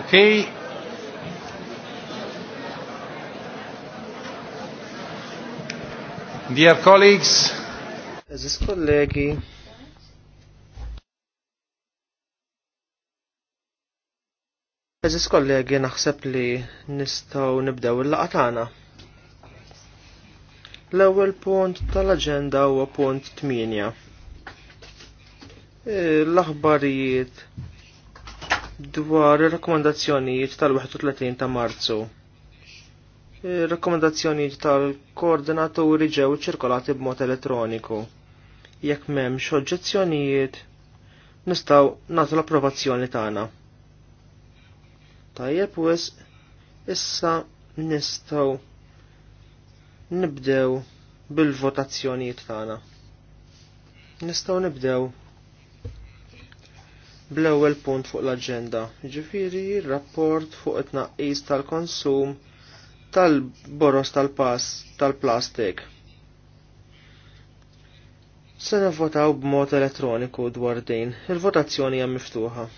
Okay. Dear colleagues. Aziz kollegi. Aziz kollegi, naħseb li nistaw nibdew il-laqatana. L-ewwel punt tal agenda huwa punt 8. Eh, l-aħbarijiet dwar ir-rakkomandazzjonijiet tal-31 ta' Marzu. Ir-rakkomandazzjonijiet tal-koordinaturi ġew ċirkolati b'mod elettroniku. Jekk m'hemmx oġġezzjonijiet, nistgħu nagħtu l-approvazzjoni tagħna. Tajjeb wis issa nistgħu nibdew bil-votazzjonijiet tagħna. Nistgħu nibdew bl-ewwel punt fuq l-aġenda, ġifieri rapport fuq it-tnaqqis tal-konsum tal-boros tal-pass tal-plastik. Se nivvotaw b'mod elettroniku dwar din, il-votazzjoni hija miftuħa.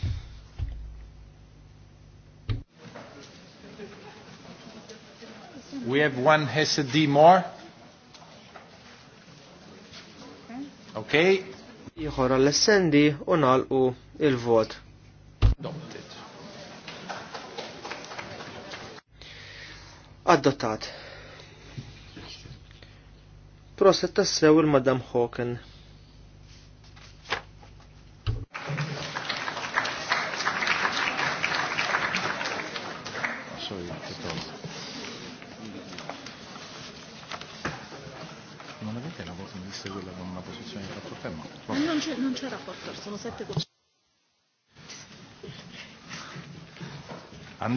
We have one SD more. Okay. Jħora l-essendi u nalqu il-vot. Adottat. Prosetta Proset tassew il-Madam Hawken.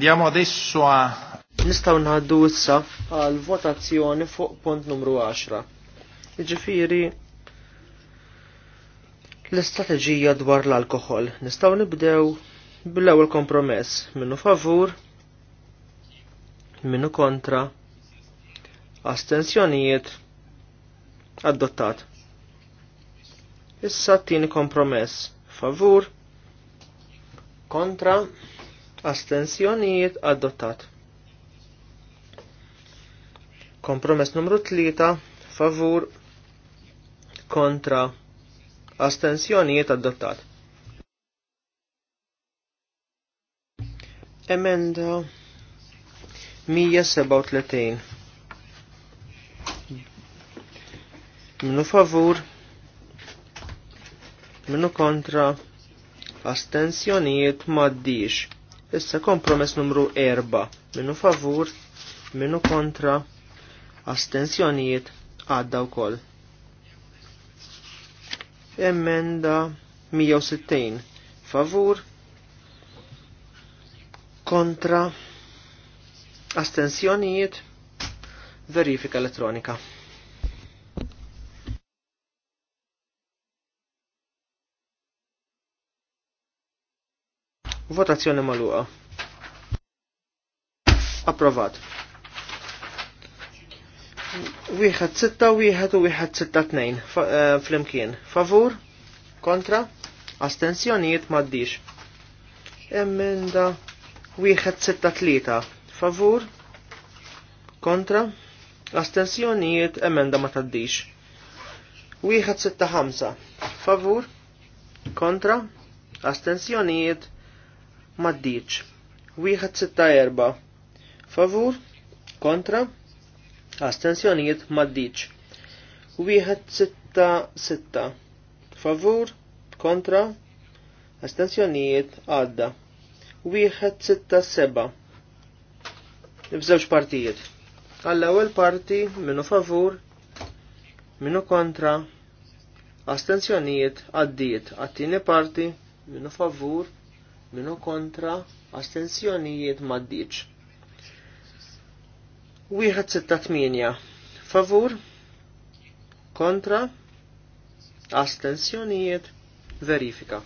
Andiamo adesso a... Nistaw naħaddu issa għal votazzjoni fuq punt numru 10. Ġifiri, l-istrateġija dwar l-alkohol. Nistaw nibdew bil-ewwel kompromess minnu favur, minnu kontra, astensjonijiet, adottat. Issa t-tieni kompromess favur, kontra, astensjonijiet adottat. Kompromess numru 3 favur kontra astensjonijiet adottat. Emenda 137 Minu favur Minu kontra Astensjonijiet maddix Issa kompromess numru 4. Minnu favur, minnu kontra, astensjonijiet għadda wkoll. Emenda 160. Favur, kontra, astensjonijiet, verifika elettronika. Votazzjoni maluqa. Approvat. Wieħed sitta wieħed u wieħed sitta tnejn eh, flimkien. Favur? Kontra? Astenzjonijiet maddix. Emenda wieħed sitta tlieta. Favur? Kontra? Astenzjonijiet emenda ma taddix. Wieħed sitta ħamsa. Favur? Kontra? Astenzjonijiet maddiċ. Wieħed sitta erba. Favur, kontra, astensjonijiet maddiċ. Wieħed sitta sitta. Favur, kontra, astensjonijiet għadda. Wieħed sitta seba. Nibżewġ partijiet. Għall-ewwel parti minnu favur, minnu kontra, astensjonijiet għaddiet. Għattini parti minnu favur, minu kontra astensjonijiet maddiċ. tminja. favur kontra astensjonijiet verifika.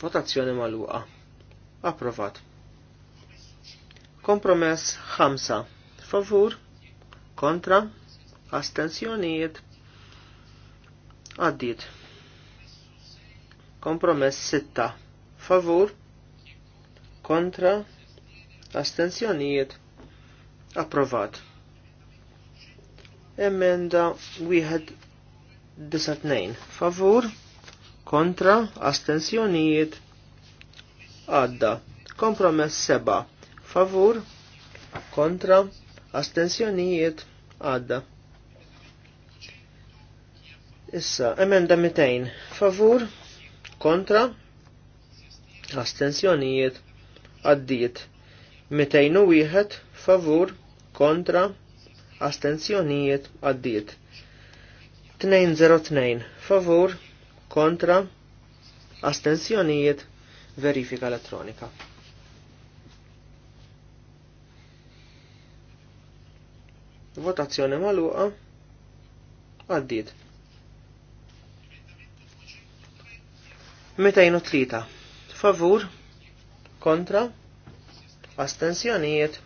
Votazzjoni maluqa. Approvat. Kompromess 5. Favur. Kontra. Astenzjonijiet. Għaddit. Kompromess 6. Favur. Kontra. Astenzjonijiet. Approvat. Emenda wieħed Favur. Kontra. Astenzjonijiet. Għadda. Kompromess 7. Favur. Kontra. Astenzjonijiet. Għadda. Issa, emenda 200. Favur, kontra, astensjonijiet, għaddiet. 201 favur, kontra, astensjonijiet, għaddiet. 202 favur, kontra, astensjonijiet, verifika elettronika. Votazzjoni maluqa, għaddiet. 203. Favur, kontra, astensjonijiet,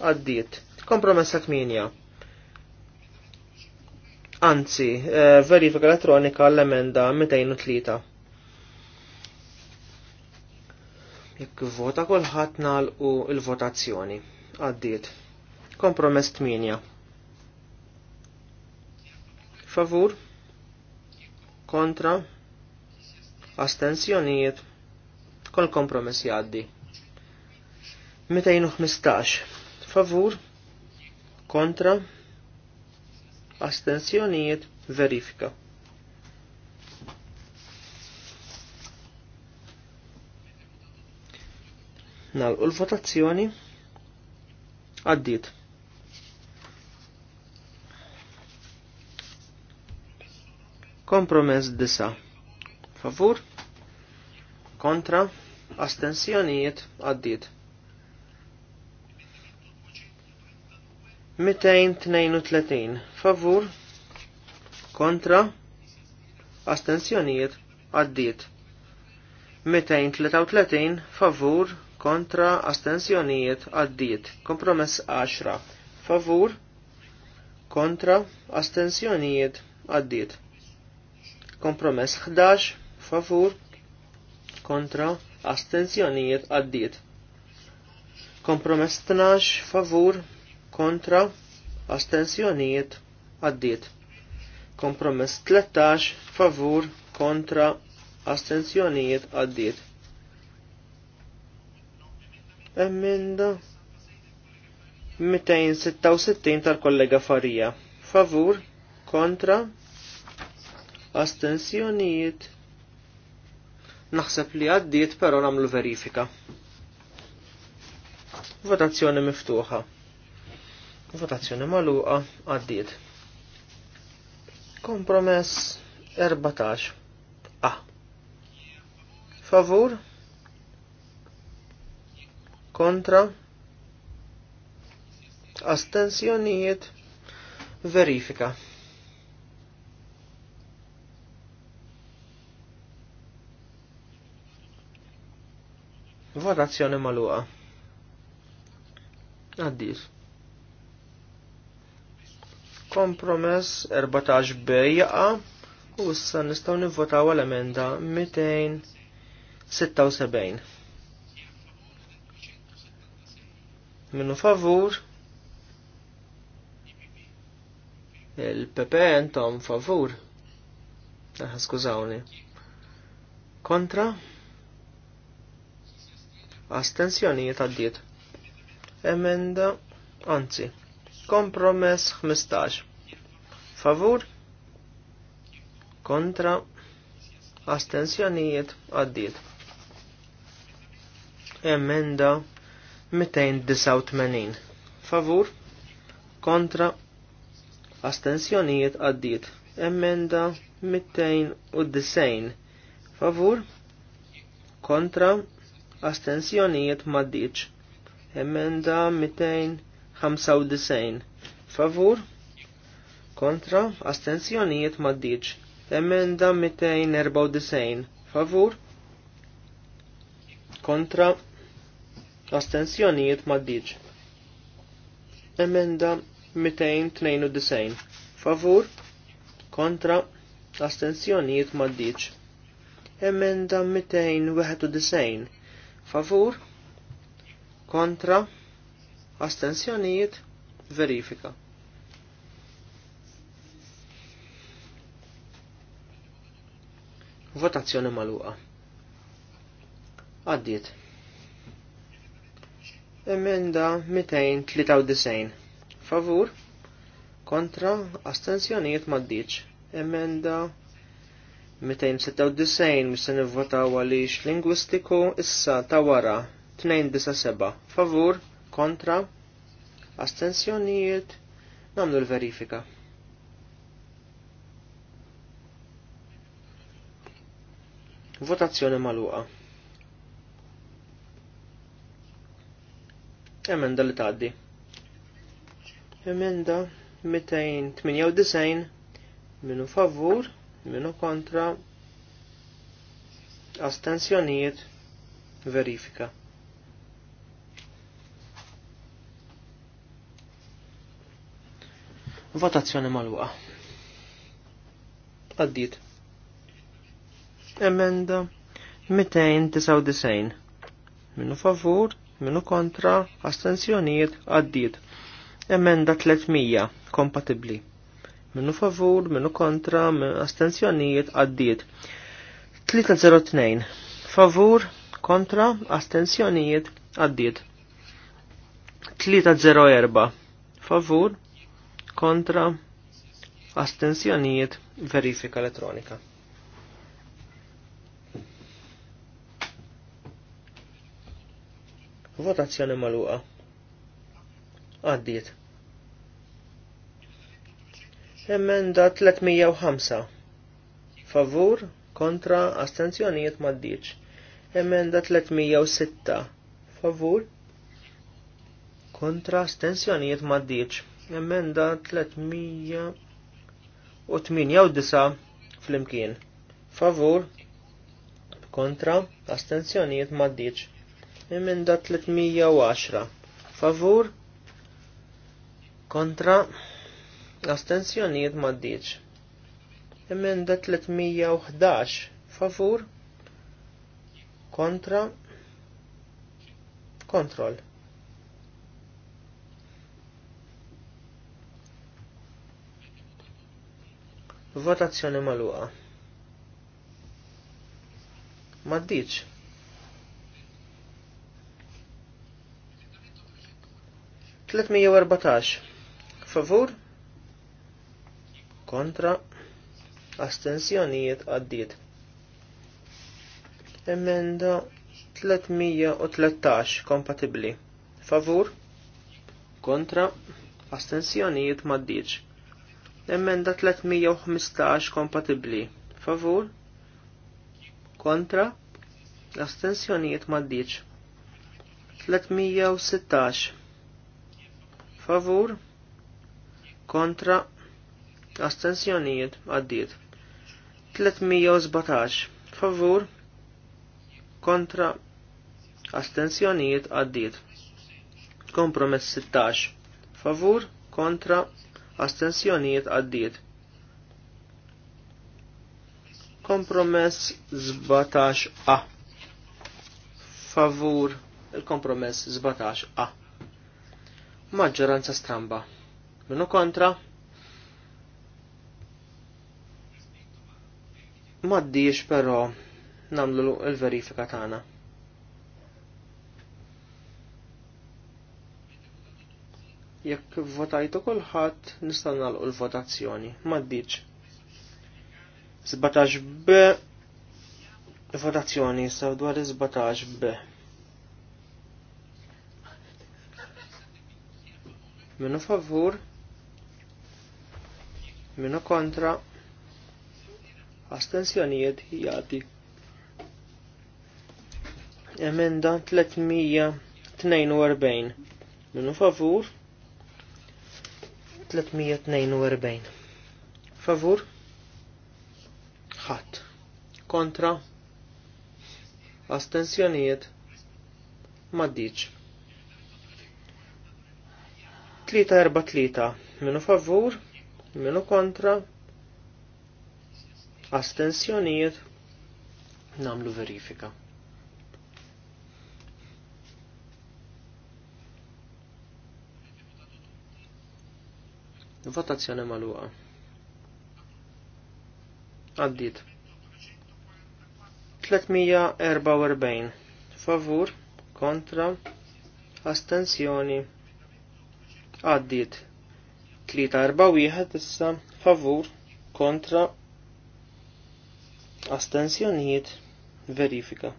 għaddiet. Kompromessa 8. Anzi, eh, verifika elettronika l-emenda 203. Jekk vota kolħat u il-votazzjoni. Għaddiet. Kompromess 8. Favur, kontra, astenzjonijiet kol kompromess jaddi. 215 favur kontra astenzjonijiet verifika. Nalqu l-votazzjoni għaddit. Kompromess disa' Favur? Kontra? Astensjonijiet għaddiet. 232 favur kontra astensjonijiet għaddiet 233 favur kontra astensjonijiet għaddiet kompromess 10 favur kontra astensjonijiet għaddiet kompromess 11 favur kontra astenzjonijiet għaddiet. Kompromess 12 favur kontra astenzjonijiet għaddiet. Kompromess 13 favur kontra astenzjonijiet għaddiet. Emenda 266 tal-kollega Farija. Favur kontra astenzjonijiet Naħseb li għaddiet però nagħmlu verifika. Votazzjoni miftuħa. Votazzjoni magħluqa għaddiet. Kompromess 14. A. Favur? Kontra? Astensjonijiet? Verifika. Votazzjoni maluqa. Għaddis. Kompromess 14 bejja u issa nistgħu nivvotaw l-emenda 276. Minu favur il-PP entom favur. Aha, skużawni. Kontra? astensjonijiet għaddiet. Emenda, anzi, kompromess 15. Favur, kontra, astensjonijiet għaddiet. Emenda 289. Favur, kontra, astensjonijiet għaddiet. Emenda 290. Favur, kontra, astensjonijiet maddiċ. Emenda 295. Favur, kontra, astensjonijiet maddiċ. Emenda 294. Favur, kontra, astensjonijiet maddiċ. Emenda 292. Favur, kontra, astensjonijiet maddiċ. Emenda 291 favur, kontra, astensjonijiet, verifika. Votazzjoni maluqa. Għaddiet. Emenda 293. Favur, kontra, astensjonijiet maddiċ. Emenda 293 296 mis se nivvotaw għaliex lingwistiku issa ta' wara 297 favur kontra astensjonijiet namlu l-verifika. Votazzjoni maluqa. Emenda li tgħaddi. Emenda 298 minu favur minu kontra astensjonijiet verifika. Votazzjoni mal-waqa. Għaddit. Emenda 299. Minu favur, minu kontra, astensjonijiet, għaddit. Emenda 300, kompatibli minnu favur, minnu kontra, minnu astenzjonijiet għaddiet. 302 favur, kontra, astenzjonijiet għaddiet. 304 favur, kontra, astenzjonijiet verifika elettronika. Votazzjoni maluqa. Għaddiet. Emenda 305. Favur, kontra, astenzjonijiet maddiċ. Emenda 306. Favur, kontra, astenzjonijiet maddiċ. Emenda 389 fl-imkien. Favur, kontra, astenzjonijiet maddiċ. Emenda 310. Favur, kontra, astenzjonijiet maddiċ. Emenda 311 favur kontra kontrol. Votazzjoni maluqa. Maddiċ. Tletmija Favur? kontra astensjonijiet għaddiet. Emenda 313 kompatibli. Favur kontra astensjonijiet maddiċ. Emenda 315 kompatibli. Favur kontra astensjonijiet maddiċ. 316 favur kontra astensjonijiet għaddiet. 317 favur kontra astensjonijiet għaddiet. Kompromess 16 favur kontra astensjonijiet għaddiet. Kompromess 17 a favur il-kompromess 17 a maġġoranza stramba minu kontra Maddiex però namlu l-verifika tagħna. Jekk votajtu kulħadd nista' nagħlqu l-votazzjoni. Maddiex. 17 b votazzjoni sa dwar 17 b. Minu favur, minu kontra, astensjonijiet jgħati? Emenda 342 minu favur 342 favur ħadd kontra astensjonijiet maddiċ. 3-4-3 minu favur, minu kontra, astensjonijiet namlu verifika. Votazzjoni maluqa. Għaddit. 344 favur kontra astensjoni għaddit 341 issa favur kontra astensjonijiet verifika.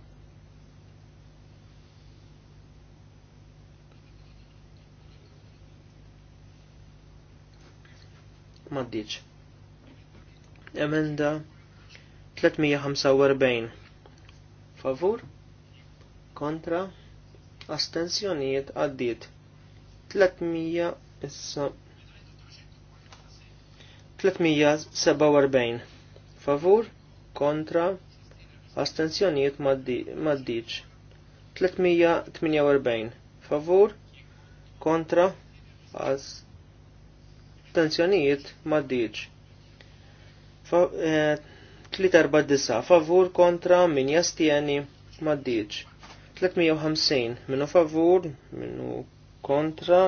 Maddiċ. Emenda 345. Favur? Kontra? Astensjonijiet għaddiet. 300 issa 347. Favur? kontra, astenzjonijiet maddiċ. 348 favur, kontra, astenzjonijiet maddiċ. 349 eh, favur kontra min jastieni maddiċ. 350 minu favur minu kontra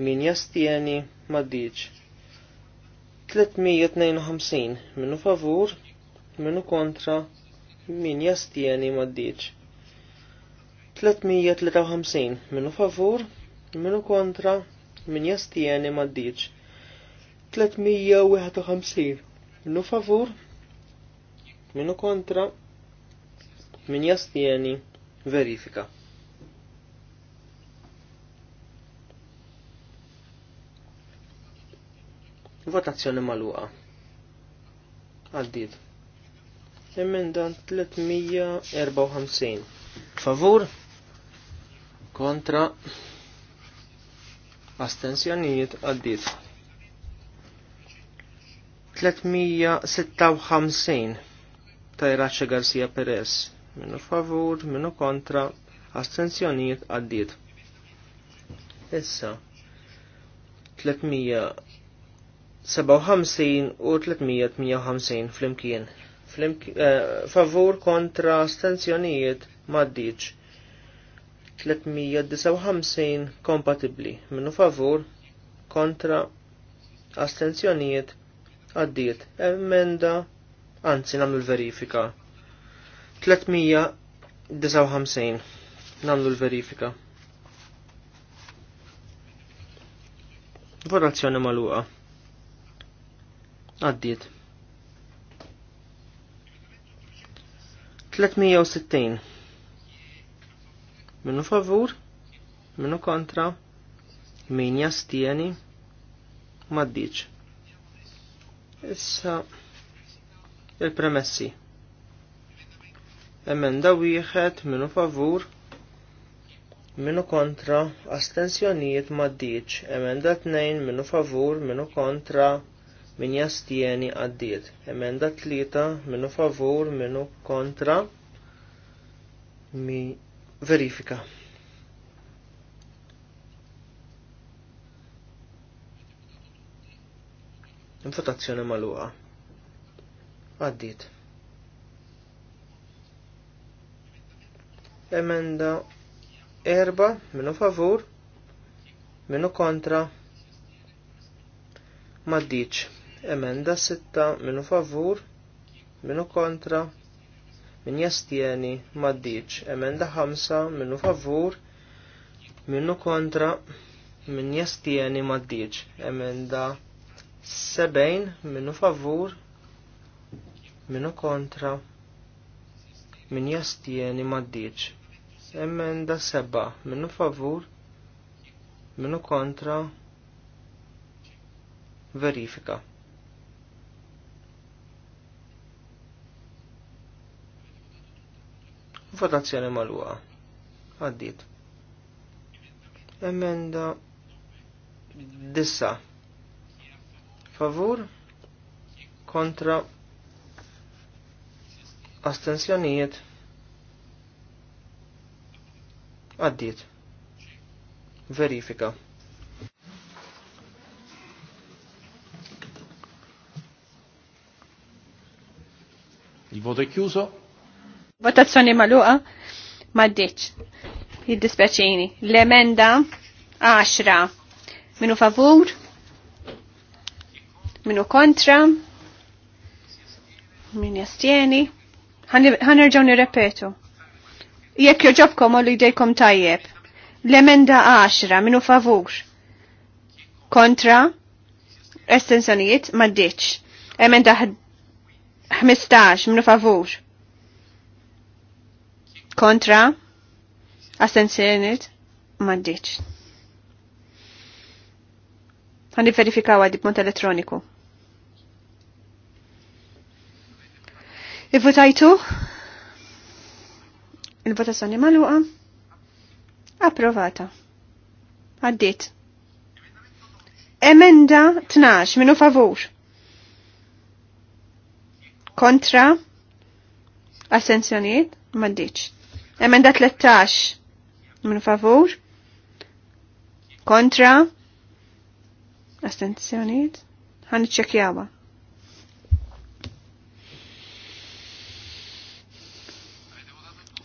min jastieni maddiċ. 352 minu favur minu kontra min jastieni maddiċ. 353 minu favur minu kontra min jastieni maddiċ. 351 minu favur minu kontra min jastieni verifika. Votazzjoni maluqa. Għaddit emenda 354. Favur? Kontra? Astensjonijiet għaddit. 356 Tajraċa Garcia Perez. Minu favur, minu kontra, astensjonijiet għaddit. Issa, 357 u 358 flimkien. Eh, favur kontra astenzjonijiet maddiċ. 359 kompatibli minnu favur kontra astenzjonijiet għaddiet. Emenda, anzi namlu l-verifika. 359 namlu l-verifika. Votazzjoni maluqa. Għaddiet. 360. Minu favur, minu kontra, min jastieni, maddiċ. Issa, il-premessi. Emenda wieħed minu favur, minu kontra, astensjonijiet maddiċ. Emenda tnejn minu favur, minu kontra, min jastieni għaddiet. Emenda tlieta minu favur minu kontra mi verifika. Infotazzjoni maluqa. Għaddiet. Emenda erba minnu favur minu kontra maddiċ. Emenda 6 minu favur, minu kontra, min jastieni maddiċ. Emenda 5 minu favur, minu kontra, min jastieni maddiċ. Emenda 70 minu favur, minu kontra, min jastieni maddiċ. Emenda 7 minu favur, minu kontra, verifika. Votazzjoni mal-uqa. Għaddit. Emenda dissa. Favur kontra astensjonijiet Għaddit. Verifika. Il voto è chiuso. Votazzjoni maluqa ddiċ. Jiddispeċini. L-emenda 10. Minu favur? Minu kontra? Min jastieni? Għanirġaw nirrepetu. Jekk joġobkom u l-idejkom tajjeb. L-emenda 10. Minu favur? Kontra? Estensjonijiet ddiċ. Emenda 15. Minu favur? kontra astensjoniet maddiċ. Għandi verifikaw għaddi punt elettroniku. Ivvotajtu? Il-votazzjoni maluqa? Approvata. Għaddit. Emenda 12, minu favur. Kontra? Assenzjoniet? Maddiċ. Emenda 13. Min favur. Kontra. Astenzjoniet. Għan iċċekjawa.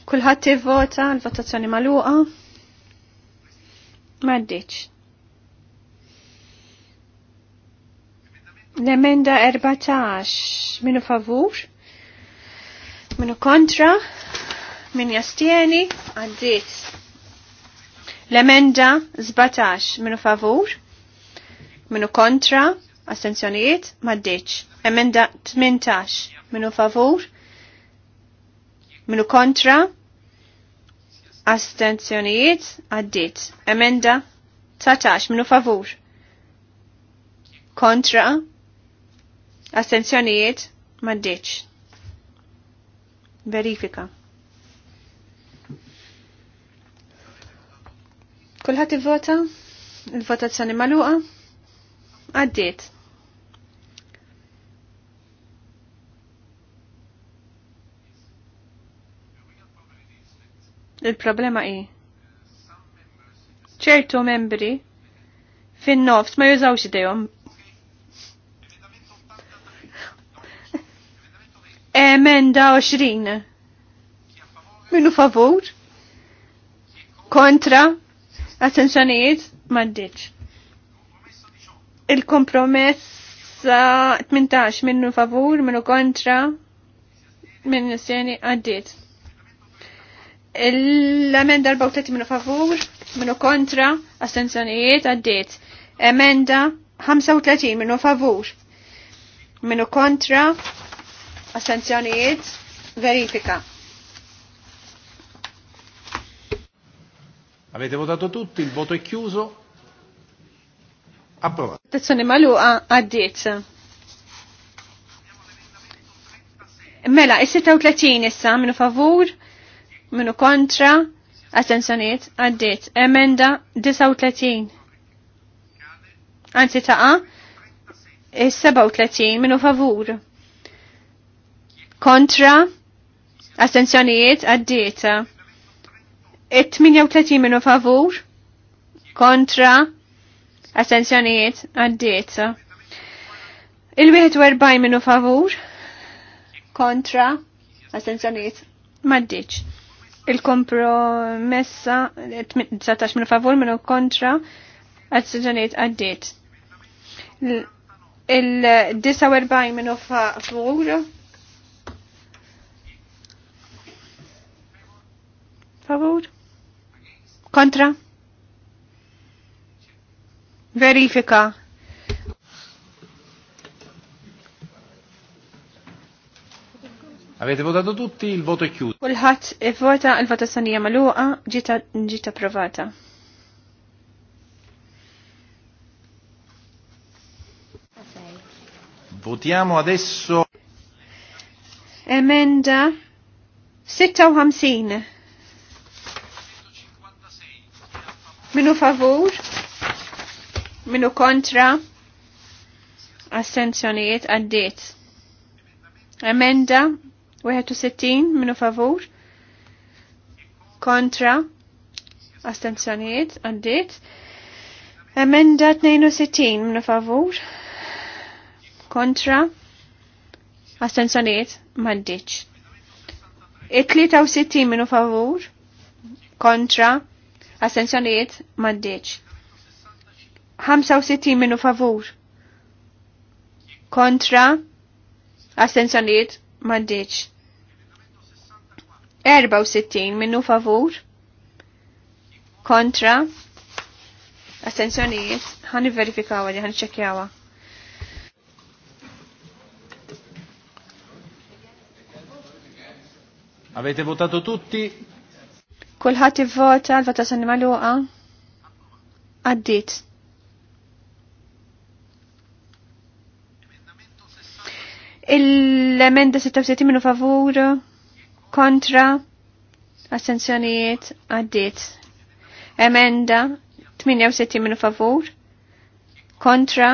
Kulħadd ivvota l-votazzjoni magħluqa. Maddiċ. L-emenda 14 minu favur, minu kontra, min jastieni għaddit. L-emenda 17 minu favur, minu kontra, astenzjonijiet maddiċ. Emenda 18 minu favur, minu kontra, astenzjonijiet għaddit. Emenda 19 minu favur, kontra, astenzjonijiet maddiċ. Verifika. Kulħadd ivvota? Il-votazzjoni magħluqa? Għaddiet. Il-problema hi ċertu membri fin-nofs ma jużawx idejhom Emenda 20. Minu favur? Kontra? Attenzjonijiet maddiċ. Il-kompromessa 18 minnu favur, minnu kontra, minnu sjeni għaddit. L-amenda 34 minnu favur, minnu kontra, astenzjonijiet għaddit. Emenda 35 minnu favur, minnu kontra, astenzjonijiet verifika. Avete votato tutti, il voto è chiuso. Approvato. Tazzone maluqa għaddiet. Mela, is-36 issa minu favur, minu kontra, attenzjoniet, għaddiet. Emenda 39. Anzi taqa, is-37 minu favur. Kontra, attenzjoniet, għaddiet. 38 minu favur, kontra, assenzjonijiet, għaddiet. Il-41 minu favur, kontra, assenzjonijiet, maddieċ. Il-kompromessa, 19 minu favur, minu kontra, assenzjonijiet, għaddiet. Il-49 minu favur, Favur? Kontra? Verifika. Avete votato tutti, il voto è chiuso. vota, ivvota voto votazzjoni hija magħluqa ġiet approvata. Votiamo adesso Emenda 56 Minu favur? Minu kontra? assenzjoniet, għaddiet. Emenda 61 minu favur? Kontra? Astenzjonijiet għaddiet. Emenda 62 minu favur? Kontra? Astenzjonijiet maddiċ. 63 minu favur? Kontra? Assenzjonijiet maddeċ. 65 minu favur. Kontra. Assenzjonijiet maddeċ. 64 minu favur. Kontra. Assenzjonijiet ħan verifikawa li ħan ċekjawa. Avete votato tutti? Kulħadd ivvota l sanni magħluqa. għaddit. Il-emenda 66 minu favur, kontra, assenzjonijiet, għaddiet. Emenda 68 minu favur, kontra,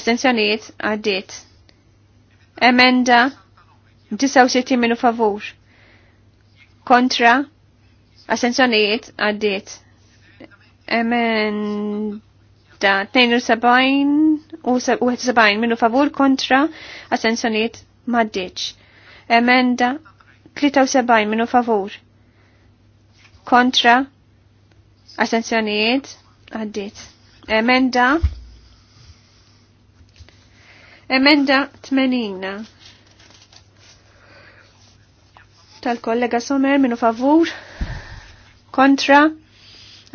assenzjonijiet, għaddit. Emenda 69 minu favur, kontra, Assenzjonijiet għaddiet. Emenda 72 u 71 minnu favur kontra assenzjonijiet maddiċ. Emenda 73 minu favur kontra assenzjonijiet da Emenda Emenda 80 tal-kollega Sommer minu favur kontra,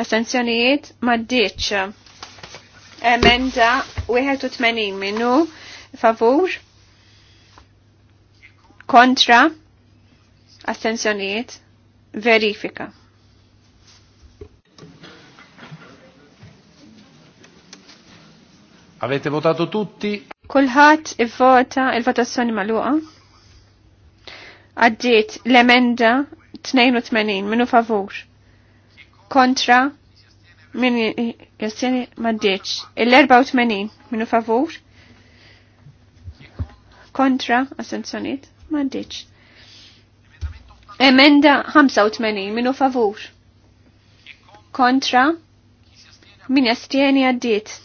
astenzjonijiet maddiċ. Emenda 81 minu favur, kontra, astenzjonijiet verifika. Avete votato tutti? Kulħat il-vota, il-votazzjoni maluqa. Għaddit l-emenda 82, minu favur kontra min jastjeni maddeċ. Il-84 minu favur kontra assenzjoniet maddeċ. Emenda 85 minu favur kontra min jastjeni għaddiet.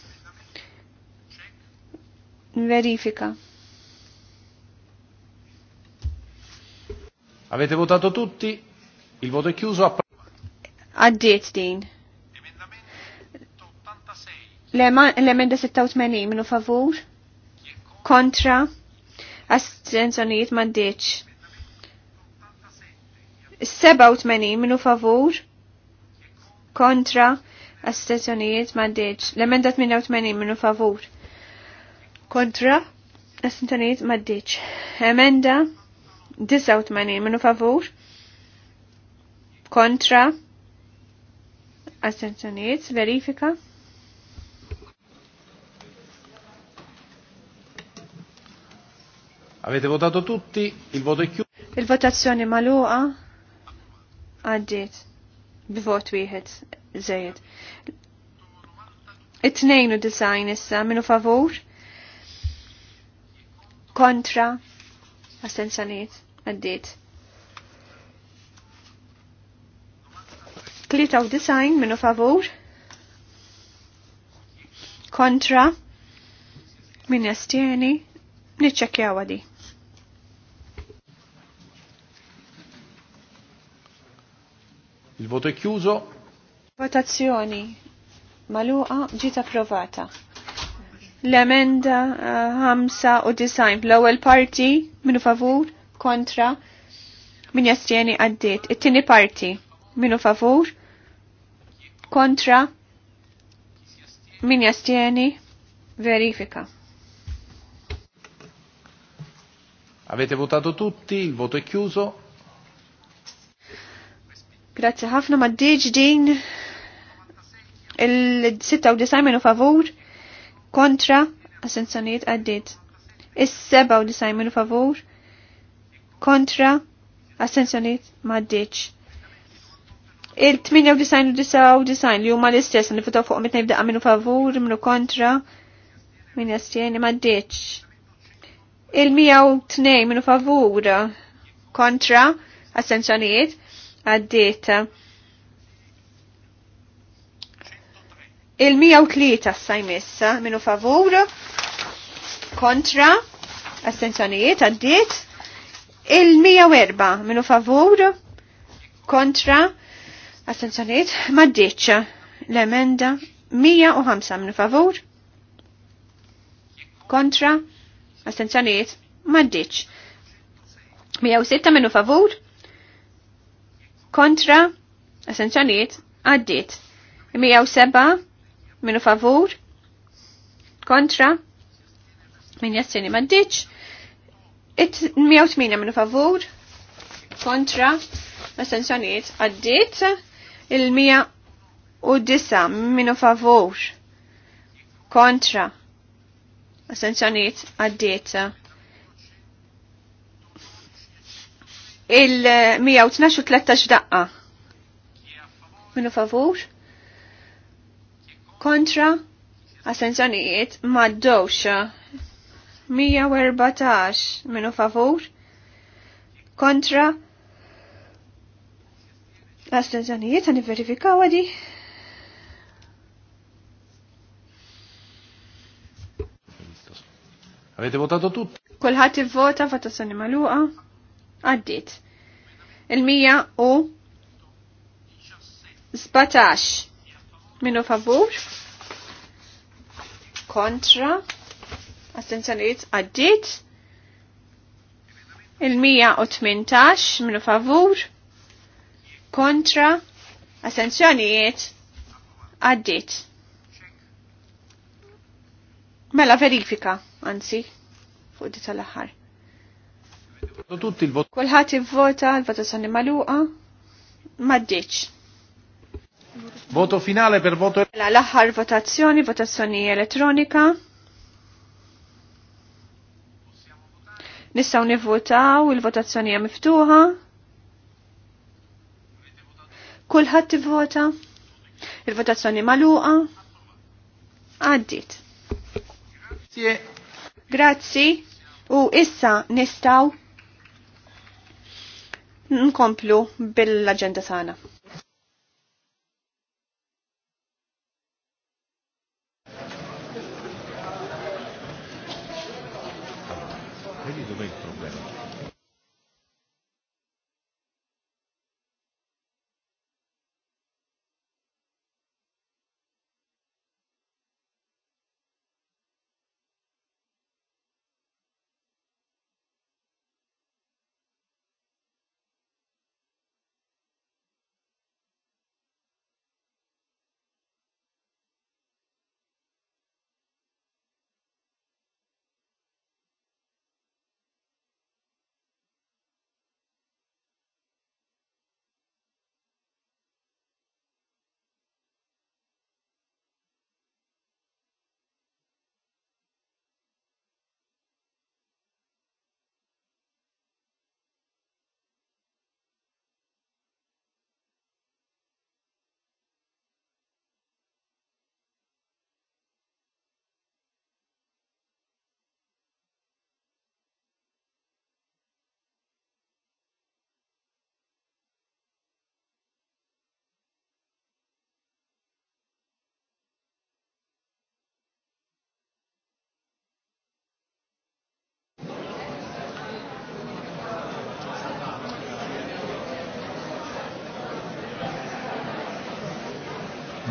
Verifika. Avete votato tutti? Il voto è chiuso. Għaddiet din. L-emenda 86 minu favur? Kontra? Astenzjoniet ma ddiċ. 87 minu favur? Kontra? Astenzjoniet ma ddiċ. L-emenda 88 minu favur? Kontra? Astenzjoniet ma ddiċ. Emenda 89 minu favur? Kontra? Astenzjonijiet, verifika. Avete votato tutti, il voto è chiuso. Il-votazzjoni maluqa għaddiet b'vot wieħed żejjed. It-tnejn u design issa minu favur kontra astenzjonijiet għaddit. 93 minu favur kontra min jastieni niċċekjaw għadi. Il voto è chiuso. Votazzjoni maluqa ġiet approvata. L-emenda 95 eh, l-ewwel parti minu favur kontra min jastieni għaddiet. It-tieni parti minu favur kontra, min jastieni, verifika. Avete votato tutti, il voto è chiuso. Grazie ħafna ma d din il-96 minu favur kontra assenzjoniet addit. Is-97 minu favur kontra assenzjoniet ma Il-98 li huma l-istess li fuq fuq mitna jibda minnu favur, minnu kontra, minn jastjeni ma ddeċ. Il-102 minnu favur, kontra, assenzjonijiet, għaddiet. Il-103 sajmissa minnu favur, kontra, assenzjonijiet, għaddiet. Il-104 minnu favur, kontra, Astenzjoniet, maddiċ l-emenda 105 minn favur. Kontra, astenzjoniet, maddeċ. 106 minn favur. Kontra, astenzjoniet, għaddit. 107 minn favur. Kontra, minn jassini maddeċ. 108 minn favur. Kontra, astenzjoniet, għaddit il-109 mija minu favur kontra assenzjoniet għaddiet il-112 u 13 daqqa minu favur kontra assenzjoniet maddowx 114 minu favur kontra Astenzjonijiet għan verifikaw għadi. Avete votato tutti? Kolħat vota votazzjoni maluqa. Għaddit. Il-mija u 17 minu favur kontra astenzjonijiet għaddit il-118 minu favur kontra, assenzjonijiet, għaddit. Mela verifika, anzi, fuq di tal-axar. Kulħat vota l-votazzjoni maluqa, maddiċ. Voto finale per voto. Mela l-axar votazzjoni, votazzjoni elettronika. Nistaw nivvotaw, il-votazzjoni hija miftuħa. Kulħadd vota Il-votazzjoni magħluqa? Għaddit. Grazzi. U issa nistaw nkomplu bil agenda sana.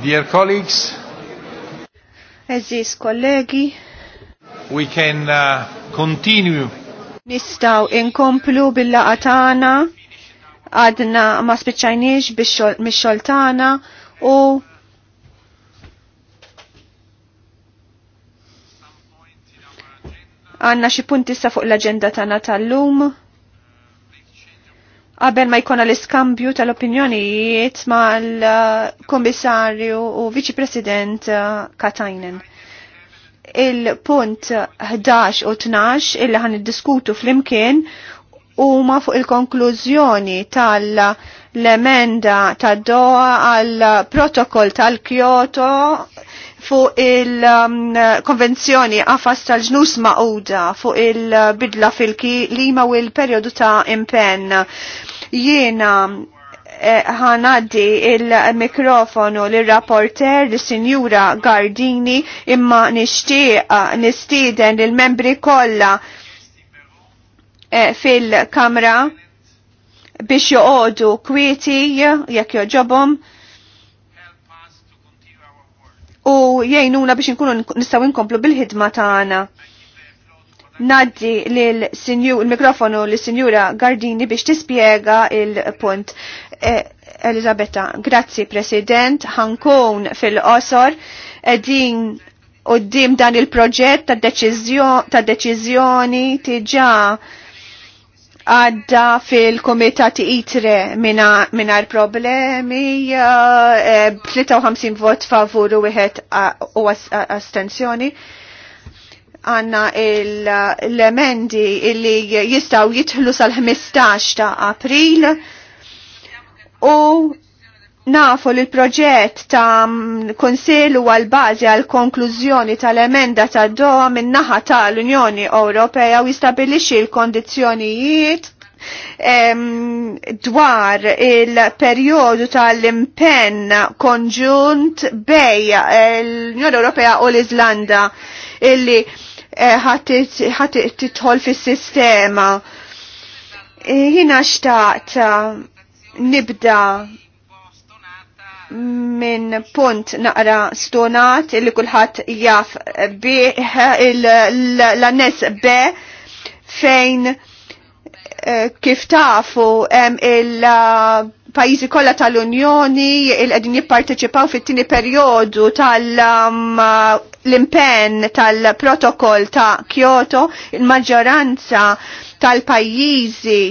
Dear colleagues, Aziz kollegi, we can uh, continue. Nistaw inkomplu billa laqa għadna ma spiċċajniex mix-xogħol u għanna xi punti sa fuq l agenda tana tal-lum qabel ma jkun l-iskambju tal-opinjonijiet mal-Komissarju u Viċi President uh, Katajnen. Il-punt 11 u 12 illi ħan diskutu fl-imkien u ma fuq il-konklużjoni tal- emenda tad doha għal protokoll tal-Kyoto fuq il-konvenzjoni um, għafas tal-ġnus ma'uda fuq il-bidla fil li u il-periodu ta' impenn. Jiena eh, ħanaddi il-mikrofonu l-rapporter l sinjura Gardini imma nishtiq eh, nistiden il-membri kolla eh, fil-kamra biex joqodu kwieti jekk joġobom u jgħinuna biex nkunu nistgħu nkomplu bil-ħidma tagħna. Naddi l mikrofonu l sinjura Gardini biex tispjega il-punt. E, Elizabetta, grazzi President, ħankun fil-qosor e, din u dan il-proġett ta' deċizjoni tiġa għadda fil-komitat itre minar problemi 53 eh, eh, vot favuru wieħed u astensjoni għanna l-emendi illi jistaw jitħlu sal-15 ta' april u nafu li l-proġett ta' konsilu għal bazi għal konklużjoni tal-emenda ta' doha minn naħa ta' l-Unjoni Ewropea u jistabilixi l-kondizjonijiet dwar il-periodu tal-impenn konġunt bej l-Unjoni Ewropea u l izlanda illi eh, ħat titħol fis-sistema. Hina eh, xtaqt eh, nibda minn punt naqra stonat illi kulħadd jaf biħ l-annes B fejn eh, kif tafu il- pajizi kollha tal-Unjoni il għedin jipparteċipaw fit-tieni perjodu tal-impenn tal-protokoll ta' Kyoto, il-maġġoranza tal-pajjiżi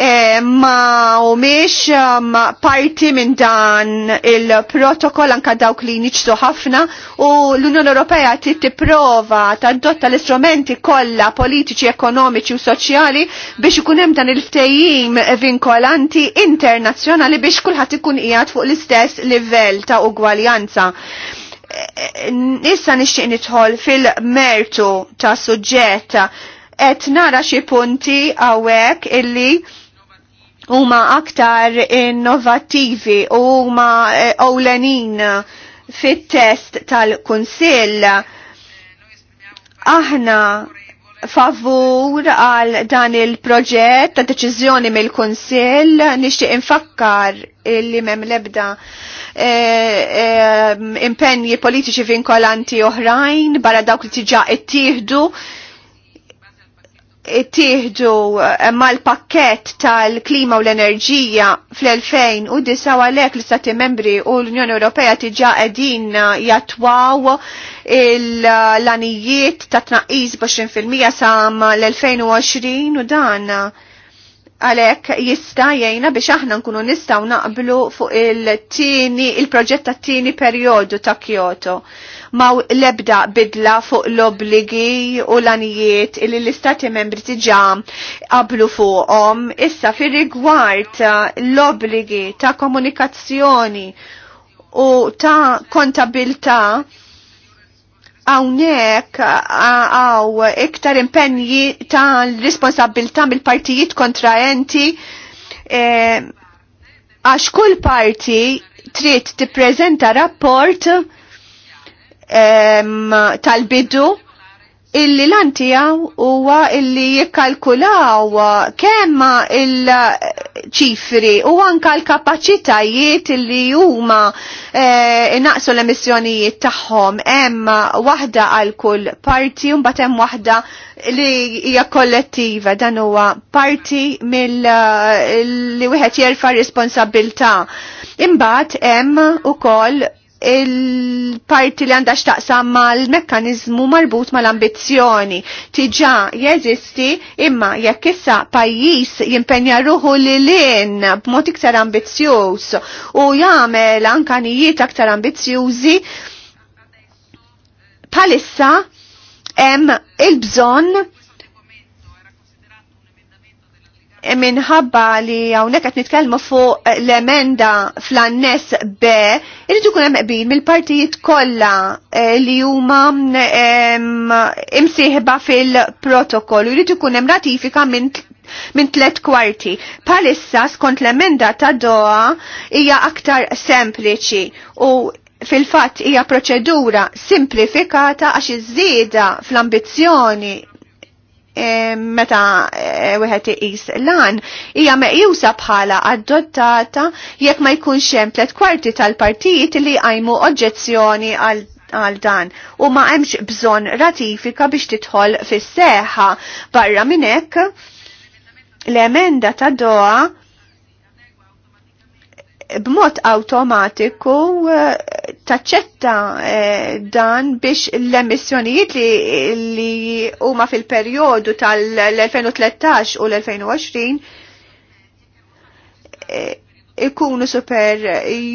Eh, ma u miex um, parti minn dan il-protokoll anka dawk li niċtu ħafna u l-Unjoni Ewropea trid tipprova tadotta l-istrumenti kollha politiċi, ekonomiċi u soċjali biex ikun hemm dan il-ftehim vinkolanti internazzjonali biex kulħadd ikun qiegħed fuq l-istess livell ta' ugwaljanza. Eh, issa nixtieq nidħol fil-mertu ta' suġġett qed nara xi punti hawnhekk illi huma aktar innovattivi u huma eh, ewlenin fit-test tal-Kunsill. Aħna favur għal dan il-proġett ta' deċiżjoni mill-Kunsill nixtieq infakkar illi mem lebda e, e, impenji politiċi vinkolanti oħrajn barra dawk li tiġa ittieħdu tieħdu eh, mal-pakket tal-klima u l-enerġija fl-2009 għalek l-Stati membri u l-Unjoni Ewropea tiġa qegħdin eh, jatwaw l-anijiet ta' tnaqqis 20% sam l-2020 u dan għalek jista jgħina biex aħna nkunu nistaw naqblu fuq il-tieni il-proġett tat-tieni perjodu ta' Kyoto maw lebda bidla fuq l-obligi u l-anijiet li l-istati membri tiġa qablu fuqhom. Issa fir rigward l-obligi ta' komunikazzjoni u ta' kontabilta' għawnek għaw iktar impenji ta' responsabilta' mill-partijiet kontraenti e, għax kull parti trid tippreżenta rapport tal-bidu illi lantijaw huwa illi jikkalkulaw kemm il-ċifri u anka l-kapacitajiet illi huma eh, naqsu l-emissjonijiet tagħhom hemm waħda għal kull parti u mbagħad hemm waħda li hija kollettiva dan huwa parti mill eh, li wieħed jerfa' responsabilità. Imbagħad hemm ukoll il-parti li għandha xtaqsam mal-mekkanizmu marbut mal-ambizzjoni. Tiġa jeżisti imma jekk issa pajjiż jimpenja ruħu li lin b'mod iktar ambizzjuż u jagħmel ankanijiet aktar ambizzjużi palissa hemm il-bżonn Eh, minħabba li hawnhekk qed nitkellmu fuq eh, l-emenda fl-annes B, irid ikun hemm qbil mill-partijiet kollha eh, li huma imsieħba fil-protokoll u jrid ikun hemm ratifika minn minn tlet kwarti. Palissa skont l-emenda ta' doa hija aktar sempliċi u fil-fatt hija proċedura simplifikata għax iż-żieda fl-ambizzjoni E, meta e, wieħed iqis lan hija meqjusa bħala adottata jekk ma jkunx hemm tliet kwarti tal-partijiet li għajmu oġġezzjoni għal għal dan u ma hemmx bżonn ratifika biex tidħol fis-seħħa barra minn hekk l-emenda ta' doa b'mod awtomatiku taċċetta eh, dan biex l-emissjonijiet li huma fil-perjodu tal-2013 u l-2020 eh, ikunu super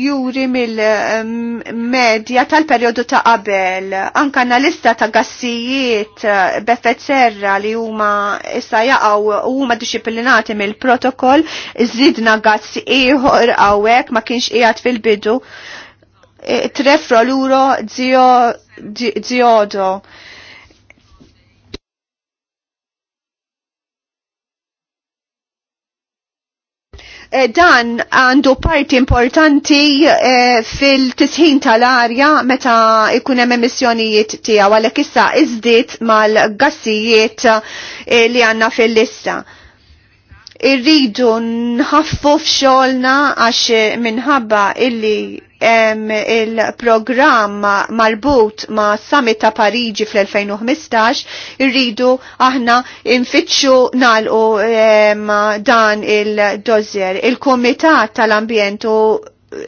juri mill-medja tal-perjodu ta' qabel. Anka analista ta' gassijiet eh, beffet serra li huma issa jaqgħu huma disciplinati mill-protokoll, żidna gass ieħor hawnhekk ma kienx qiegħed fil-bidu Eh, trefro l-uro diodo. Eh, dan għandu parti importanti eh, fil-tisħin tal-arja meta ikun hemm emissjonijiet tiegħu għalhekk issa iżdiet mal-gassijiet li għandna fil-lista. Irridu nħaffu f'xogħolna għax minħabba illi il-programm marbut ma' Summit ta' Pariġi fl-2015 irridu aħna infittxu nalqu dan il-dozzer. Il-Komitat tal ambientu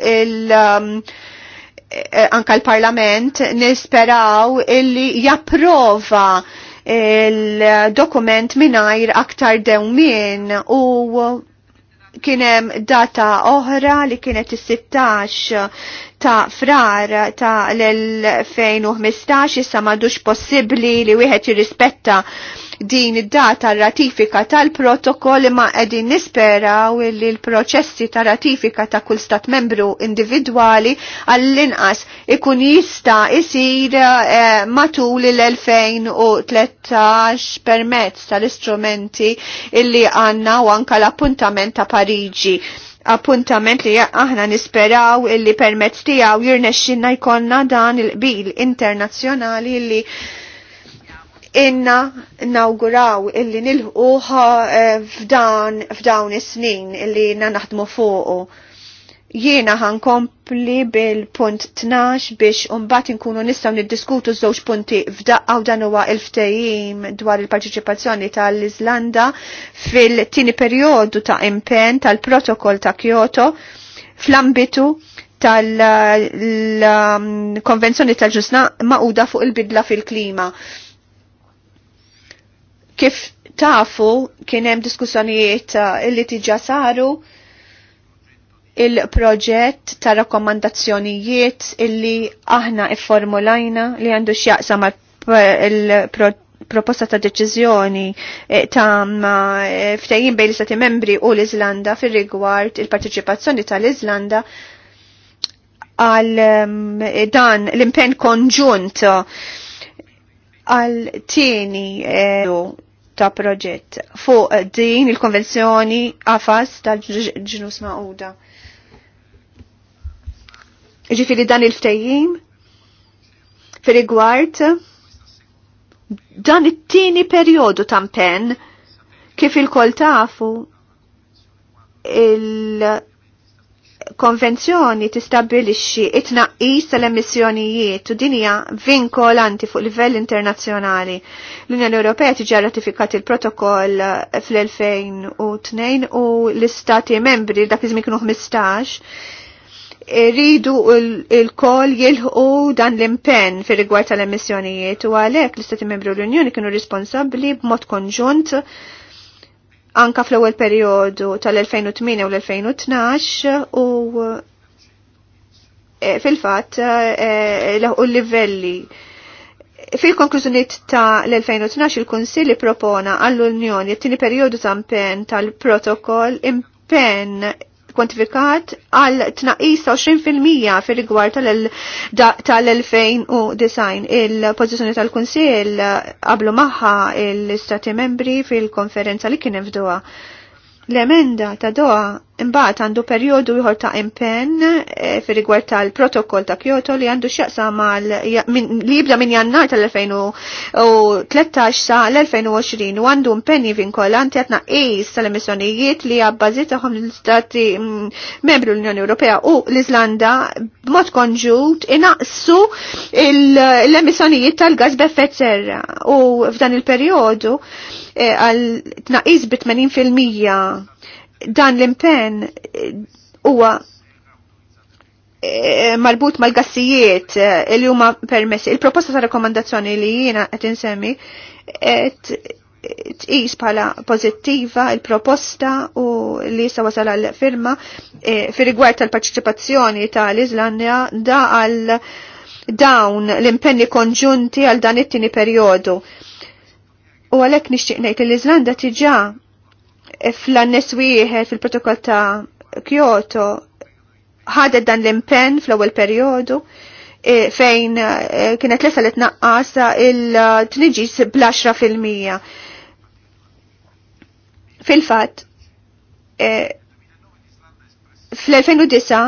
il-, -ambjentu, eh, anka l-Parlament nisperaw illi japprova il-dokument minajr aktar dewmien u kienem data oħra li kienet is-16 ta' frar ta' l-2015 issa madux possibbli li wieħed jirrispetta din id-data ratifika tal-protokoll ma qegħdin nisperaw li l-proċessi ta' ratifika ta' kull stat membru individwali għall-inqas ikun jista' isir eh, matul il-2013 permezz tal-istrumenti illi għandna u anka l-appuntament ta' Pariġi appuntament li aħna nisperaw illi permezz tiegħu jirnexxinna jkollna dan il-qbil internazzjonali li inna inauguraw illi nilħuħa eh, f'dawn is-snin illi inna naħdmu fuqu. Jiena ħankompli bil-punt 12 biex umbat inkunu nistaw niddiskutu żewġ punti f'daqqa u dan huwa il-ftehim dwar il-parċiċipazzjoni tal-Iżlanda fil-tieni perjodu ta' impen tal-protokoll ta' Kyoto fl-ambitu tal-konvenzjoni tal-ġusna maquda fuq il-bidla fil-klima. Kif tafu kien hemm diskussjonijiet eh, illi tiġa saru il-proġett ta' rakkomandazzjonijiet illi aħna ifformulajna li għandu x'jaqsam il proposta ta' deċiżjoni eh, ta' eh, ftejjin bejn l-istati membri u l-Iżlanda fir rigward il-parteċipazzjoni tal-Iżlanda għal dan l-impenn konġunt għal tieni ta' proġett fuq din il-konvenzjoni għafas tal ġinus ma'uda. Ġifiri dan il-ftejjim fil-rigward dan it-tieni perjodu tampen kif il-kol tafu il-, -kol il konvenzjoni tistabilixxi it-tnaqqis tal-emissjonijiet u dinja vinkolanti fuq livell internazzjonali. L-Unjoni Ewropea tiġa ratifikat il-protokoll fl-2002 u l-istati membri dak iż-żmien kienu 15 rridu il-kol jilħu dan l-impenn fir rigward tal-emissjonijiet u għalhekk l-Istati Membri u l-Unjoni kienu responsabbli b'mod konġunt anka fl-ewwel perjodu tal-2008 u l-2012 u eh, fil-fatt eh, u livelli Fil-konklużjoniet ta' l-2012 il-Kunsill propona għall-Unjoni t-tieni perjodu ta' impenn tal-protokoll impenn kwantifikat għal tnaqis 20% fil-rigward tal-2009. Il-pozizjoni tal-Kunsil eh, qablu maħħa il-Stati membri fil-konferenza li kien f'Doha. L-emenda ta' Doha Imbagħad għandu perjodu ieħor ta' impenn e, eh, fir rigward tal-protokoll ta' Kyoto li għandu x'jaqsa mal li jibda minn Jannar tal-2013 sa l-2020 u għandu impenni vinkolanti għatna qis tal-emissjonijiet li għabbażit tagħhom l-Istati mm, membru l-Unjoni Ewropea u l-Iżlanda b'mod konġut inaqsu l-emissjonijiet tal gas b'effett serra u f'dan il-perjodu eh, għal e, tnaqis bit 80 dan l-impen eh, huwa eh, marbut mal-gassijiet eh, li huma permessi. Il-proposta ta' rakkomandazzjoni li jiena qed insemmi tqis bħala pożittiva il-proposta u li sa wasal għall firma fir-rigward tal-parċipazzjoni tal-Iżlandja da għal dawn l-impenni konġunti għal dan it-tieni perjodu. U għalhekk nixtieq ngħid l-Iżlanda tiġa fl-annes wieħed fil-protokoll ta' Kyoto ħadet dan l-impenn fl-ewwel perjodu e, fejn e, kienet lesa li tnaqqas il-tniġis bl-10 fil-mija. Fil-fatt, e, fl-2009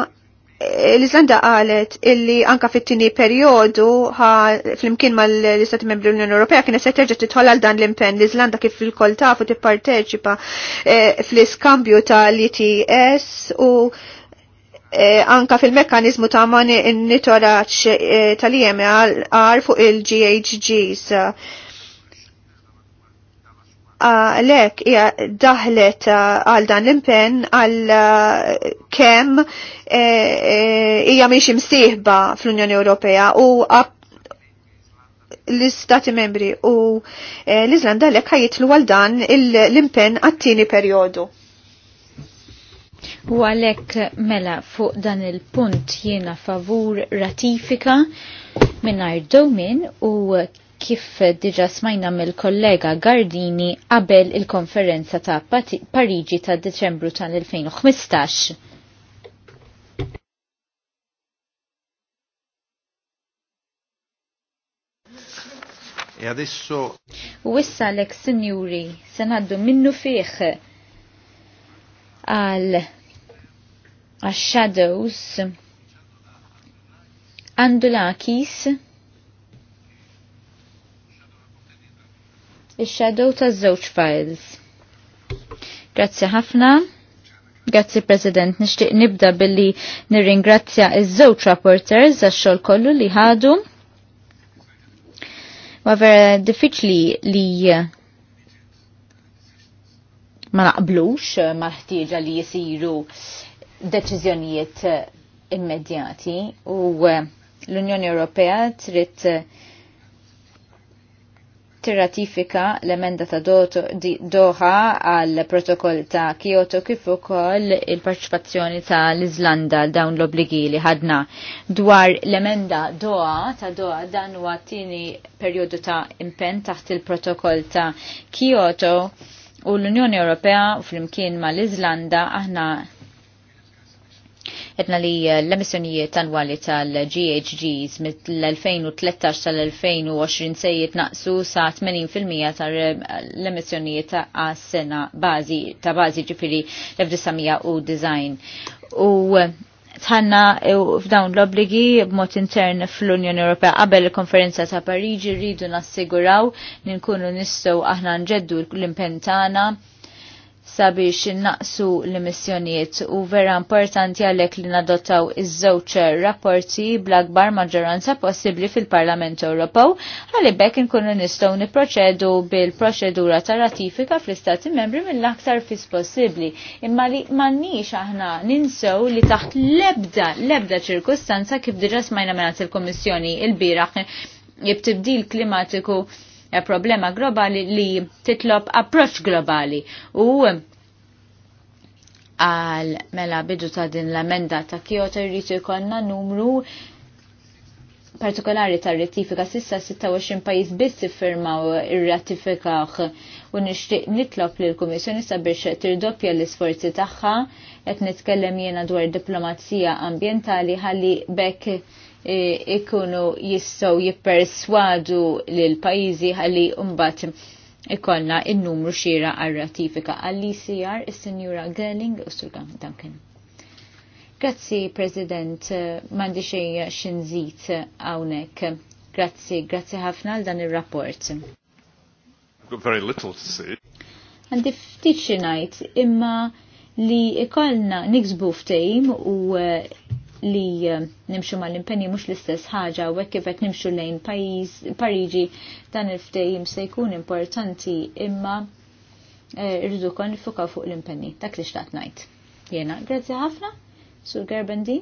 l-Islanda qalet illi anka fit-tini periodu fl-imkien mal-Istati Membri l-Unjoni Ewropea kienet se terġa' titħol għal dan l-impenn. L-Islanda kif il-kol tafu tipparteċipa eh, fl-iskambju tal-ITS u eh, anka fil-mekkanizmu ta' n-nitoraċ eh, tal-IMR fuq il-GHGs għalek uh, daħlet eh, għal dan l-impen għal eh, kem eh, hija miex imsieħba fl-Unjoni Ewropea u l-Istati membri u l-Iżlanda lek ħajitlu għal dan l-impen għattini periodu. U għalek mela fuq dan il-punt jiena favur ratifika minn domin u kif diġa smajna mill-kollega Gardini qabel il-konferenza ta' Parigi ta' Deċembru tal-2015. E adesso... U issa l-ek se senaddu minnu fieħ għal għal shadows akis. il-shadow ta' żewġ files. Grazzi ħafna. Grazzi President, nixtieq nibda billi nirringrazzja iż-żewġ rapporters għax-xogħol kollu li ħadu. Ma vera diffiċli li ma naqblux ma ħtieġa li jisiru deċiżjonijiet immedjati u l-Unjoni Ewropea trid tirratifika l-emenda ta' Doha għal protokoll ta' Kyoto kif ukoll il-parċipazzjoni ta' l-Iżlanda dawn l-obligi li ħadna dwar l-emenda Doha ta' Doha dan huwa tieni perjodu ta' impen taħt il-protokoll ta' Kyoto u l-Unjoni Ewropea u flimkien ma' l-Iżlanda aħna Edna li eh, l-emissjonijiet annwali tal-GHGs mill-2013 tal-2020 sejiet naqsu sa 80% tal-emissjonijiet eh, ta' sena bazi ta' bazi ġifiri l-1900 u U eh, tħanna f'dawn l-obligi b'mod intern fl-Unjoni Ewropea qabel il-konferenza ta' Pariġi rridu nassiguraw li nkunu nistgħu aħna nġeddu l-impentana sabiex naqsu l-emissjonijiet u vera importanti għalek li nadottaw iż-żewġ rapporti bl-akbar maġġoranza possibbli fil-Parlament Ewropew għalli bekk inkunu nistgħu niproċedu bil-proċedura ta' ratifika fl-Istati Membri mill-aktar fis possibbli. Imma li m'għandniex aħna ninsew li taħt lebda lebda ċirkustanza kif diġa smajna minn il-Kommissjoni il-bieraħ jibtibdil klimatiku Ja problema globali li titlob approach globali u għal mela bidu ta' din l-amenda ta' Kyoto jritu jkollna numru partikolari ta' rettifika sissa 26 pajis biss firmaw ir-ratifikaħ u nixtieq nitlob li l-Kummissjoni sabiex tirdoppja l-isforzi tagħha qed nitkellem jiena dwar diplomazija ambjentali ħalli bekk E, ikunu jistgħu jipperswadu lil pajjiżi għalli mbagħad ikollna il numru xira għal ratifika għall-ICR is senjura Gerling u Sur Duncan. Grazzi, President, eh, mandi xejn xinżit hawnhekk. Grazzi, grazzi ħafna għal dan ir-rapport. Very little to say. Għandi ftit imma li ikollna niksbu ftehim u eh, li eh, nimxu mal-impenji mhux l-istess ħaġa u hekk kifet nimxu lejn Pariġi dan il-ftehim se jkun importanti imma eh, irridu kon fuq l-impenji. Dak li xtaqt ngħid. Jena, grazzi ħafna, Sur Gerbendi.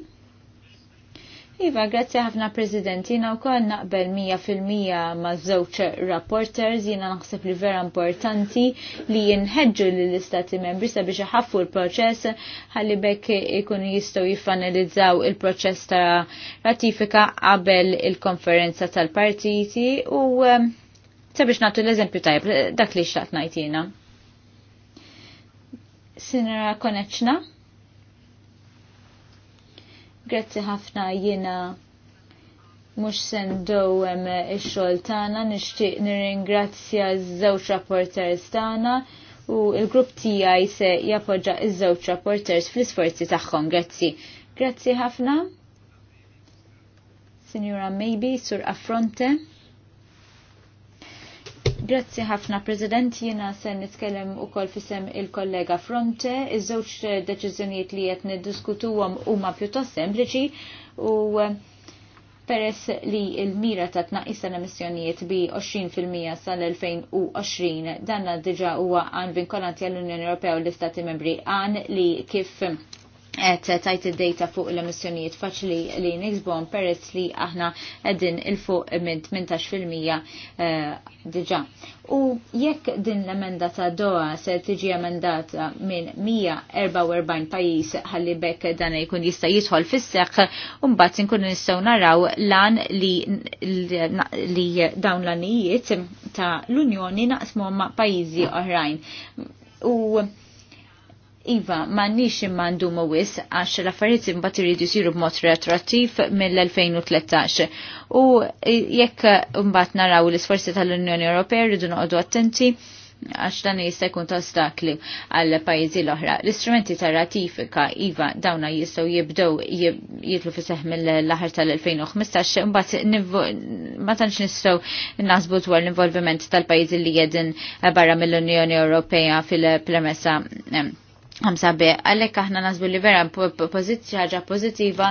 Iva, grazzi ħafna President, jina u koll naqbel 100% ma' zewċ rapporters, jina naħseb li vera importanti li jinħedġu li l-istati membri sabiex ħaffu l-proċess, ħalli bekk ikun jistow jifanalizzaw il-proċess ta' ratifika qabel il-konferenza tal-partiti u um, sabiex natu l-eżempju tajb, dak li xtaqt najtina. Sinra Koneċna? Grazzi ħafna jiena mux sendow hemm ix-xogħol tagħna nixtieq nirringrazzja ż-żewġ rapporters tagħna u l-grupp tiegħi se jappoġġa ż-żewġ rapporters fl-isforzi tagħhom. Grazzi. Grazzi ħafna. Signora Maybe, Sur Affronte. Grazzi ħafna President, jiena se nitkellem ukoll fisem il-kollega Fronte, iż-żewġ deċiżjonijiet li qed niddiskutuhom huma pjuttost sempliċi u eh, peress li il-mira ta' tnaqis l emissjonijiet bi 20% sal-2020 danna diġa huwa għan vinkolanti għall-Unjoni Ewropea u l-Istati Membri għan li kif et tajt id-data fuq l-emissjonijiet faċli li nixbon peress li aħna għedin il-fuq minn 18% eh, diġa. U jekk din l-emenda ta' doa se tiġi emendata minn 144 pajis ħalli bekk dan jkun jista' jidħol fis u mbagħad inkunu nistgħu naraw lan li, li dawn l-anijiet ta' l-Unjoni naqsmu ma' pajjiżi oħrajn. U Iva, nix immandu ma wis għax l-affarijiet imbagħad iridu jsiru b'mod retrattiv mill-2013. U jekk imbagħad naraw l-isforzi tal-Unjoni Ewropea rridu noqogħdu attenti għax dan jista' jkun tostakli għal pajjiżi l-oħra. L-istrumenti ta' ratifika iva dawna jistgħu jibdew jitlu fi seħ mill-aħħar tal-2015 imbagħad ma tantx nistgħu naħsbu dwar l-involviment tal-pajjiżi li jedin barra mill-Unjoni Ewropea fil-premessa Għamsa għallek aħna nazbu li vera ħaġa pozittiva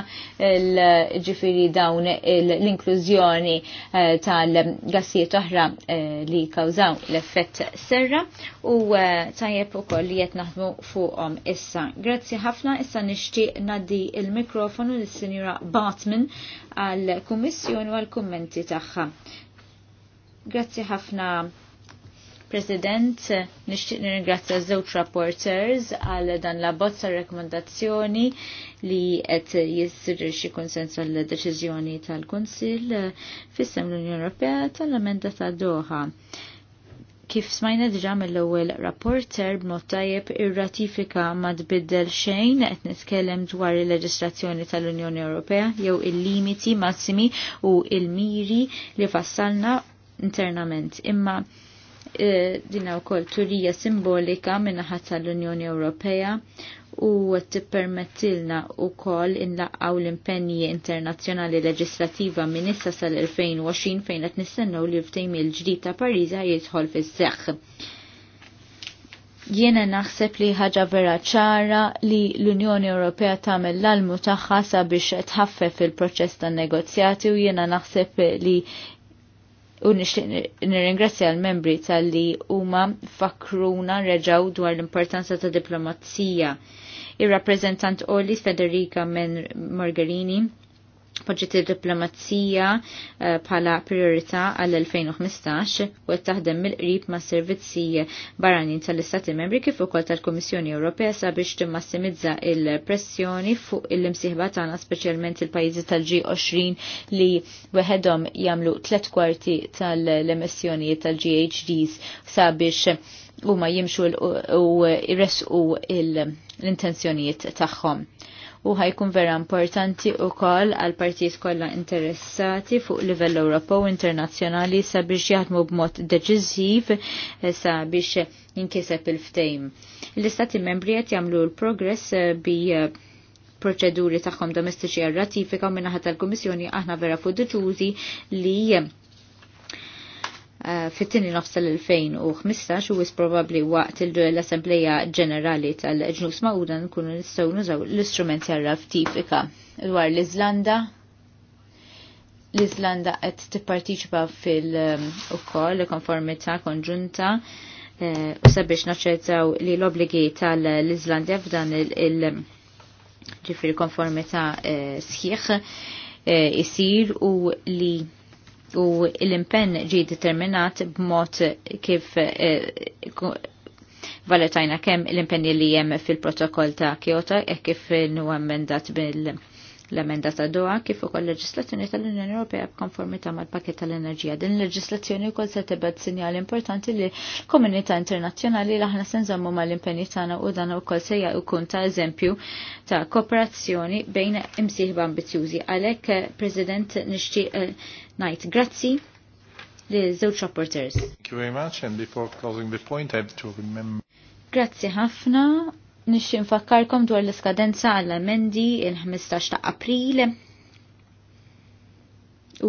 ġifiri dawn l-inklużjoni eh, tal-gassijiet oħra eh, li kawżaw l-effett serra u eh, tajjeb u koll li naħdmu fuqom issa. Grazzi ħafna, issa nishti naddi il-mikrofonu l-Sinjura Batman għal-Kummissjoni u għal-kommenti tagħha. Grazzi ħafna. President, nixtieq nirringrazzja żewġ rapporters għal dan la bozza rekomendazzjoni li qed jissir xi konsens għal deċiżjoni tal-Kunsill fis-sem l-Unjoni Ewropea tal-Amenda ta' Doha kif smajna diġa mill-ewwel rapporter b'mod tajjeb ir-ratifika ma tbiddel xejn qed nitkellem dwar il-leġislazzjoni tal-Unjoni Ewropea jew il-limiti massimi u il-miri li fassalna internament. Imma Eh, dina wkoll turija simbolika minnaħat tal-Unjoni Ewropea u t-permettilna u kol inlaqqaw l-impenji internazjonali leġislativa minn issa sal-2020 fejn qed nistennew li ftejmi l-ġdid ta' Pariża jidħol fis-seħħ. Jiena naħseb li ħaġa vera ċara li l-Unjoni Ewropea tagħmel l-almu tagħha sabiex tħaffef il-proċess tan-negozjati u jiena naħseb li u nirringrazzja l-membri tal-li huma fakruna reġaw dwar l-importanza ta' diplomazija. Ir-rappreżentant Oli Federica Men Margarini proġett il-diplomazija eh, bħala priorità għall-2015 u taħdem mill-qrib ma' servizzi barranin tal-Istati Membri kif ukoll tal-Kummissjoni Ewropea sabiex timmassimizza il-pressjoni fuq il-imsieħba tagħna speċjalment il-pajjiżi tal-G20 li weħedhom jagħmlu tliet kwarti tal-emissjonijiet tal ghds sabiex huma jimxu u jresqu l-intenzjonijiet tagħhom u ħajkun vera importanti u kol għal partijiet kollha interessati fuq livell Ewropew internazzjonali sabiex jaħdmu b'mod deċiżiv eh, sabiex jinkiseb il-ftejm. L-istati membri qed jagħmlu l-progress eh, bi eh, proċeduri tagħhom domestiċi għal ratifika minnaħat tal-Kummissjoni aħna vera fuq li Eh, fit-tini nofs tal-2015 u probabbli waqt l-Assembleja Ġenerali tal-Ġnus Mawda nkunu nistgħu nużaw l-istrumenti għarraf raftifika dwar l-Iżlanda. L-Iżlanda qed tipparteċipa fil-ukoll um, konformità konġunta eh, u sabiex naċċertaw li l-obligi tal-Iżlandja f'dan il- ġifir konformità eh, sħiħ isir u li u l-impenn ġi determinat b'mod kif eh, valetajna kemm l impenn li jem fil-protokoll ta' Kyoto e kif nuemmendat bil- l-emenda ta' doa kif ukoll leġislazzjoni tal-Unjoni Ewropea b'konformità mal-pakket tal-enerġija. Din leġislazzjoni wkoll se tibgħat sinjal importanti li komunità internazzjonali l aħna se nżommu mal-impenji tagħna u dan ukoll se jkun ta' eżempju ta' kooperazzjoni bejn imsieħba ambizjużi. Għalhekk President nixtieq eh, ngħid grazzi li żewġ rapporters. Thank you very much and before closing the point I have to remember Grazzi ħafna nixi nfakkarkom dwar l-iskadenza għall-amendi il-15 ta' april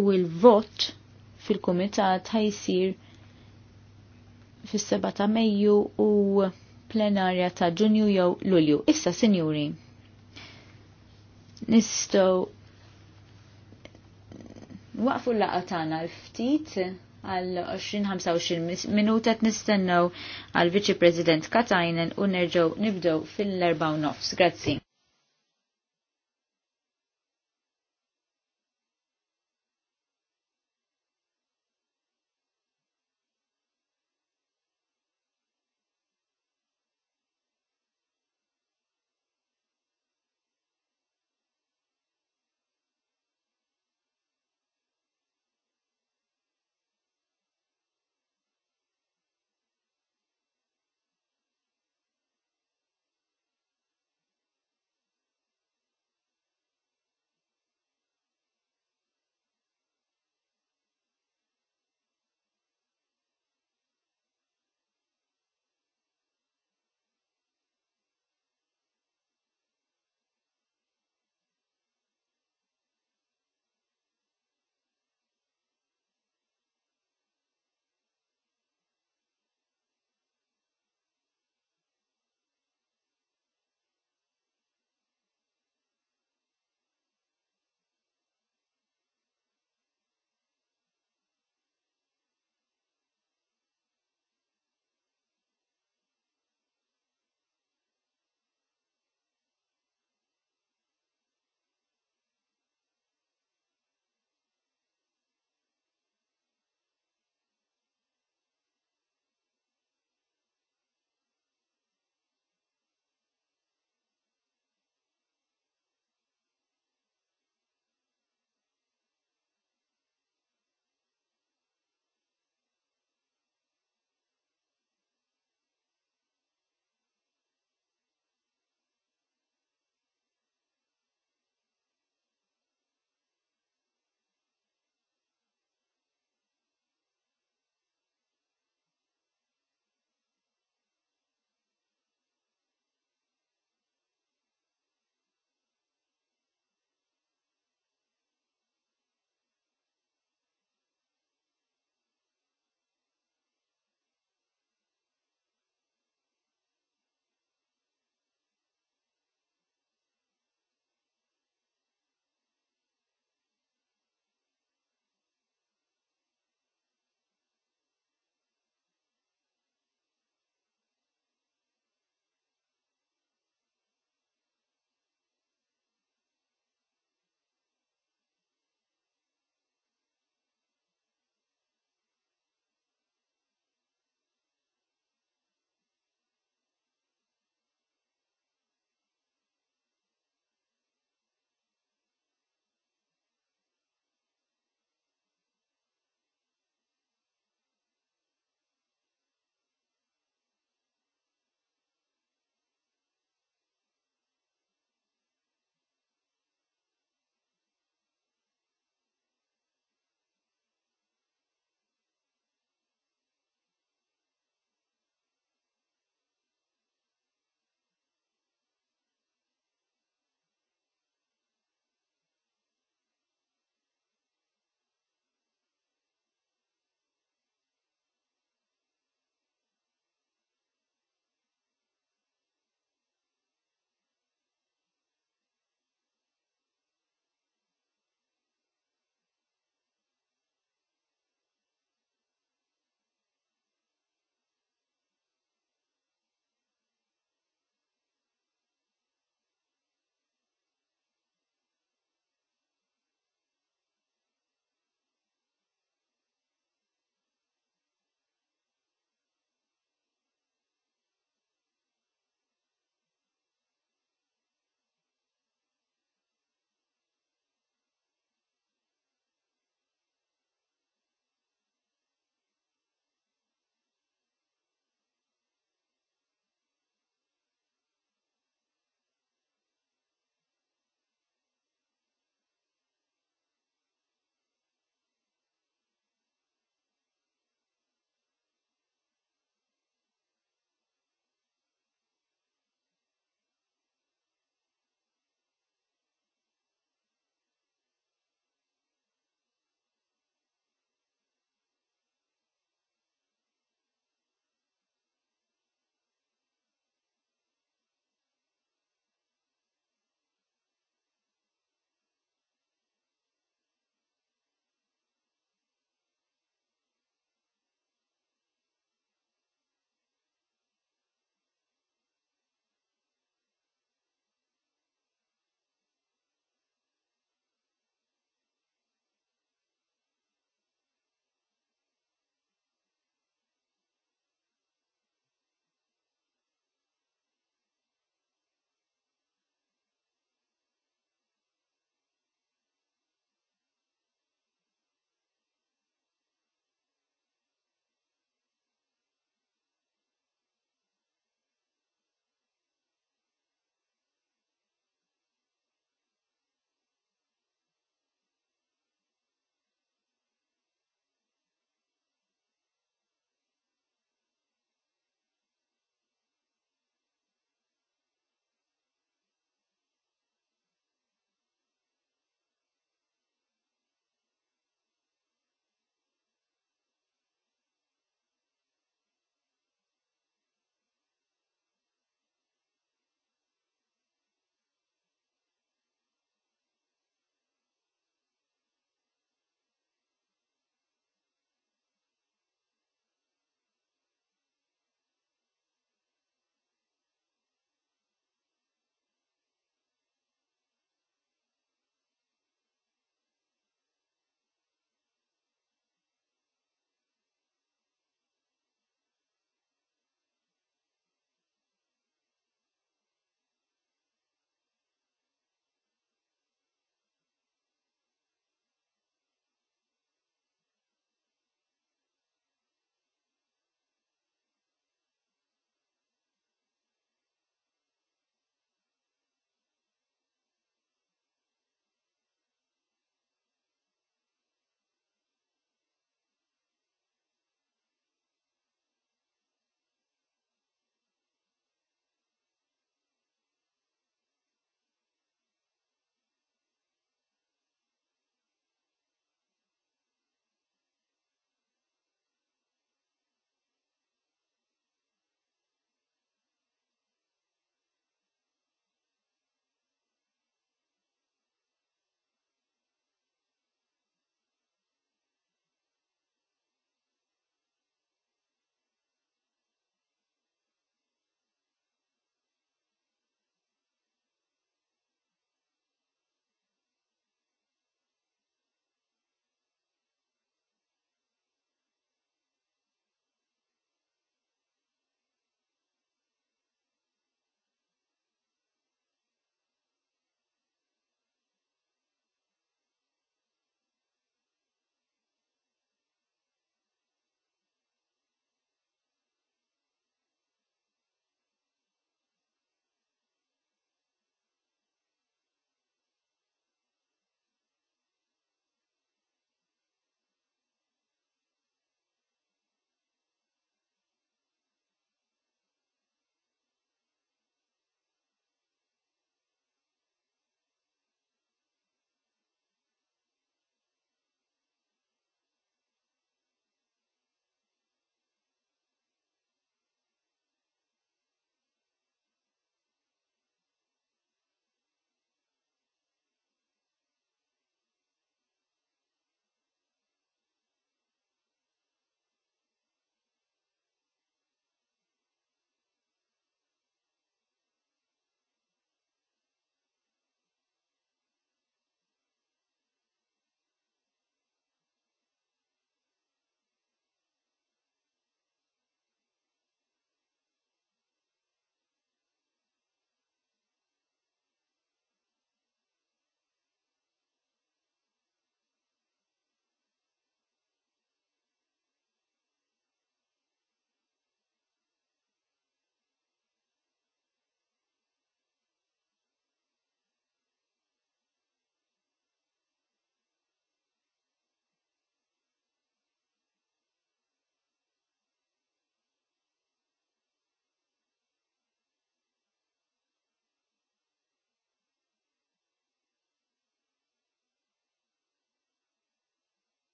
u il-vot fil-komitat ħajsir fis-7 ta' Mejju u plenarja ta' Ġunju jew Lulju. Issa, sinjuri, nistgħu waqfu l-laqa tagħna ftit għal 20-25 minuta t nistennew għal Viċi President Katajnen u nerġaw nibdow fil-4 nofs. Grazzi.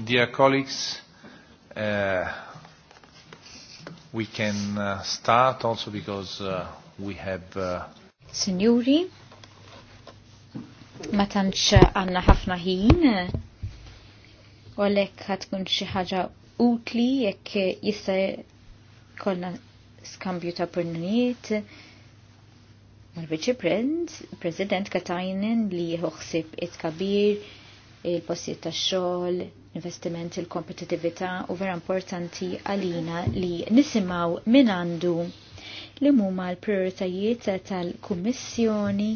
Dear colleagues, uh, we can uh, start also because uh, we have... Uh, Signori, ma tanċ għanna ħafna ħin, u għalek ħatkun xi utli jekk jista' kolna skambju ta' opinjonijiet mal President, President Katajnen li jħuħsib it-kabir il-postijiet ta' xogħol, investiment il-kompetitività u vera importanti għalina li nisimaw minn għandu li huma l-prioritajiet tal-Kummissjoni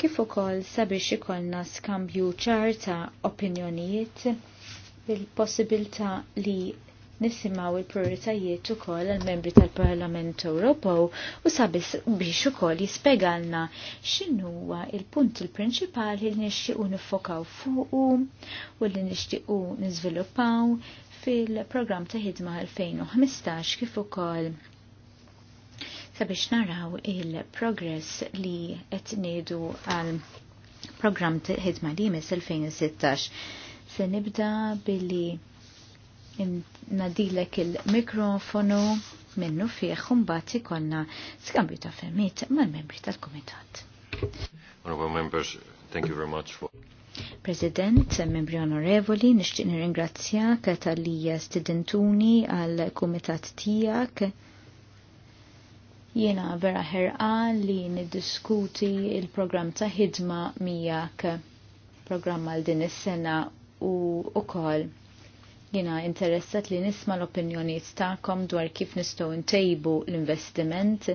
kif ukoll sabiex ikollna skambju ċar ta' opinjonijiet bil-possibilità li nisimaw il-prioritajiet ukoll għal-membri tal-Parlament Ewropew u sabis biex ukoll jispjegalna x'inhuwa il-punt il-prinċipali li nixtiequ nifokaw fuqu u li nixtiequ niżviluppaw fil-programm ta' ħidma 2015 kif ukoll sabiex naraw il-progress li qed ngħidu għal programm ta' ħidma li jmiss 2016. Se nibda billi nadilek il-mikrofonu minnu fieħ mbagħad ikollna skambju ta' fermiet mal-membri tal-kumitat. Honorable members, thank you very much for President, membri onorevoli, nixtieq nirringrazzjak tal studentuni għal kumitat Tijak. Jiena vera ħerqa li niddiskuti il-programm ta' ħidma mijak programm għal din is-sena u ukoll Jina interessat li nisma l-opinjoniet ta'kom dwar kif nistgħu ntejbu l-investiment,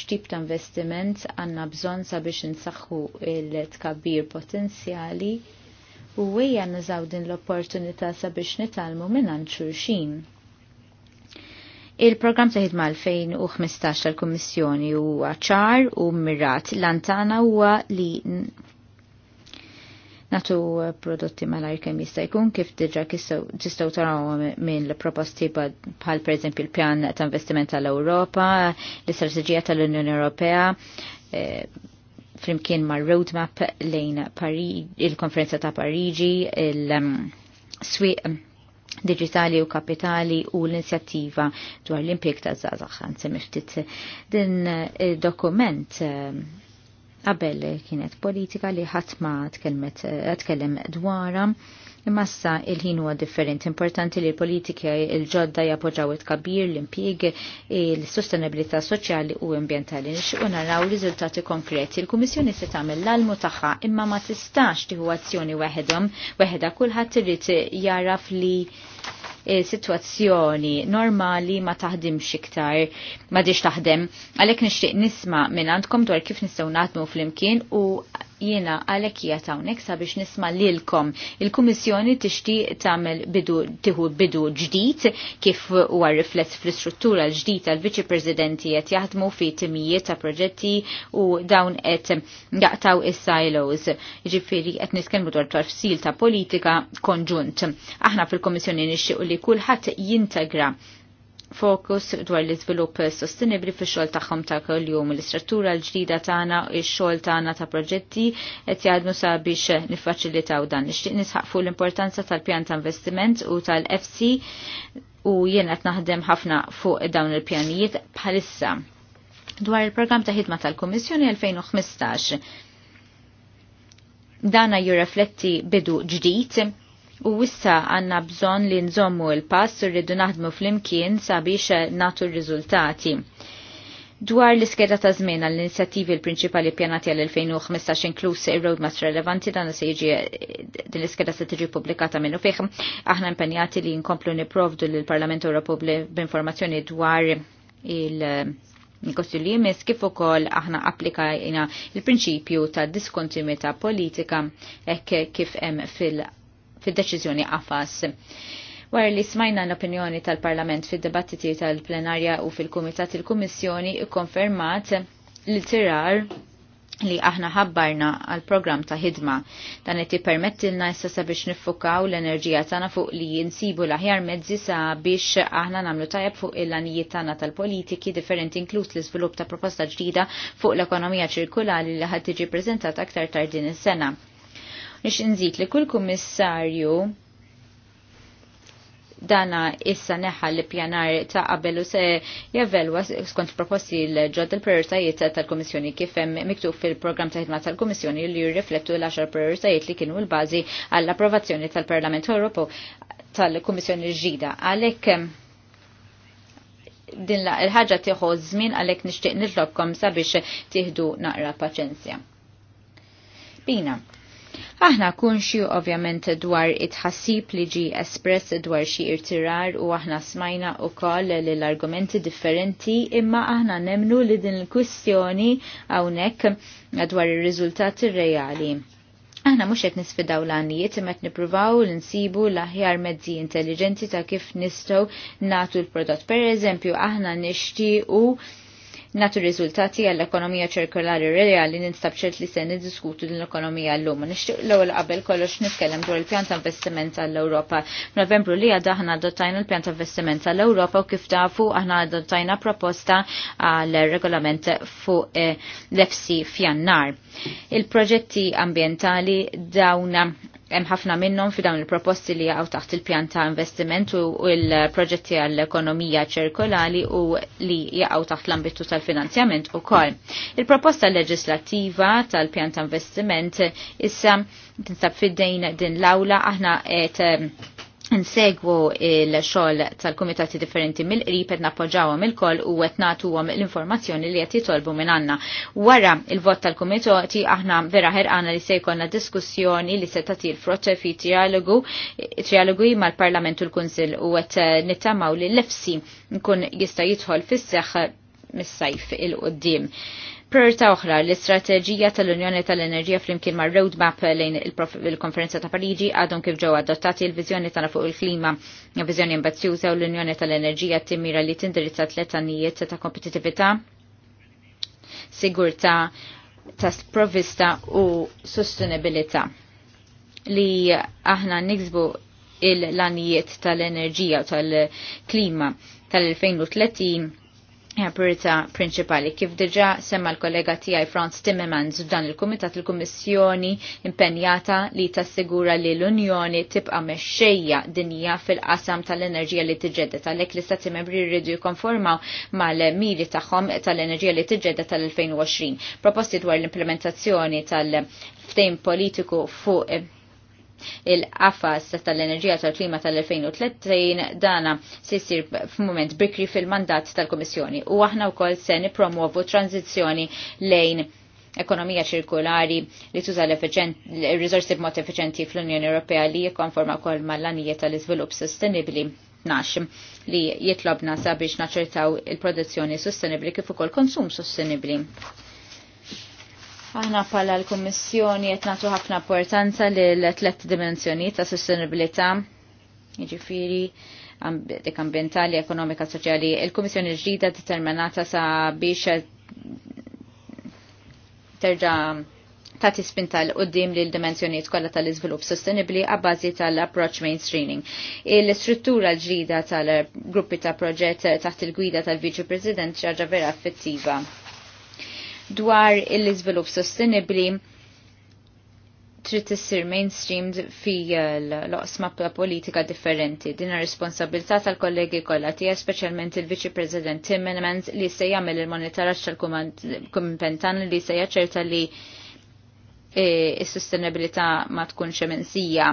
x'tip ta' investiment għandna bżonn sabiex insaħħu il tkabbir potenzjali u wejja niżaw din l-opportunità sabiex nitalmu minn xulxin. Il-programm ta' ħidma 2015 tal-Kummissjoni huwa ċar u mirat l-antana huwa li natu eh, prodotti malajr kem jista' jkun kif diġa tistgħu taraw minn l-proposti bħal pereżempju l-pjan ta' investiment tal-Ewropa, l-istrateġija tal-Unjoni Ewropea, eh, flimkien mar roadmap lejn il-konferenza ta' Pariġi, il-swiq digitali u kapitali u l-inizjattiva dwar l-impjeg ta' Zazax, għan ftit din eh, dokument Qabel kienet politika li ħatma tkellem dwara, imma il-ħin huwa differenti. Importanti li l-politika il-ġodda jappoġġaw it-kabir, l-impjieg, l-sostenibilità soċjali u ambjentali. Nixqu naraw riżultati konkreti. Il-Kummissjoni se tagħmel l-almu tagħha imma ma tistax tieħu azzjoni weħedhom, weħeda kulħadd irid jaraf li situazzjoni normali ma taħdimx iktar, ma diġ taħdem, għalek nixtieq nisma minn għandkom dwar kif nistgħu naħdmu fl-imkien u jiena għalhekk hija hawnhekk sabiex nisma' lilkom. Il-Kummissjoni tixtieq tagħmel bidu tieħu bidu ġdijt kif huwa rifless fl-istruttura l-ġdid tal-Viċi Presidenti qed jaħdmu fi timijiet ta' proġetti u dawn qed jaqtaw is-silos. Ġifieri qed nitkellmu dwar tafsil ta' politika konġunt. Aħna fil-Kummissjoni nixtiequ li kulħadd jintegra fokus dwar l-izvilupp sostenibli fi xogħol tagħhom ta' kuljum. L-istruttura l-ġdida tagħna u x-xogħol tagħna ta' proġetti qed jgħadmu sabiex niffaċilitaw dan. Nixtieq nisħaq fuq l-importanza tal-pjan ta' investiment u tal-FC u jien qed naħdem ħafna fuq dawn il-pjanijiet bħalissa. Dwar il-programm ta' ħidma tal-Kummissjoni 2015 dana jirrefletti bidu ġdid. U wissa għanna bżon li nżommu il-pass u rridu naħdmu fl-imkien sabiex natu r-riżultati. Dwar l-iskeda ta' żmien għall inizjattivi l-prinċipali pjanati għal-2015 inkluż ir-roadmaps relevanti dan se jiġi din l-iskeda se tiġi pubblikata minnu fih. Aħna impenjati li nkomplu niprovdu lill-Parlament Ewropew b'informazzjoni dwar il- Nikosti li jmiss kif ukoll aħna applikajna il-prinċipju ta' diskontinuità politika hekk kif hemm fil- fid-deċiżjoni għafas. Wara li smajna l-opinjoni tal-Parlament fid debattiti tal-plenarja u fil-Kumitat il-Kummissjoni konfermat l-tirar li aħna ħabbarna għal program ta' ħidma. Dan qed permettilna issa sabiex niffukaw l-enerġija tagħna fuq li jinsibu l-aħjar mezzi sabiex aħna nagħmlu tajjeb fuq il-lanijiet tagħna tal-politiki differenti inkluż l-iżvilupp ta' proposta ġdida fuq l-ekonomija ċirkulari li ħad tiġi preżentata aktar tard din is-sena nix nżid li kull kummissarju dana issa neħa li pjanar ta' qabel u se javelwa skont proposti l-ġod il-prioritajiet tal-Komissjoni kif hemm miktub fil-programm ta' ħidma tal-Komissjoni li jirriflettu l-10 prioritajiet li kienu l-bażi għall-approvazzjoni tal-Parlament Ewropew tal-Komissjoni ġida Għalhekk din il-ħaġa tieħu żmien għalhekk nixtieq nitlobkom sabiex tieħdu naqra paċenzja. Bina, Aħna kunxi ovvjament dwar it-ħassib li ġi espress dwar xi irtirar u aħna smajna u koll l-argumenti differenti imma aħna nemnu li din l-kwistjoni għawnek dwar il-rizultati reali. Aħna mux qed nisfidaw l-għanijiet imma qed nippruvaw l-insibu l-aħjar mezzi intelligenti ta' kif nistgħu natu l-prodott. Per eżempju, aħna nixtiequ natu riżultati għall-ekonomija ċirkolari reali ninstab ċert li se niddiskutu din l-ekonomija l-lum. Nixtieq l-ewwel qabel kollox nitkellem dwar il-pjan ta' investiment għall-Ewropa. Novembru li għadha aħna adottajna l-pjan ta' investiment għall-Ewropa u kif tafu aħna adottajna proposta għall-regolament fuq eh, l fc fjannar. Il-proġetti ambientali dawna hemm ħafna minnhom fi dawn il-proposti li jaqgħu taħt il-pjan ta' investiment u l-proġetti għall-ekonomija ċirkolali u li jaqgħu taħt l-ambitu tal-finanzjament ukoll. Il-proposta leġislattiva tal-pjan ta' investiment issa tinsab fid-dejn din l-awla aħna qed ehm, nsegwu l-xol tal-komitati differenti mill-qrib qed nappoġġawhom il-koll u qed nagħtuhom l-informazzjoni li qed jitolbu minn għandna. Wara il-vot tal-komitati aħna vera ħerqana li se jkollna diskussjoni li se tagħti l-frotte fi trialogu mal-Parlament u l-Kunsill u għet nittamaw li l-efsi nkun jista' jidħol fis-seħħ mis-sajf il-qoddim. Priorità oħra, l-istrateġija tal-Unjoni tal-Enerġija flimkien ma' roadmap lejn il-Konferenza ta' Pariġi għadhom kif ġew adottati l-viżjoni tagħna fuq il-klima, viżjoni ambizzjuża u l-Unjoni tal-Enerġija timmira li tindirizza tliet annijiet ta' kompetitività, sigurtà, ta' sprovvista u sostenibilità li aħna niksbu il-lanijiet tal-enerġija u tal-klima tal-2030 priorità prinċipali. Kif diġa semma l-kollega tiegħi Franz Timmermans f'dan il-Kumitat il-Kummissjoni impenjata li tassigura li l-Unjoni tibqa' mexxejja dinja fil-qasam tal-enerġija li tal-ek l-istati membri jridu jikkonformaw mal mili tagħhom tal-enerġija li tiġedda tal-2020. Proposti dwar l-implementazzjoni tal-ftejn politiku fuq Il-qafas tal-enerġija tal-klima tal-2030 dana se f f'mument bikri fil-mandat tal-Komissjoni u aħna wkoll se nipromuovu tranzizjoni lejn ekonomija ċirkulari li tuża l-riżorsi b'mod effiċenti fl-Unjoni Ewropea li jikkonforma wkoll mal-lanijiet tal-iżvilupp sostenibbli nax li jitlobna sabiex naċertaw il-produzzjoni sostenibli kif ukoll konsum sostenibli. Aħna pala l-Kommissjoni qed nagħtu ħafna importanza lil tlet dimensjoni ta' sostenibilità, jiġifieri dik ambientali, ekonomika, soċjali. Il-Kummissjoni ġdida determinata sa biex terġa' tagħti spinta l qoddim lil dimensjonijiet kollha tal-iżvilupp sostenibbli għabbażi tal-approach mainstreaming. Il-struttura l ġdida tal-gruppi ta' proġett taħt il-gwida tal-Viċi President ġarġa vera effettiva dwar l-iżvilupp sostenibbli trid tissir mainstreamed fi eh, l-oqsma politika differenti. Din responsabilità tal-kollegi kollha tiegħi speċjalment il-Viċi President Timmermans li se jagħmel il-monitoraġġ tal-kumpentan li se jaċċerta li eh, s sostenibilità ma tkunx emensija.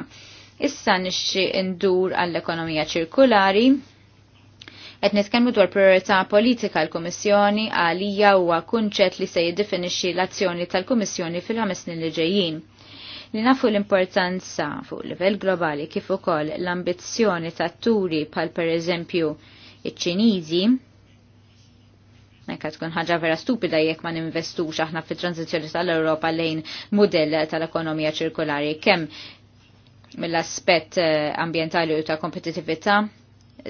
Issa nixxi ndur għall-ekonomija ċirkulari Qed nitkellmu dwar priorità politika l komissjoni għalija huwa kunċett li se jiddefinixxi l-azzjoni tal-Kummissjoni fil-ħames snin li ġejjin. Li nafu l-importanza fuq livell globali kif ukoll l-ambizzjoni ta' turi pal pereżempju iċ-Ċiniżi Nekka tkun ħaġa vera stupida jekk ma ninvestux aħna fit-tranzizzjoni tal-Ewropa lejn mudell tal-ekonomija ċirkolari kemm mill-aspett eh, ambientali u ta' kompetitività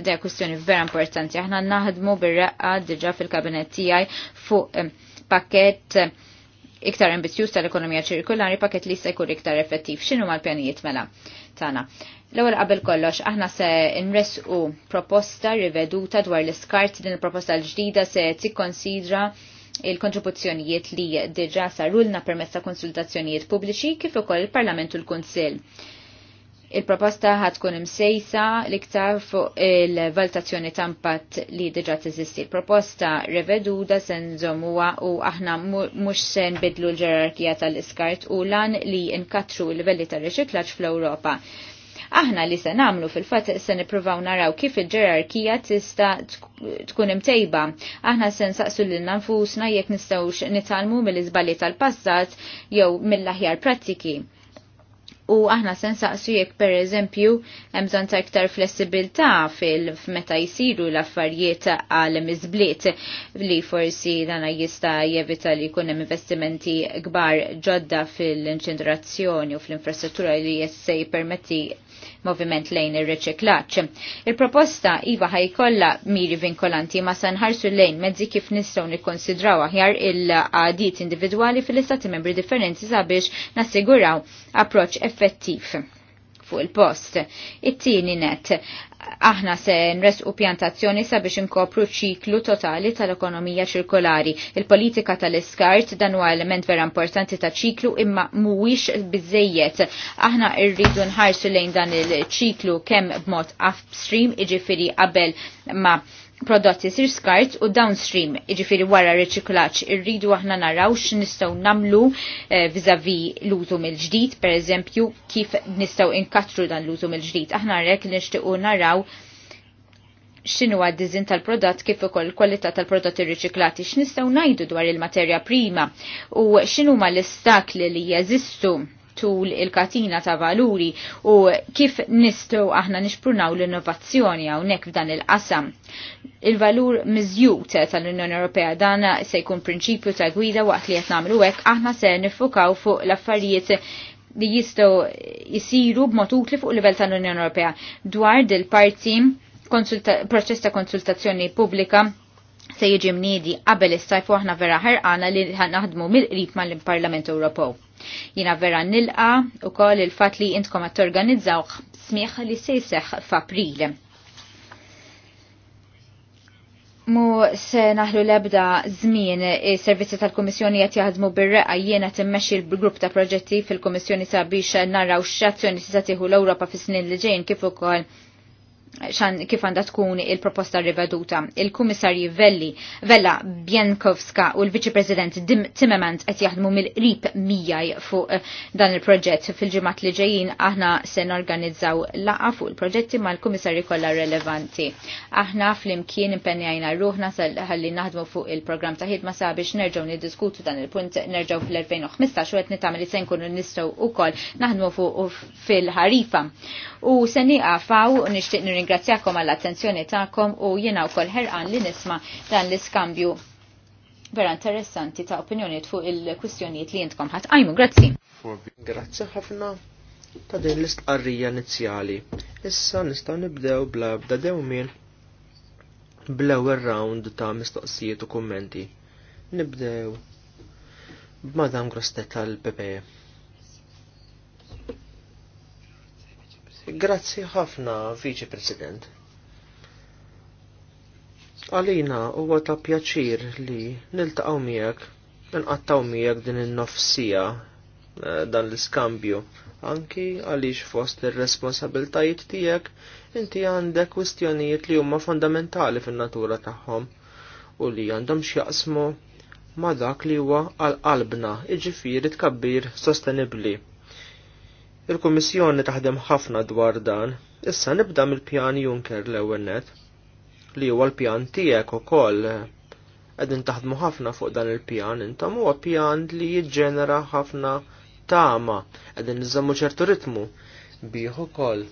da kwestjoni vera importanti. Aħna naħdmu bir-raqqa diġa fil-kabinet tiegħi fuq pakket iktar ambizjuż tal-ekonomija ċirkulari, pakket li se jkun iktar effettiv. X'inhu mal-pjanijiet mela tagħna? L-ewwel qabel kollox aħna se nresqu proposta riveduta dwar l-iskart din il-proposta l-ġdida se tikkonsidra il-kontribuzzjonijiet li diġa sarulna permezz ta' konsultazzjonijiet pubbliċi kif ukoll il-Parlament u l-Kunsill Il-proposta ħad tkun imsejsa l-iktar fuq il-valutazzjoni ta' impatt li diġa teżisti. Il-proposta reveduda sen żomuwa u aħna mhux se bidlu l-ġerarkija tal-iskart u lan li nkatru l-livelli tal riċiklaġġ fl-Ewropa. Aħna li se namlu fil-fatt se nippruvaw naraw kif il-ġerarkija tista' tkun imtejba. Aħna se nsaqsu lil nfusna jekk nistgħux nitalmu mill-iżbalji tal-passat jew mill-aħjar prattiki U aħna sen saqsu jek per eżempju hemm bżonn ta' iktar flessibilità fil-meta jsiru l-affarijiet għal miżbliet li forsi dana jista' jevita li jkun hemm investimenti kbar ġodda fil-inċentrazzjoni u fl-infrastruttura li jessej permetti moviment lejn ir-riċiklaġġ. Il-proposta iva ħajkollha miri vinkolanti ma sanħarsu lejn mezzi kif nistgħu nikkonsidraw aħjar il-għadiet individwali fil-istati membri differenti sabiex nassiguraw approċċ effettiv fuq il-post. It-tieni net, aħna se nresqu pjantazzjoni sabiex inkopru ċiklu totali tal-ekonomija ċirkolari. Il-politika tal-iskart dan huwa element vera importanti ta' ċiklu imma mhuwiex biżejjed. Aħna rridu nħarsu lejn dan il-ċiklu kemm b'mod upstream, iġifieri qabel ma' prodotti sir skart u downstream, iġifiri wara reċiklaċ, irridu aħna naraw x'nistgħu namlu eh, vizavi l użum mill-ġdid, per eżempju, kif nistgħu inkatru dan l użum mill-ġdid. Aħna rek nixtiequ naraw x'inhu għad-diżin tal-prodott kif ukoll kwalità tal-prodotti riċiklati x'nistgħu ngħidu dwar il-materja prima u x'inhuma ma l-istakli li jeżistu tul il-katina ta' valuri u kif nistgħu aħna nixprunaw l-innovazzjoni hawnhekk f'dan il-qasam. Il-valur miżjut tal-Unjoni Ewropea dan se jkun prinċipju ta' gwida waqt li qed nagħmlu hekk aħna se nifukaw fuq l-affarijiet li jistgħu jisiru b'mod utli fuq livell tal-Unjoni Ewropea dwar il parti proċess ta' konsultazzjoni pubblika se jiġi mnidi qabel is-sajf aħna vera ħerqana li naħdmu mill-qrib mal-Parlament Ewropew. Jina vera nilqa u koll il-fat li intkom għat organizzaw smieħ li se jseħ f'April. Mu se naħlu lebda żmien is-servizzi tal-Kummissjoni qed jaħdmu bir-reqa jiena timmexxi l-grupp ta' proġetti fil-Kummissjoni sabiex narraw x'azzjoni se tieħu l-Ewropa fis-snin li ġejjin kif ukoll xan kif għanda tkun il-proposta riveduta. Il-Kummissarji Velli, Vella Bjankowska u l-Viċi-President Timmermans qed jaħdmu mill-qrib mijaj fuq eh, dan il-proġett fil-ġimgħat li ġejjin aħna se norganizzaw laqa fuq il-proġetti mal-Kummissarji kollha relevanti. Aħna flimkien impenjajna ruħna ħalli naħdmu fuq il-programm ta' ħidma sabiex nerġgħu niddiskutu dan il-punt nerġgħu fl-2015 u qed nitagħmel li se nkunu nistgħu wkoll naħdmu fuq fil-ħarifa. U se nieqafaw nixtieq nirringrazzjakom għall-attenzjoni tagħkom u jiena wkoll ħerqan li nisma dan l-iskambju vera interessanti ta' opinjoniet fuq il-kwistjonijiet li jintkom ħadd għajmu, grazzi. Grazzi ħafna ta' din l-istqarrija inizjali. Issa nistgħu nibdew bla bda dewmien bl-ewwel round ta' mistoqsijiet u kummenti. Nibdew b'Madam Grostet tal-PPE. Grazzi ħafna, Vice President. Għalina huwa ta' pjaċir li niltaqgħu miegħek, nqattaw miegħek din in-nofsija eh, dan l-iskambju. Anki għaliex fost ir-responsabiltajiet tiegħek inti għandek kwistjonijiet li huma fondamentali fin-natura tagħhom u li għandhom x'jaqsmu ma' dak li huwa għal qalbna, iġifieri tkabbir sostenibbli. Il-Kummissjoni taħdem ħafna dwar dan. Issa nibda mill-pjan Juncker l-ewwel net li huwa l-pjan tiegħek ukoll qegħdin taħdmu ħafna fuq dan il-pjan intom huwa pjan li jiġġenera ħafna tama qegħdin niżammu ċertu ritmu bih ukoll.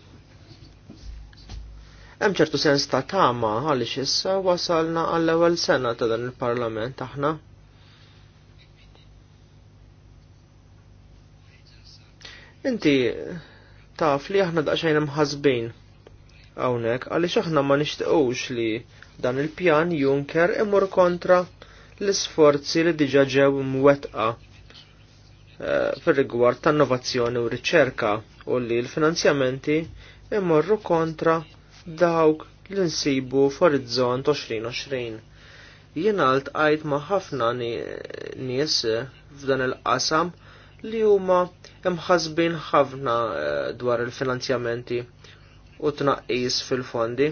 Hemm ċertu sens ta' tama għaliex issa wasalna għall-ewwel sena ta' dan il-Parlament aħna. Inti taf li aħna daqsxejn mħazbin hawnhekk għaliex aħna ma nixtiequx li dan il-pjan Junker imur kontra l-isforzi li diġa ġew mwettqa eh, fir-rigward ta' innovazzjoni u riċerka u li l-finanzjamenti imorru kontra dawk li nsibu f'orizzont 2020. Jien għalt għajt ma' ħafna nies f'dan il-qasam li huma imħasbin ħafna eh, dwar il-finanzjamenti u tnaqqis fil-fondi.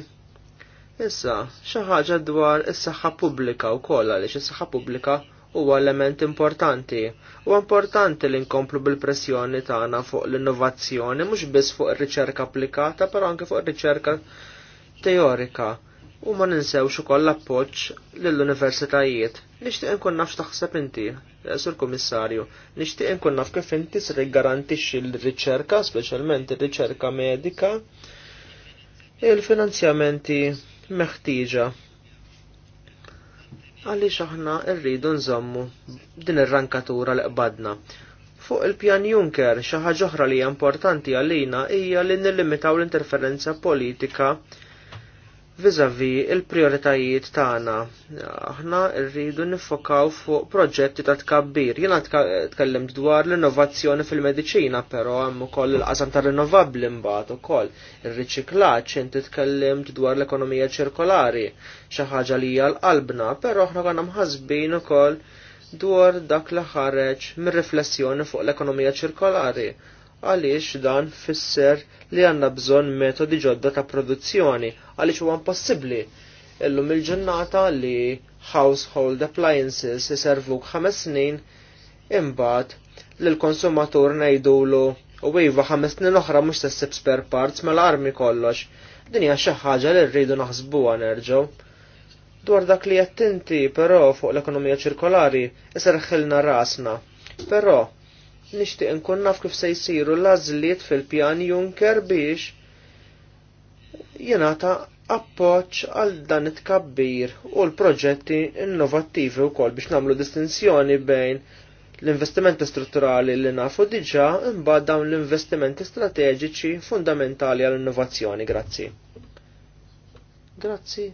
Issa, xi ħaġa dwar is-saħħa pubblika wkoll għaliex is-saħħa pubblika huwa element importanti. U importanti li nkomplu bil-pressjoni tagħna fuq l-innovazzjoni mhux biss fuq ir-riċerka applikata, però anke fuq ir-riċerka teorika. U ma ninsewx ukoll l-appoġġ lill-universitajiet. Nixtieq inkun nafx taħseb inti Eh, Sur Komissarju, nixtieq inkun naf kif inti se garantixxi l-riċerka, speċjalment ir-riċerka medika, il-finanzjamenti meħtieġa għaliex aħna rridu nżommu din ir-rankatura l qbadna. Fuq il-pjan Juncker xi ħaġa oħra li hija importanti għalina hija li nillimitaw l-interferenza politika vizavi il-prioritajiet tagħna. Aħna rridu nifokaw fuq proġetti ta' tkabbir. Jiena tkellimt dwar l-innovazzjoni fil-mediċina, però hemm ukoll il-qasam ta' rinnovabbli mbagħad ukoll. Ir-riċiklaġġ inti tkellimt dwar l-ekonomija ċirkolari, xi ħaġa li hija l-qalbna, però aħna għandna mħasbin ukoll dwar dak li ħareġ mir-riflessjoni fuq l-ekonomija ċirkolari għaliex dan fisser li għanna bżon metodi ġodda ta' produzzjoni għaliex huwa impossibbli illum il ġennata li household appliances jiservuk ħames snin imbagħad lill konsumatur ngħidulu u iva ħames snin oħra mhux tessib spare parts mal-armi mela kollox. Din hija xi ħaġa li rridu naħsbuha nerġgħu. Dwar dak li qed inti però fuq l-ekonomija ċirkolari iserħilna rasna. Però nixtieq inkun naf kif se jsiru l-għażliet fil-pjan Juncker biex jenata appoċ għal dan it-kabbir u l-proġetti innovattivi u kol biex namlu distinzjoni bejn l-investimenti strutturali li nafu diġa imbagħad dawn l-investimenti strateġiċi fundamentali għall-innovazzjoni. Grazzi. Grazzi.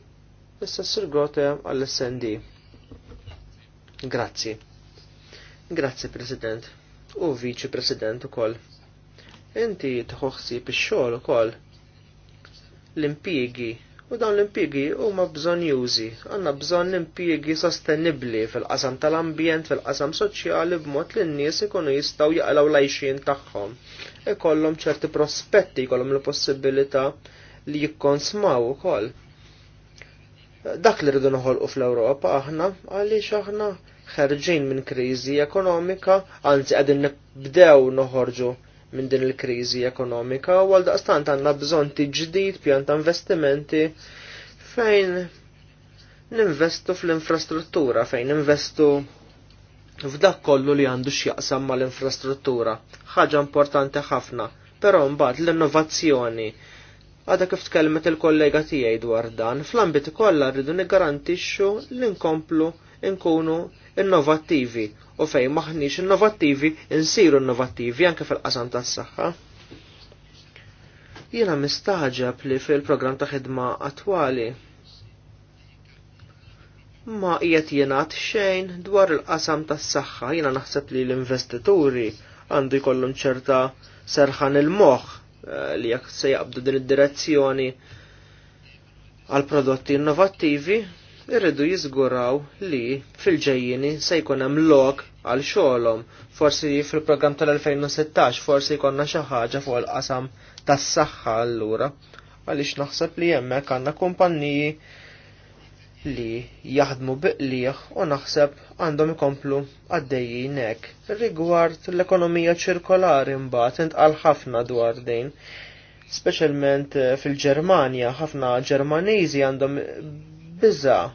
Issa s Grote għall-SND. Grazzi. Grazzi President u Viċi President ukoll. Inti tħoħsi ix-xogħol ukoll l-impjiegi u dawn l-impjiegi huma bżonn jużi. Għandna bżonn impjiegi sostenibbli fil-qasam tal-ambjent, fil-qasam soċjali b'mod li n-nies ikunu jistgħu jaqlaw lajxin tagħhom. Ikollhom ċerti prospetti, jkollhom l-possibilità li jikkonsmaw ukoll. Dak li rridu noħolqu fl-Ewropa aħna għaliex aħna ħerġin minn kriżi ekonomika, anzi qegħdin nibdew noħorġu minn din il-kriżi ekonomika u għal daqstant għandna bżonn ġdid pjan ta' investimenti fejn ninvestu fl-infrastruttura, fejn ninvestu f'dak kollu li għandu x'jaqsam mal-infrastruttura. Ħaġa importanti ħafna, però mbagħad l-innovazzjoni għada kif tkellmet il-kollega tiegħi dwar dan, fl-ambit kollha rridu niggarantixxu li nkomplu Inkunu innovattivi u fejn maħniex innovattivi insiru innovattivi anke fil-qasam tas-saħħa. Jiena mistaġab li fil-programm ta' ħidma attwali ma qiegħed jingħad xejn dwar il-qasam tas-saħħa jiena naħseb li l-investituri għandu jkollhom ċerta serħan il-moħħ eh, li jekk se jaqbdu din id-direzzjoni għal prodotti innovattivi irridu jizguraw li fil-ġejjini se jkun hemm lok għal xogħolhom. Forsi fil-programm tal-2016 forsi jkollna xi ħaġa fuq il-qasam tas-saħħa allura għaliex naħseb li hemmhekk għandna kumpanniji li jaħdmu biqlieħ u naħseb għandhom ikomplu għaddejjin hekk. Rigward l-ekonomija ċirkolari mbagħad intqal ħafna dwar din. Speċjalment eh, fil-Ġermanja, ħafna Ġermaniżi għandhom Biza'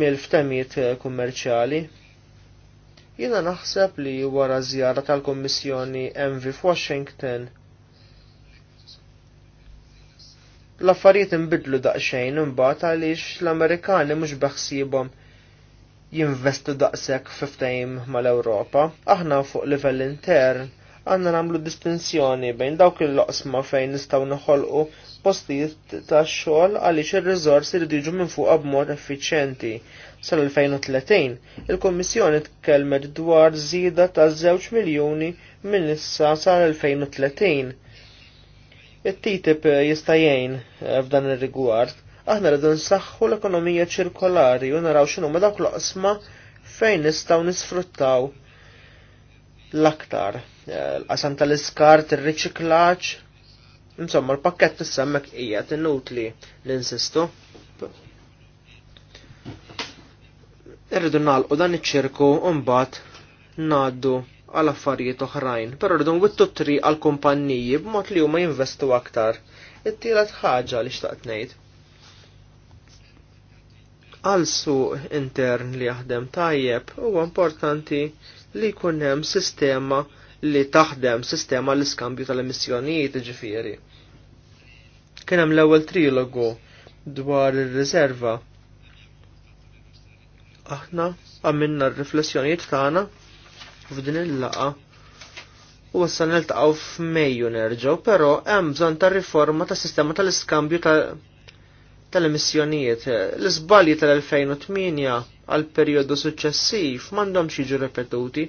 mill-ftemijiet kummerċjali. Jiena naħseb li wara żjara tal-Kommissjoni MV f'Washington l-affarijiet inbidlu daqsxejn imbagħad għaliex l-Amerikani mhux beħsiebhom jinvestu daqshekk f'ftehim mal-Ewropa. Aħna fuq livell intern għanna namlu distinzjoni bejn dawk il-loqsma fejn nistaw nħolqu postijiet ta' xogħol għaliex ir-riżorsi li diġu minn fuqha b'mod effiċjenti. Sal-2030, il-Kommissjoni tkellmet dwar żieda ta' 2 miljuni minn issa sal-2030. It-TTIP jista' jgħin eh, f'dan ir-rigward. Aħna rridu nsaħħu l-ekonomija ċirkolari u naraw x'inhuma dawk l fejn nistgħu nisfruttaw l-aktar l-qasam tal-iskart, ir-riċiklaġġ. Insomma, l-pakkett tissemmek hija inutli l-insistu. Irridu nagħlqu dan iċ-ċirku mbagħad ngħaddu għal affarijiet oħrajn, però rridu nwittu tri għal kumpanniji b'mod li huma jinvestu aktar. It-tielet ħaġa li xtaqt ngħid. Għal suq intern li jaħdem tajjeb huwa importanti li jkun hemm sistema li taħdem sistema l-iskambju tal-emissjonijiet ġifiri. Kien hemm l-ewwel trilogu dwar ir-riserva. Aħna għamilna r-riflessjonijiet tagħna f'din il-laqa u issa niltaqgħu f'Mejju nerġgħu, però hemm bżonn ta' riforma tas sistema tal-iskambju tal-emissjonijiet. L-iżbalji tal-2008 għal perjodu suċċessiv m'għandhomx jiġu repetuti.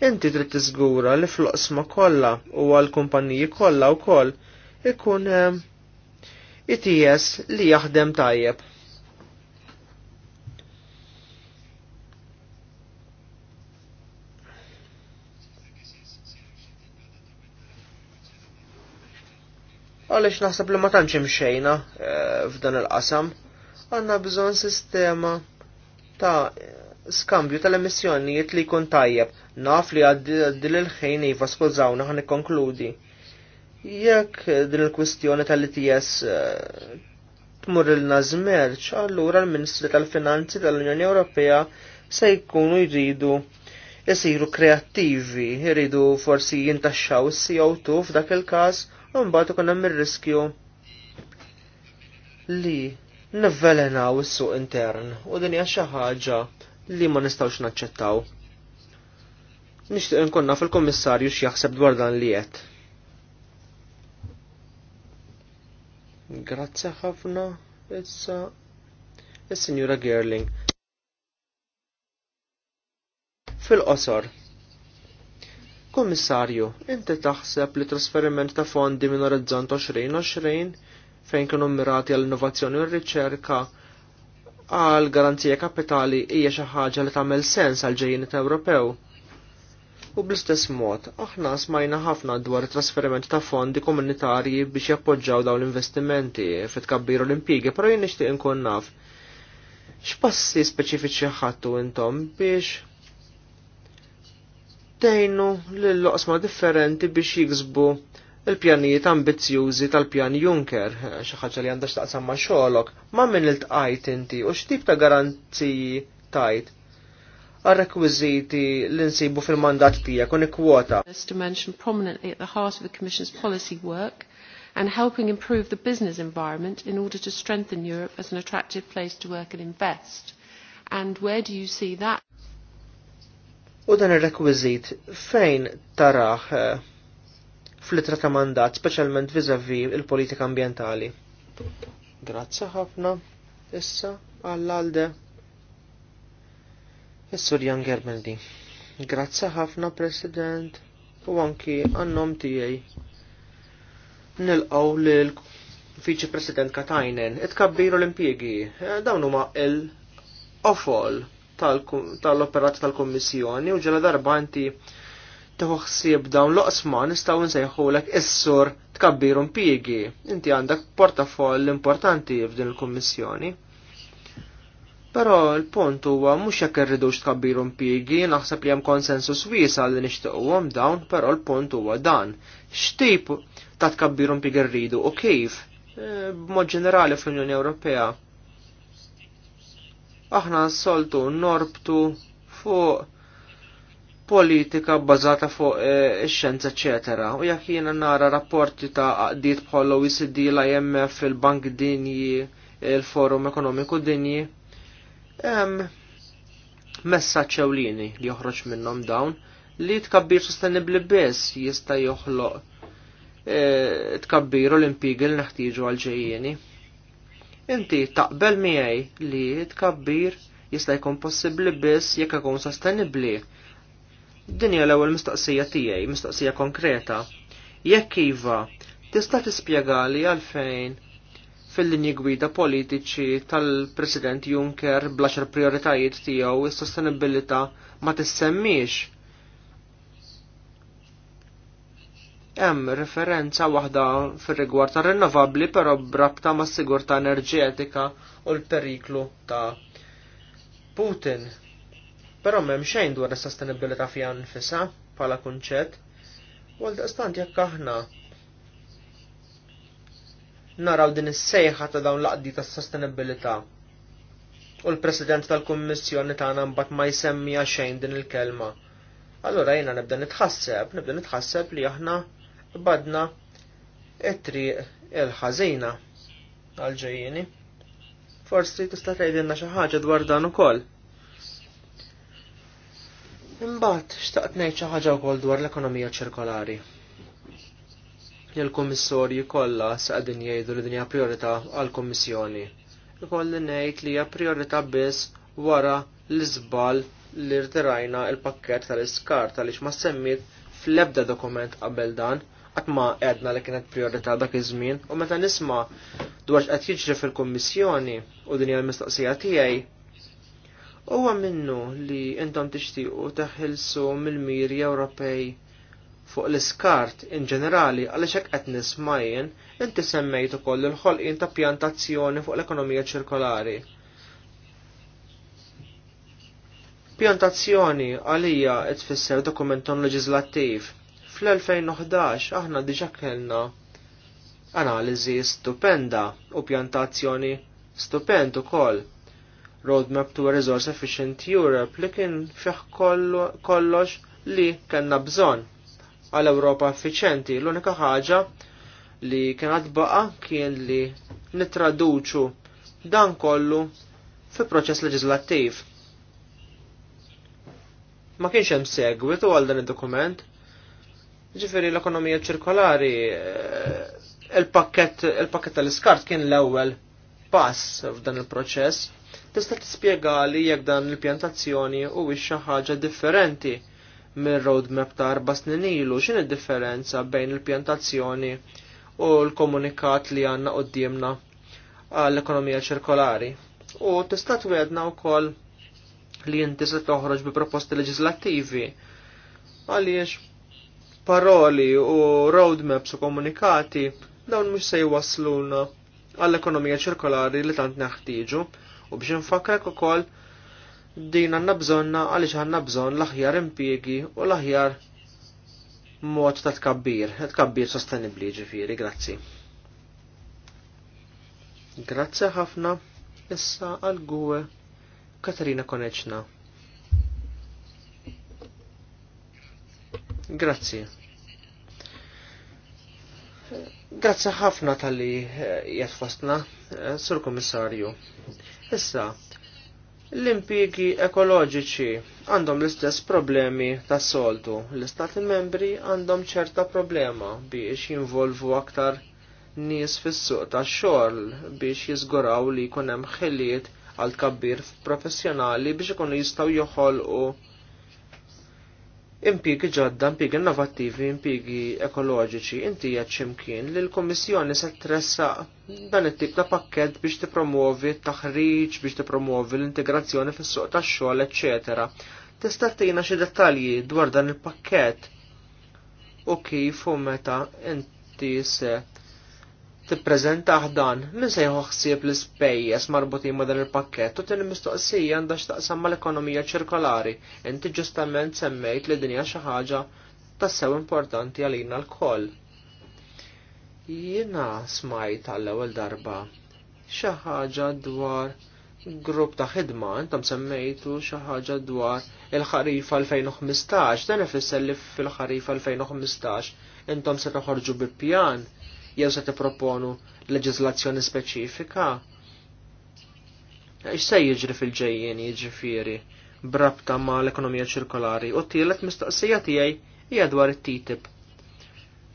Inti trid tiżgura li fl-oqsma kollha u għall-kumpaniji kollha wkoll ikun eh, ITS li jaħdem tajjeb. għalix naħseb li ma tantx imxejna eh, f'dan il-qasam, għandna bżonn sistema ta' skambju tal-emissjonijiet li jkun tajjeb. Naf li għaddi l-ħin iva skużawna ħan ikkonkludi. Jekk din il-kwistjoni tal-ITS eh, tmur il nazmerċ allura l-Ministri tal-Finanzi tal-Unjoni Ewropea se jkunu jridu jisiru kreattivi, jridu forsi jintaxxaw is-CO2 f'dak il-każ u mbagħad ikun hemm ir-riskju li nivvelenaw is-suq intern u din hija xi ħaġa li ma nistawx naċċettaw. Nixtieq nkunna fil-Kommissarju x'jaħseb dwar dan li qed. Grazzi ħafna, issa is-Sinjura Gerling. Fil-qosor, Kommissarju, inti taħseb li trasferiment ta' fondi minn Orizzont 2020 fejn kienu mirati għall innovazzjoni u r-riċerka għal garanzija kapitali hija xi ħaġa li tagħmel sens għal ġejjin Ewropew. U bl-istess mod, aħna smajna ħafna dwar it trasferiment ta' fondi komunitarji biex jappoġġaw dawn l-investimenti fit tkabbir l-impjiegi, però jien nixtieq inkun naf. X'passi speċifiċi ħadtu intom biex tgħinu lill-loqsma differenti biex jiksbu il-pjanijiet ambizzjużi tal-pjan Juncker, xi li għandha x'taqsam ma' xogħolok, ma' minn il tqajt inti u xtib ta' garanziji tajt għal rekwiziti l-insibu fil-mandat tija tiegħek u To mention prominently at the heart of the Commission's policy work and helping improve the business environment in order to strengthen Europe as an attractive place to work and invest. And where do you see that? U dan il-rekwizit fejn taraħ eh, fl-itra ta' mandat, specialment vizavi il-politika ambientali. Grazzi ħafna, issa għall-alde. Is-Sur Jan Germeldi. Grazzi ħafna, President, u anki għannom tijaj. Nilqaw l fiċi President Katajnen, itkabbiru l-impiegi, eh, dawn huma il-ofol tal-operat tal-Kommissjoni u ġela darba inti ħsieb dawn l-oqsma nsejħu nsejħulek is-sur tkabbir impjiegi. Inti għandek portafoll importanti f'din il-Kummissjoni. Però l-punt huwa mhux jekk irridux tkabbir impjiegi, naħseb li hemm konsensus wiesa li nixtiequhom dawn, però l-punt huwa dan. X'tip ta' tkabbir impjiegi rridu u kif? E, b'mod ġenerali fl-Unjoni Ewropea. Aħna soltu norbtu fuq politika bbażata fuq eh, ix-xjenza eċetera. U jekk jiena nara rapporti ta' qdiet bħal OECD, l-IMF, il-Bank Dinji, il-Forum Ekonomiku Dinji, hemm messaġġ ewlieni li joħroġ minnhom dawn li tkabbir sostenibbli biss jista' joħloq eh, tkabbiru l-impigi li neħtieġu għal-ġejjieni. Inti taqbel miegħi li tkabbir jista' jkun possibbli biss jekk ikun sostenibbli Din l-ewwel mistoqsija tiegħi, mistoqsija konkreta. Jekk iva, tista' tispjegali għalfejn fil-linji gwida politiċi tal-President Juncker blaxar prioritajiet tiegħu is-sostenibilità ma tissemmix. Hemm referenza waħda fir-rigward tar-rinnovabbli però brabta mas-sigurtà enerġetika u l-periklu ta' Putin. Però m'hemm xejn dwar is-sostenibilità fiha nfisha bħala kunċett, Wal daqstant jekk aħna naraw din is-sejħa ta' dawn l-qdi tas-sostenibilità. U l-President tal-Kummissjoni tagħna mbagħad ma jsemmiha xejn din il-kelma. Allura jiena nibda nitħasseb, nibda nitħasseb li aħna badna it-triq il-ħażina għal ġejjini. Forsi tista' tgħidilna xi ħaġa dwar dan ukoll. Imbagħad xtaqt ngħid xi ħaġa wkoll dwar l-ekonomija ċirkolari. Il-Kummissarji kollha saqdin jgħidu li din hija priorità għall-Kummissjoni. Ikolli ngħid li hija priorità biss wara l-iżbal li rtirajna il-pakket tal-iskart għaliex ma semmit fl-ebda dokument qabel dan qatt ma għedna li kienet priorità dak iż-żmien u meta nisma' dwar qed jiġri fil-Kummissjoni u din hija l-mistoqsija tiegħi Huwa minnu li intom tixtiequ teħilsu mill-miri Ewropej fuq l-iskart in ġenerali għaliex hekk qed majjen inti semmejt ukoll il-ħolqien ta' pjantazzjoni fuq l-ekonomija ċirkolari. Pjantazzjoni għalija tfisser dokumenton leġislattiv. Fl-2011 aħna diġa kellna analiżi stupenda u pjantazzjoni stupend ukoll. Roadmap to a Resource Efficient Europe li kien fih kollox li kellna bżonn għal Ewropa effiċenti. L-unika ħaġa li kien għad baqa kien li nitraduċu dan kollu fi proċess leġislattiv. Ma kienx hemm segwitu għal dan id-dokument. Ġifieri l-ekonomija ċirkolari eh, il-pakket il-pakket tal-iskart kien l-ewwel pass f'dan il-proċess tista' tispjegali jekk dan il-pjantazzjoni u xi ħaġa differenti mir roadmap ta' arba snin ilu x'in id-differenza bejn il-pjantazzjoni u l-komunikat li għandna qudiemna għall-ekonomija ċirkolari. U tista' twedna wkoll li inti se toħroġ bi proposti leġislattivi għaliex paroli u roadmaps u komunikati dawn mhux se jwassluna għall-ekonomija ċirkolari li tant neħtieġu u biex nfakrek ukoll din għandna bżonna għaliex għandna bżonn l-aħjar impjiegi u l-aħjar mod ta' tkabbir, tkabbir sostenibli ġifieri, grazzi. Grazzi ħafna issa għal gwe Katarina Koneċna. Grazzi. Grazzi ħafna tal-li jgħat fostna. Eh, Sur Komissarju. Issa, l-impjiegi ekoloġiċi għandhom l-istess problemi tas soltu. L-Istati membri għandhom ċerta problema biex jinvolvu aktar nies fis-suq tax-xogħol biex jiżguraw li jkun hemm ħiliet għal tkabbir professjonali biex ikunu jistgħu joħolqu impjiegi ġodda, impjiegi innovattivi, impjiegi ekoloġiċi, inti ċimkien li l komissjoni se tressaq dan it-tip ta' pakkett biex tipromuovi t-taħriġ, biex tipromuovi l-integrazzjoni fis-suq tax-xogħol, eċetera. Tista' tina xi dettalji dwar dan il-pakkett u kif u meta inti se tippreżentah dan min se jħoħsieb l-ispejjeż marbutin ma' dan il-pakkett u tieni mistoqsija għandha x'taqsam mal-ekonomija ċirkolari. Inti ġustament semmejt li dinja xi ħaġa tassew importanti għalina l-koll. Jiena smajt għall-ewwel darba xi ħaġa dwar grupp ta' ħidma intom semmejtu xi ħaġa dwar il-ħarifa 2015 dan ifisser li fil-ħarifa 2015 intom se toħorġu bi pjan jew se tipproponu leġiżlazzjoni speċifika? Ix se jiġri fil-ġejjien jiġifieri brabta ma l-ekonomija ċirkolari u t-tielet mistoqsija tiegħi hija dwar it-TTIP.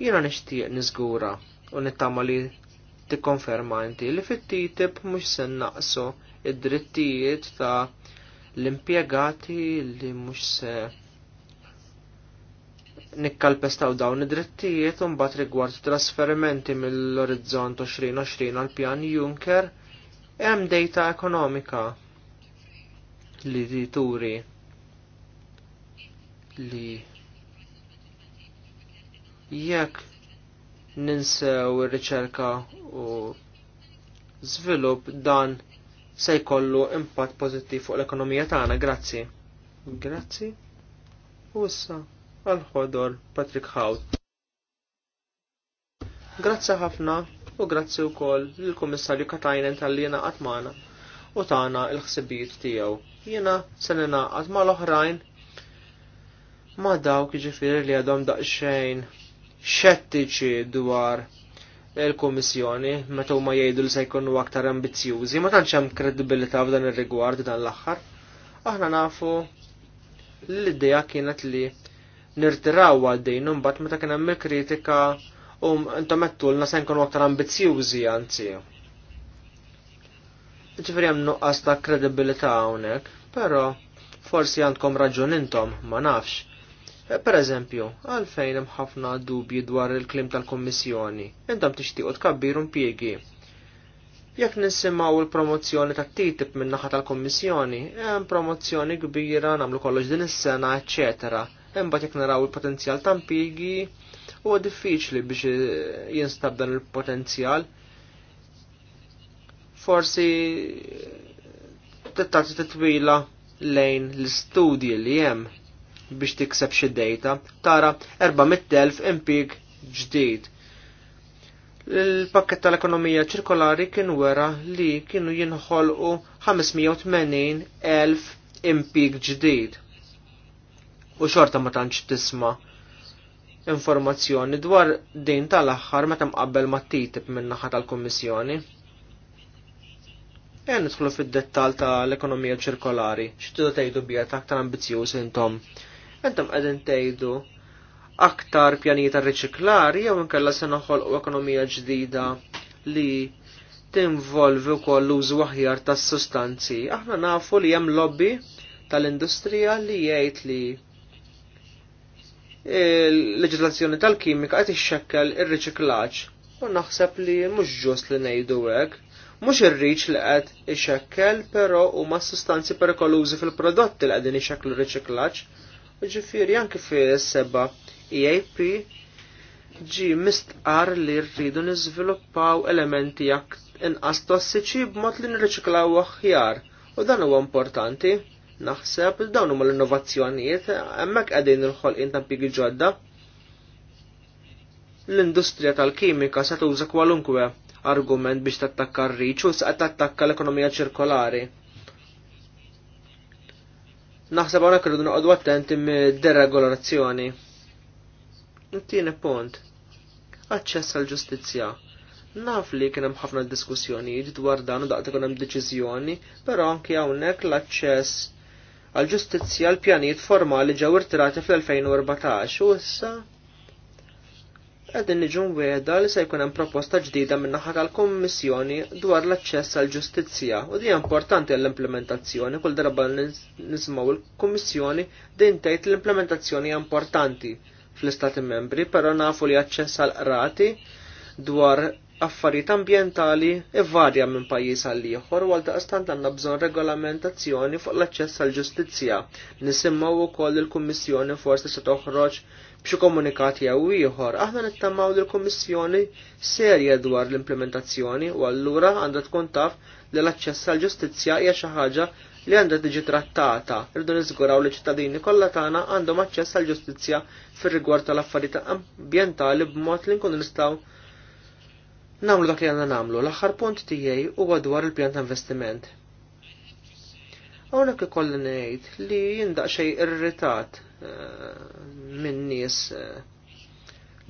Jiena nixtieq niżgura u nittama li tikkonferma inti li fit-TTIP mhux se naqsu id-drittijiet ta' l-impjegati li mhux se nikkalpestaw dawn id-drittijiet u mbagħad rigward trasferimenti mill-orizzont 2020 għal pjan Juncker hemm data ekonomika li turi li jekk ninsew ir-riċerka u żvilupp dan se jkollu impatt pożittiv fuq l-ekonomija tagħna, grazzi. Grazzi. U issa għal-ħodor Patrick Howe. Grazzi ħafna u grazzi u koll l-Komissarju Katajnen tal-lina għatmana u tana il-ħsibijiet tijaw. Jena s-sanina għatma l-oħrajn ma dawk ġifiri li għadhom daqxejn xettiċi dwar il-Komissjoni meta huma jgħidu li se jkunu aktar ambizzjużi, ma tantx hemm kredibilità f'dan ir-rigward dan l-aħħar. Aħna nafu l-idea kienet li nirtiraw għaddejn imbagħad meta kien hemm kritika u um, intom qed tulna se nkunu aktar ambizzjużi anzi. Ġifieri hemm nuqqas ta' kredibilità hawnhekk, però forsi għandkom raġun intom, ma nafx. Eh, per eżempju, għalfejn hemm ħafna dubji dwar il-klim tal-Kommissjoni, intom tixtiequ tkabbir impjiegi. Jekk nisimgħu l-promozzjoni ta' TTIP min-naħa tal-Kommissjoni, hemm promozzjoni kbira nagħmlu kollox din is-sena, eċċetera imbagħad jekk naraw il-potenzjal ta' impjiegi huwa diffiċli biex jinstab dan il-potenzjal. Forsi tittati titwila lejn l-istudji li hemm biex tikseb xi data tara 400,000 impjieg ġdid. Il-pakket tal-ekonomija ċirkolari kien wera li kienu jinħolqu 580,000 impjieg ġdid u xorta ma tantx tisma' informazzjoni dwar din tal-aħħar meta mqabbel ma' TTIP min-naħa tal-Kummissjoni. Ejja nidħlu fid-dettall tal-ekonomija ċirkolari, x'tidu tgħidu bija aktar ambizzjuż intom. Intom qegħdin tgħidu aktar pjanijiet riċiklari jew inkella se u ekonomija ġdida li tinvolvi wkoll l-użu aħjar tas-sustanzi. Aħna nafu li hemm lobby tal-industrija li jgħid li il-leġislazzjoni tal-kimika qed ixxekkel ir-riċiklaġġ u naħseb li mhux ġust li ngħidu hekk. Mhux ir-riċ li qed ixxekkel però huma sustanzi perikolużi fil-prodotti li qegħdin ixxekklu r-riċiklaġġ. Ġifieri anke fis-seba EAP ġi mistqar li rridu niżviluppaw elementi jak inqas tossiċi b'mod li nirriċiklaw aħjar u dan huwa importanti Naħseb dawn huma l-innovazzjonijiet hemmhekk qegħdin il-ħolqien ta' pigi ġodda. L-industrija tal-kimika se tuża kwalunkwe argument biex tattakka r-riċ u se tattakka l-ekonomija ċirkolari. Naħseb hawnhekk irridu noqogħdu attenti mid-deregolazzjoni. Tieni punt. Aċċess għall ġustizzja Naf li kien hemm ħafna diskussjonijiet dwar dan u daqt ikun hemm deċiżjoni, però anke hawnhekk l-aċċess għal ġustizzja l pjanijiet formali ġew irtirati fl-2014 u issa għedin iġun weda li se jkun hemm proposta ġdida minn naħa tal-Kummissjoni dwar l-aċċess għal ġustizzja u di importanti għall-implementazzjoni kull darba nismaw l-Kummissjoni din tgħid l-implementazzjoni importanti fl-Istati membri, però nafu li aċċess għal qrati dwar affarijiet ambjentali ivarja minn pajjiż għal ieħor u għaldaqstant għandna bżonn regolamentazzjoni fuq l-aċċess għall ġustizzja. Nisimgħu wkoll il-Kummissjoni forsi se toħroġ b'xi komunikat jew ieħor. Aħna nittamaw li l-Kummissjoni serja dwar l-implementazzjoni u allura għandha tkun taf li l-aċċess għall ġustizzja hija xi ħaġa li għandha tiġi trattata. Irridu niżguraw li ċittadini kollha tagħna għandhom aċċess għall ġustizzja fir-rigward tal-affarijiet ambjentali b'mod li nkunu nistgħu Namlu dak li għanna namlu, l-axar punt tijaj u dwar il-pjan ta' investiment. Għonek ikolli nejt li jindaq xej irritat eh, minn nies eh,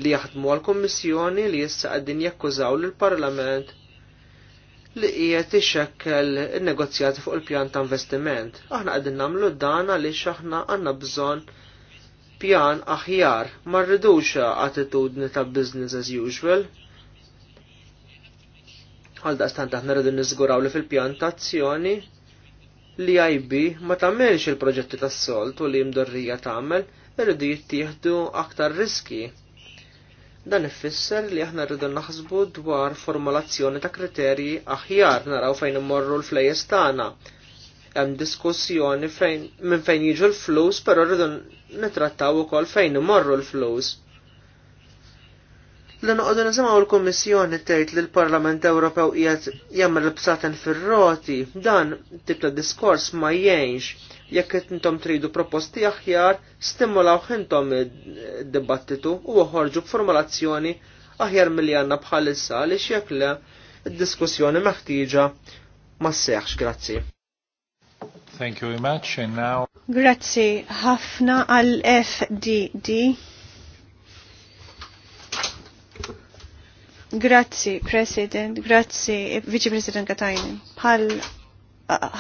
li jaħdmu għal-Kommissjoni li jissa għaddin jakkużaw l-Parlament li qiegħed ixekkel il negozjati fuq il-pjan ta' investiment. Aħna qegħdin nagħmlu dan għaliex aħna għandna bżonn pjan aħjar ma rridux attitudni ta' business as usual. Għal daqstant aħna rridu niżguraw li fil-pjantazzjoni li IB ma tammelx il-proġetti tas-solt u li mdorrija tagħmel irridu jittieħdu aktar riski. Dan ifisser li aħna rridu naħsbu dwar formulazzjoni ta' kriterji aħjar naraw fejn immorru l-flejes tagħna. Hemm diskussjoni fejn minn fejn jiġu l-flus, però rridu nitrattaw ukoll fejn imorru l-flus. L noqdu nisimgħu l-Kummissjoni tgħid li l-Parlament Ewropew qiegħed jagħmel bsaten fir-roti, dan tip ta' diskors ma jgħinx jekk qed intom tridu proposti aħjar, stimulaw intom id-dibattitu u uħorġu b'formulazzjoni aħjar milli għandna bħalissa li jekk le id-diskussjoni meħtieġa ma sseħħx grazzi. Thank you very much and now Grazzi ħafna għal FDD Grazzi, President, grazzi, Vice President Katajni. Bħal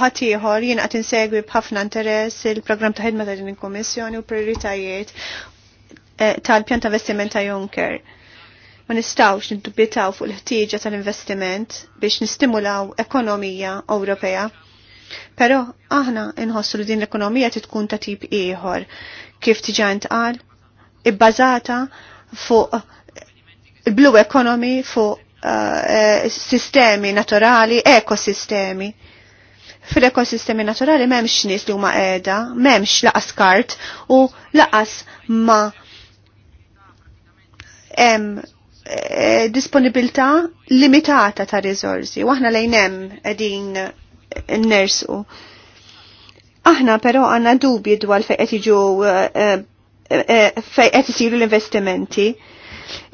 ħatiħor jien għat insegwi b'ħafna interess il-programm ta' ħidma ta' din il-Kummissjoni u prioritajiet eh, tal-pjan ta' investiment ta' Juncker. Ma nistawx niddubitaw fuq l-ħtieġa tal-investiment biex nistimulaw ekonomija Ewropea. Però aħna inħossu li din l-ekonomija tkun ta' tip ieħor kif tiġa ntqal, ibbażata fuq il-blue economy fuq uh, sistemi naturali, ekosistemi. Fil-ekosistemi naturali memx nis li huma qiegħda, memx laqas kart u laqas ma em, eh, disponibilità limitata ta' riżorsi. Aħna lejn hemm qegħdin nersu. Aħna però għandna dubji dwar fejn qed jiġu fejn qed isiru l-investimenti. Uh, uh,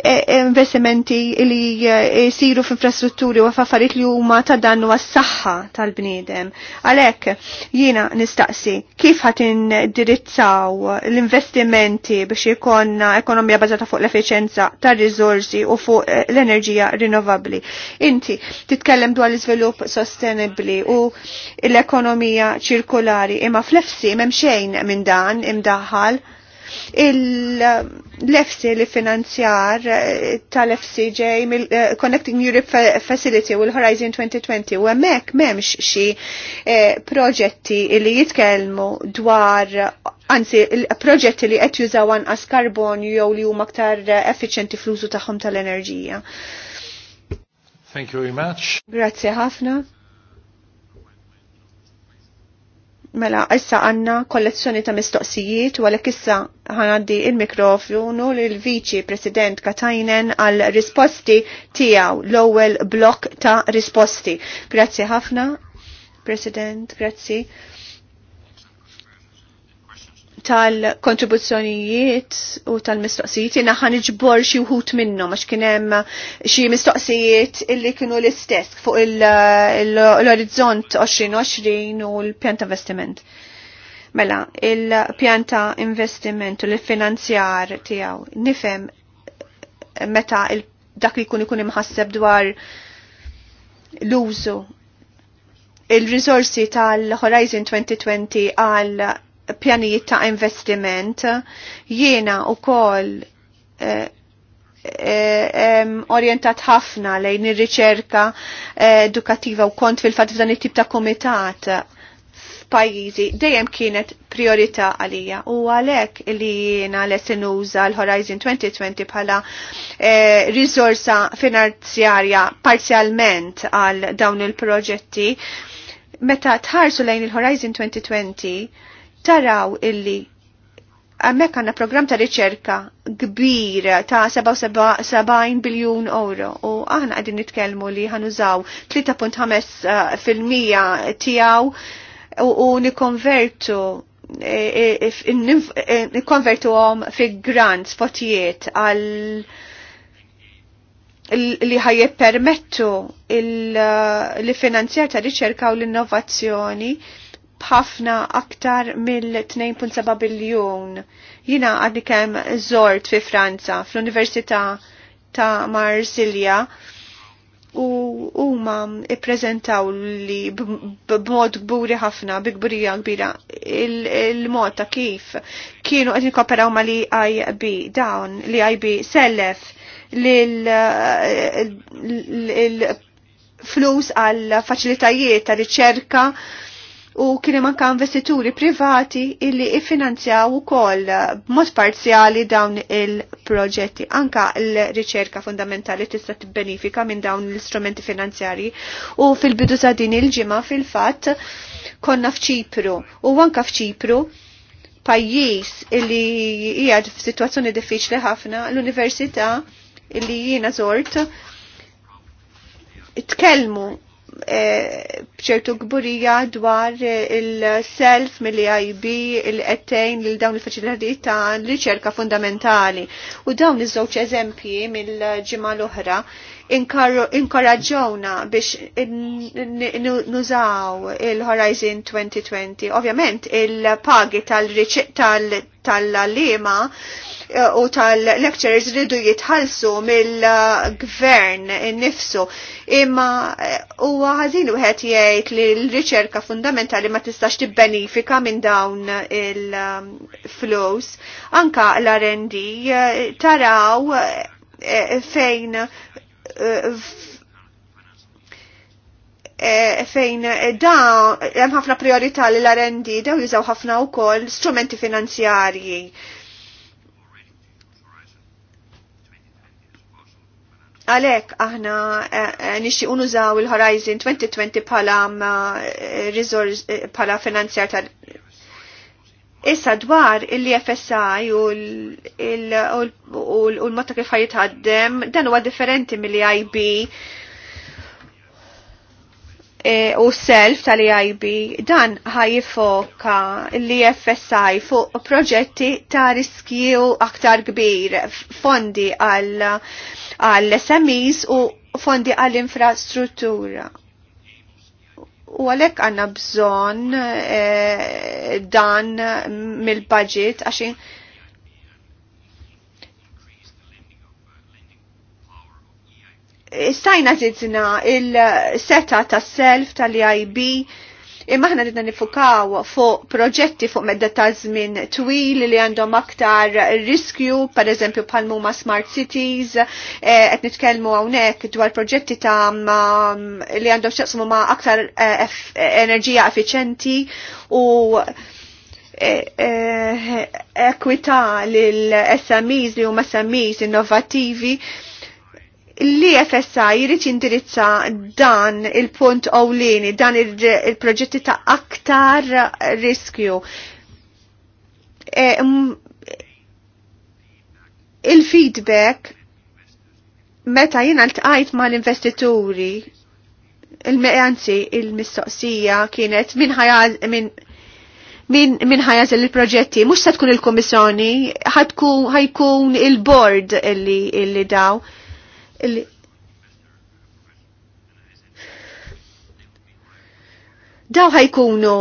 Eh, investimenti li jisiru eh, f'infrastrutturi u f'affarijiet li huma ta' dannu għas-saħħa tal-bniedem. Għalhekk jiena nistaqsi kif ħadd indirizzaw l-investimenti biex ikonna ekonomija bażata fuq l-efficienza tar rizorsi u fuq eh, l-enerġija rinnovabbli. Inti titkellem dwar l-iżvilupp sostenibbli u l-ekonomija ċirkulari imma fl-efsi m'hemm xejn minn dan imdaħħal l-EFSI li finanzjar tal-FCJ mill-Connecting eh, Europe Facility u l-Horizon 2020 u hemmhekk m'hemmx xi eh, proġetti li jitkellmu dwar anzi proġetti li qed jużaw anqas karbon jew li huma aktar effiċjenti fl-użu tagħhom tal-enerġija. Thank you very much. Grazie ħafna. Mela, issa għanna kollezzjoni ta' mistoqsijiet u għalek issa ħanaddi il-mikrofonu l-Viċi President Katajnen għal risposti tijaw l-ewwel blok ta' risposti. Grazzi ħafna, President, grazzi tal-kontribuzzjonijiet u tal-mistoqsijiet jina ħan iġbor xi wħud minnhom għax kien hemm xi mistoqsijiet illi kienu l-istess fuq l-orizzont 2020 u l-pjan ta' investiment. Mela, il-pjan ta' investiment u l-finanzjar tiegħu nifhem meta dak li jkun ikun imħasseb dwar l-użu il-risorsi tal-Horizon 2020 għal pjanijiet ta' investiment. Jiena u kol eh, eh orientat ħafna lejn ir-riċerka eh, edukattiva u kont fil-fatt f'dan it-tip ta' komitat f'pajjiżi dejjem kienet priorità għalija u għalhekk li jiena lest nuża l-Horizon 2020 bħala eh, risorsa finanzjarja parzjalment għal dawn il-proġetti meta tħarsu lejn il-Horizon 2020 taraw illi għamek għanna program ta' riċerka kbir ta' 77 biljun euro u aħna għadin nitkelmu li ħanużaw 3.5% eh, tijaw u nikonvertu eh, eh, nikonvertu għom fi grant spotijiet għal li ħajje permettu il-finanzjar ta' riċerka u l-innovazzjoni bħafna aktar mill-2.7 biljun. Jina għaddi kem zort fi Franza, fl-Università ta' Marsilja, u huma ippreżentaw li b'mod gburi ħafna, bi gburija kbira, il-mod ta' kif kienu qed jikkoperaw ma' li IB dawn, li IB sellef lil flus għal faċilitajiet ta' riċerka u hemm anka investituri privati illi ifinanzjaw ukoll b'mod parzjali dawn il-proġetti. Anka l-riċerka fundamentali tista' tibbenifika minn dawn l-istrumenti finanzjari u fil-bidu ta' din il-ġimgħa fil-fatt konna f'Ċipru u anka f'Ċipru pajjiż illi qiegħed f'sitwazzjoni diffiċli ħafna l-università illi jiena żort tkellmu E, bċertu gburija dwar il-self mill-IB, il-ettejn, il-dawn il-facilitajiet l riċerka fundamentali. U dawn iż-żewġ eżempji mill-ġimgħa l-oħra inkoraġġawna biex nużaw il-Horizon 2020. Ovvjament il-pagi tal-lima tal Eh, u tal-lecturers ridu jitħalsu mill-gvern nifsu. Imma eh, huwa ħażin wieħed jgħid li l-riċerka fundamentali ma tistax tibbenifika minn dawn il-flows. Anka l-R&D eh, taraw fejn fejn da hemm ħafna priorità l R&D daw jużaw ħafna wkoll strumenti finanzjarji Għalek aħna eh, eh, nixi unużaw il-Horizon 2020 pala eh, pala finanzjar tal Issa dwar il-FSI u l-motta kif għaddem, dan huwa differenti mill-IB u self tal ib dan ħajifoka l-EFSI fuq proġetti ta' riskju aktar kbir, fondi għal għall-SMEs u fondi għall-infrastruttura. U għalek għanna bżon eh, dan mill-budget għaxin stajna zidna il-seta tas self tal-IB Imma ħna ridna nifukaw fuq proġetti fuq medda ta' żmien twil li għandhom aktar riskju, per eżempju bħal huma smart cities, eh, qed nitkellmu hawnhekk dwar proġetti ta' li għandhom xaqsmu ma' aktar eh, enerġija effiċenti u eh, ekwita lil SMEs li huma SMEs innovattivi li fsa jrid jindirizza dan il-punt ewlieni, dan il-proġetti ta' aktar riskju. E, il-feedback meta l-tqajt ltqajt mal-investituri il-meqanzi il-mistoqsija kienet minn min min min il-proġetti mhux se tkun il-kummissjoni ħajkun il-board illi illi daw illi daw ħajkunu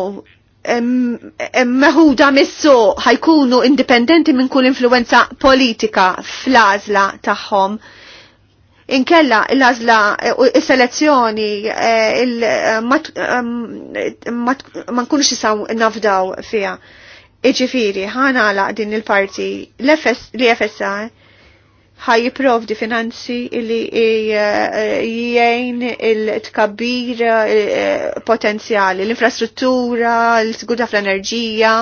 meħuda missu ħajkunu indipendenti minn kull influenza politika fl-azla tagħhom. Inkella l-azla eh, il-selezzjoni eh, eh, ma nkunux jisaw nafdaw fija. Iġifiri, ħana għala din il-parti l-FSI ħaj jiprovdi finanzi li eh, jgħin il-tkabbir eh, potenzjali, l-infrastruttura, l-sguda fl-enerġija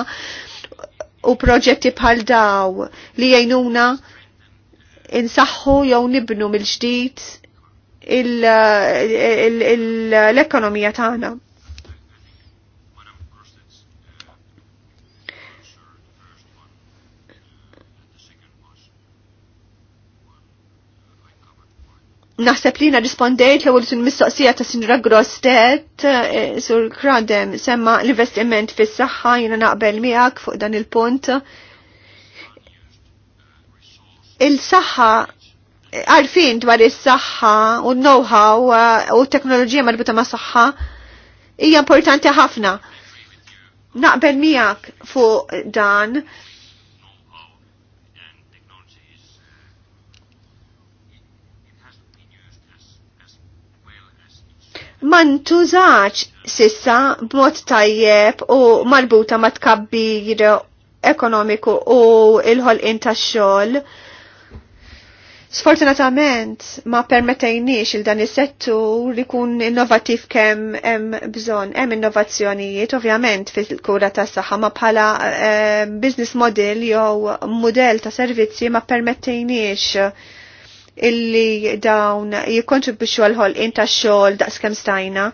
u proġetti bħal daw li jgħinuna insaħħu jew nibnu mill-ġdid eh, l-ekonomija tagħna. Naħseb li na rispondejt l-ewwel mistoqsija ta' Sinra Grostet eh, sur Kradem semma l-investiment fis-saħħa jiena naqbel miegħek fuq dan il-punt. Il-saħħa għarfin dwar is-saħħa u know-how eh, u t-teknoloġija marbuta ma' saħħa hija importanti ħafna. Naqbel miegħek fuq dan ma ntużax sissa b'mod tajjeb u marbuta ma tkabbir ekonomiku u il-ħolqin tax-xogħol. Sfortunatament ma permettejniex il dan is-settur ikun innovattiv kemm hemm bżonn, hemm innovazzjonijiet ovvjament fil-kura tas-saħħa ma bħala eh, business model jew model ta' servizzi ma permettejniex illi dawn jikontribwixxu għal ħolqien tax-xogħol daqskemm stajna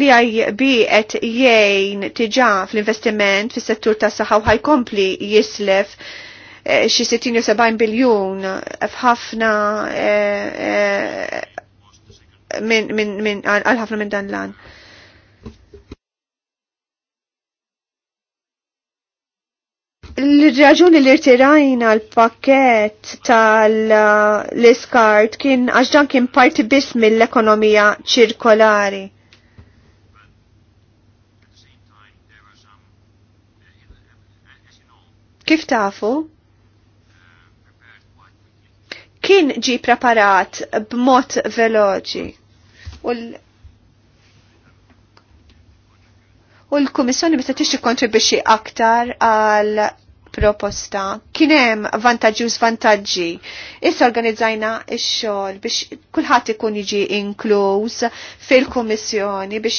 li għaj għet jgħin tiġa fl-investiment fis settur tas saħħa u ħajkompli jislef eh, xi 60 biljun f'ħafna eh, eh, minn għal ħafna minn dan l għan l-raġuni li rtirajna l-pakket tal-iskart kien għax dan kien parti biss mill-ekonomija ċirkolari. Kif tafu? Kien ġi preparat b'mod veloċi u l-Kummissjoni meta tixti kontribwixxi aktar għal proposta kien hemm vantaġġi u svantaġġi. Issa organizzajna x-xogħol biex kulħadd ikun jiġi inkluż fil-kummissjoni biex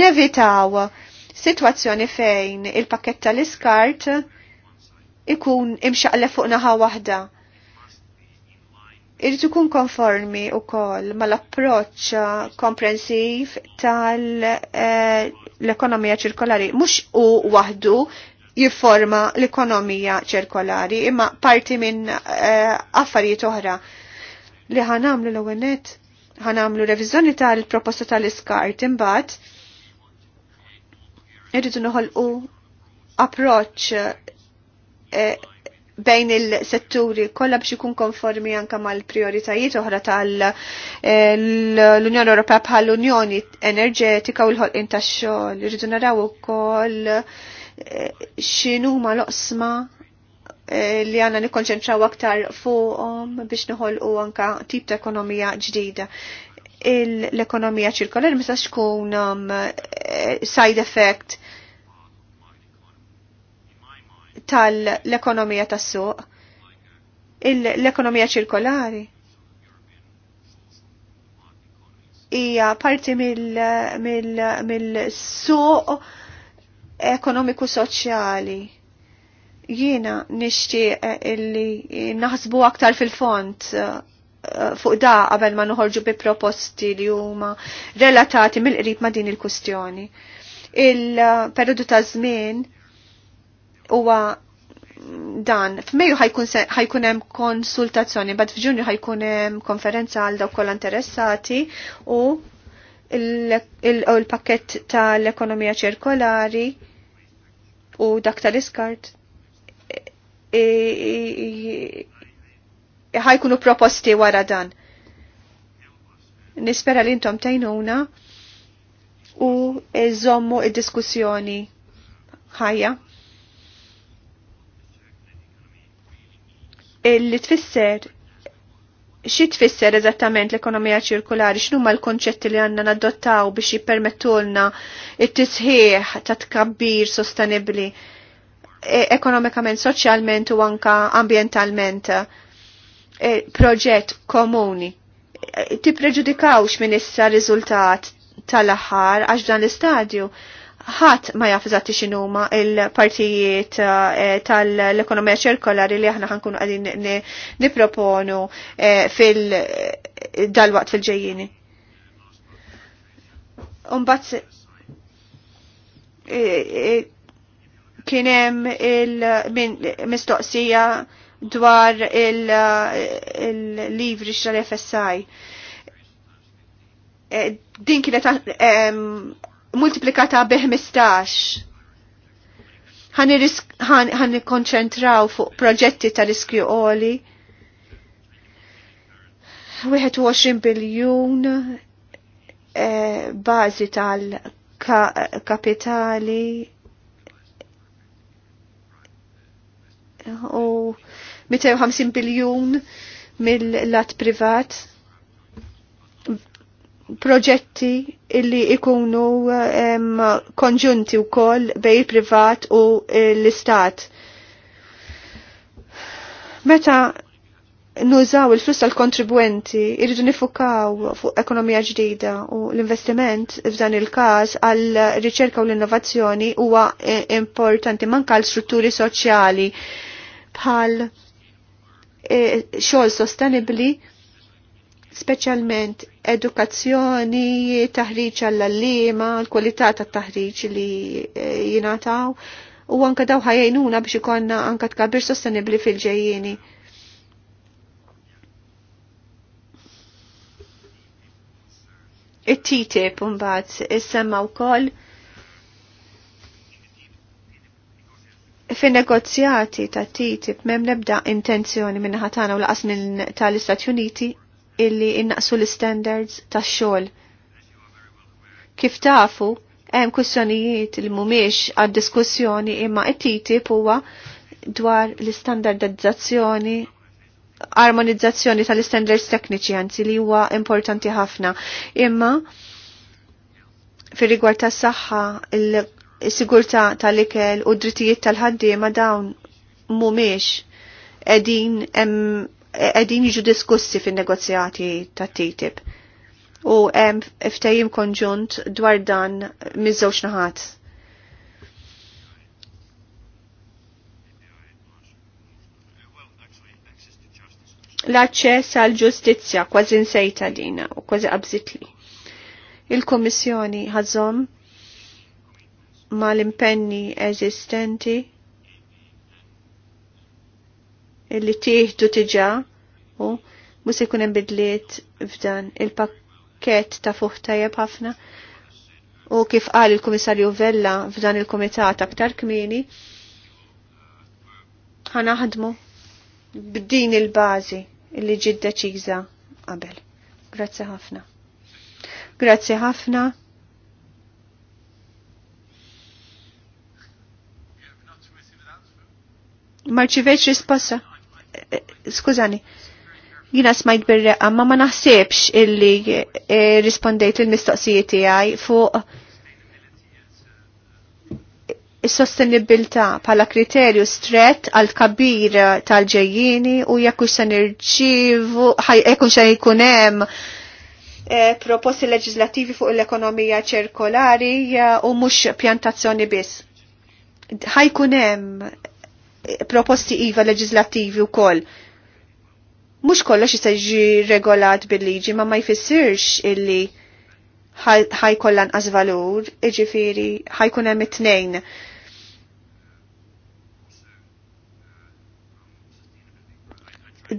nevitaw sitwazzjoni fejn il-pakket tal-iskart ikun imxaqle fuq naħa waħda. Irid ikun konformi wkoll mal-approċċ komprensiv tal-ekonomija eh, ċirkolari mhux u waħdu jifforma l-ekonomija ċirkolari imma parti minn uh, affarijiet oħra li ħanamlu l-għonet ħanamlu revizjoni tal-proposta tal-iskart imbagħad irridu noħolqu approċ eh, bejn il-setturi kollha biex ikun konformi anke mal-prioritajiet oħra tal-Unjoni eh, Ewropea bħall unjoni Enerġetika u l-ħolqien tax-xogħol. Irridu naraw ukoll xinu ma loqsma eh, li għanna nikonċentraw aktar fuqhom biex nħolqu anka tip ta' ekonomija ġdida. L-ekonomija ċirkolari ma xkun um, eh, side effect tal-ekonomija tas-suq. L-ekonomija ċirkolari hija parti mill-suq mil, mil suq ekonomiku soċjali. Jiena nixtieq eh, illi naħsbu aktar fil-font eh, eh, fuq da qabel ma noħorġu bi proposti li huma relatati mill-qrib ma' din il-kustjoni. Il-periodu ta' żmien huwa dan, f'Mejju ħajkun hemm konsultazzjoni, bad f'Ġunju ħajkun hemm konferenza għal dawk kollha interessati u il-pakket tal-ekonomija ċirkolari u dak tal-iskart ħajkunu proposti wara dan. Nispera li intom tajnuna u zommu id-diskussjoni ħajja. Li tfisser xi tfisser eżattament l-ekonomija ċirkulari, x'numa l-konċetti li għandna nadottaw biex jippermettulna it-tisħiħ ta' tkabbir sostenibbli e-, ekonomikament, soċjalment u anka ambientalment e, proġett komuni. E, ti preġudikawx minn issa riżultat tal-aħħar għax dan l-istadju ħadd ma jaf xinuma il-partijiet eh, tal-ekonomija ċirkolari li aħna ħankunu għadin nipproponu eh, fil dalwaqt fil-ġejjini. Umbat eh, kien hemm il-mistoqsija dwar il-livri tal-FSI din kienet multiplikata bi 15 ħan konċentraw fuq proġetti ta' riskju oli. 21 biljun eh, bazi tal-kapitali u 250 biljun mill-lat privat proġetti illi ikunu um, konġunti u koll bej privat u eh, l-istat. Meta nużaw il-flus tal-kontribwenti irridu nifukaw fuq ekonomija ġdida u l-investiment f'dan il-każ għal riċerka u l-innovazzjoni huwa eh, importanti manka l strutturi soċjali bħal eh, xogħol sostenibbli specialment edukazzjoni, taħriġ għall-allima, l-kwalità tat-taħriġ li eh, jingħataw u anka daw ħajjejnuna biex ikonna anka tkabir sostenibli fil ġejjini It-TTIP mbagħad issemma wkoll fin-negozjati ta' TTIP m'hemm nebda intenzjoni minn ħatana u laqas minn tal-Istati Uniti illi innaqsu l-standards tax-xogħol. Kif tafu, hemm kwistjonijiet li mhumiex għad-diskussjoni imma it-TTIP huwa dwar l-istandardizzazzjoni armonizzazzjoni tal-standards tekniċi anzi li huwa importanti ħafna. Imma fir rigward tas-saħħa il-sigurtà tal-ikel u d-drittijiet tal-ħaddiema dawn mhumiex qegħdin hemm qegħdin jġu diskussi fin-negozjati ta' TTIP. U hemm ftehim konġunt dwar dan miż-żewġ naħat. L-aċċess għal ġustizzja kważi nsejta dina u kważi qabżitli. Il-Kummissjoni ħażhom mal-impenni eżistenti Illi tieħdu tiġa u mhux ikun jkun f'dan il-pakkett ta' fuq tajjeb ħafna. U kif qal il-Kummissarju Vella f'dan il-Kumitat aktar kmieni, ħanaħdmu b'din il-bażi li ġid deċiża qabel. Grazzi ħafna. Grazzi ħafna. Marċiveċ risposta. Eh, skużani, jina smajt bil-reqqa, ma ma naħsibx illi eh, rispondejt il-mistoqsijiet tiegħi fuq is-sostenibilità bħala kriterju stret għal kabir tal-ġejjini u jekk se nirċivu, jekk jkun hemm eh, proposti leġislativi fuq l-ekonomija ċirkolari u mhux pjantazzjoni biss. Ħajkunem hemm proposti iva leġislattivi wkoll. Mhux kollox jista' jiġi regolat bil-liġi ma ma jfissirx illi ħajkollan as valur, iġifieri ħaj hemm it-tnejn.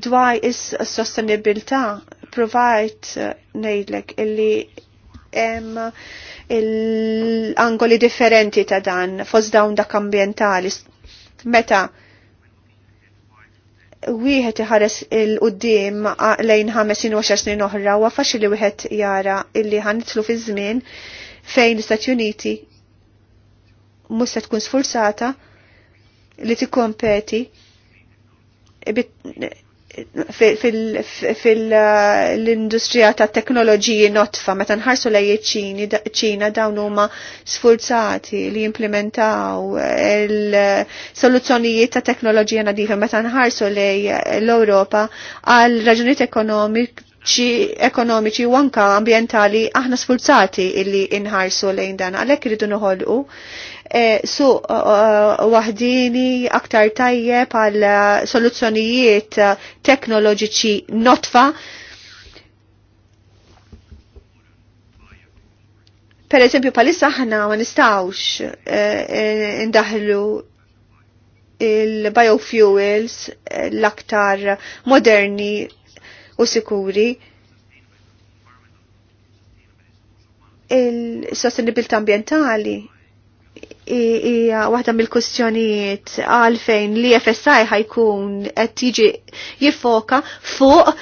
Dwar is-sostenibilità provajt eh, ngħidlek illi hemm l-angoli differenti ta' dan fost dawn dak ambjentali meta wieħed iħares il-qudiem lejn ħames u għaxar snin oħra huwa faċli wieħed jara illi ħanitlu fi żmien fejn l-Istati Uniti mhux se tkun sfurzata li tikkompeti fil-industrija ta' teknoloġiji notfa, meta nħarsu lej ċina dawn huma sfurzati li jimplementaw il-soluzzjonijiet ta' teknoloġija nadifa, meta nħarsu lej l-Ewropa għal raġunijiet ekonomik ċi ekonomiċi u anka ambientali aħna sfulzati illi inħarsu lejn dan għalhekk iridu noħolqu e, eh, su uh, eh, eh, waħdini aktar tajjeb għal soluzzjonijiet teknoloġiċi notfa Per eżempju, palissa aħna ma nistawx eh, indaħlu il-biofuels l-aktar moderni u sikuri il-sostenibilità ambientali hija waħda mill-kustjonijiet għalfejn li FSI ħajkun qed tiġi jiffoka fuq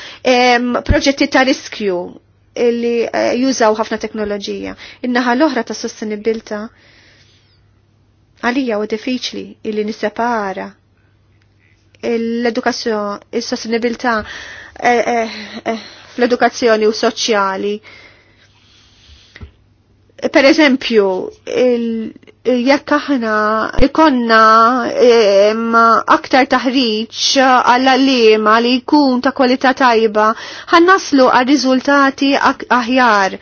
proġetti ta' riskju li eh, jużaw ħafna teknoloġija. In-naħa l-oħra ta' sostenibilità għalija u diffiċli illi nissepara l-edukazzjoni, il-sostenibilità Eh, eh, eh, fl-edukazzjoni u soċjali. Per eżempju, jekk aħna ikonna aktar taħriġ għall-allima li jkun ta' kwalità tajba, naslu għal riżultati aħjar.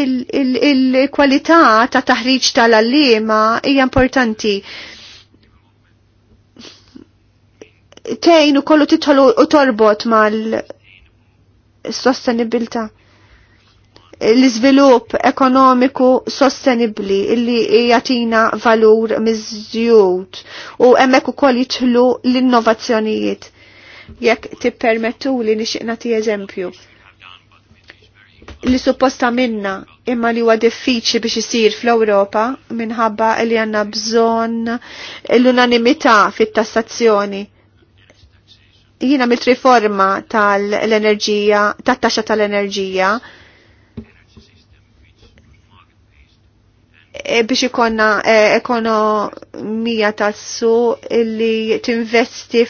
Il-kwalità ta' taħriġ tal-allima hija importanti tejn u kollu titħol u torbot mal-sostenibilta l-izvilup ekonomiku sostenibli illi jatina valur miżjud u emmek u koll jitħlu l-innovazzjonijiet. Jekk tippermettu li nixiqna ti eżempju. Li supposta minna imma li huwa diffiċli biex isir fl-Ewropa minħabba li għandna bżonn l-unanimità fit-tassazzjoni jina mit riforma tal-enerġija, tat-taxxa tal-enerġija, e, biex ikonna e, ekonomija tassu li tinvesti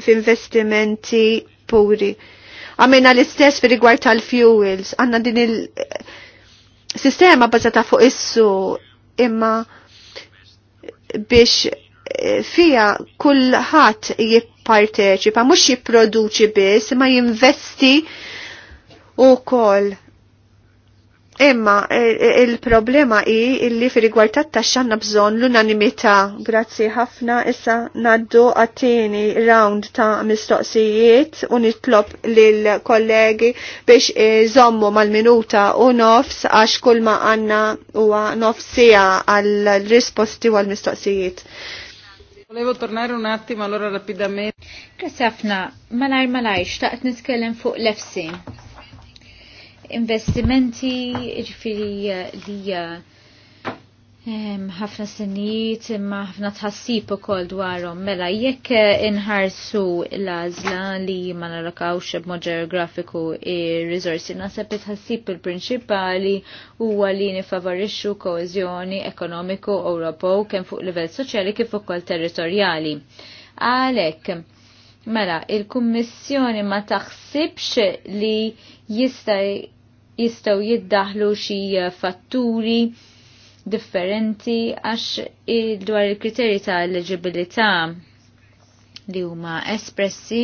f'investimenti puri. Għamena l-istess fi rigward tal-fuels, għanna din il-sistema bazzata fuq issu imma biex fija kullħat jipparteċipa, mux jipproduċi biss, ma jinvesti u kol. Imma e, e, il-problema i illi fi rigward tat-taxxanna bżon l-unanimità. Grazzi ħafna issa naddu għattini round ta' mistoqsijiet u nitlob lill-kollegi biex iżommu e, mal-minuta u nofs għax kull ma' għanna u nofsija għal-risposti u għal-mistoqsijiet. Volevo tornare un attimo allora rapidamente. Kasafna, ħafna, malajr malajr, xtaqt nitkellem fuq l-FC. Investimenti ġifiri li eh, ħafna sinijiet imma ħafna tħassib ukoll dwarhom mela jekk inħarsu l-għażla li ma narakawx b'mod ġeografiku ir-riżorsi naħseb it tħassib il-prinċipali huwa li nifavorixxu koezjoni ekonomiku Ewropew kemm fuq livell soċjali kif ukoll territorjali. Għalhekk mela il-Kummissjoni ma taħsibx li jista' jistgħu jiddaħlu xi fatturi differenti għax dwar il-kriterji ta' eligibilità li huma espressi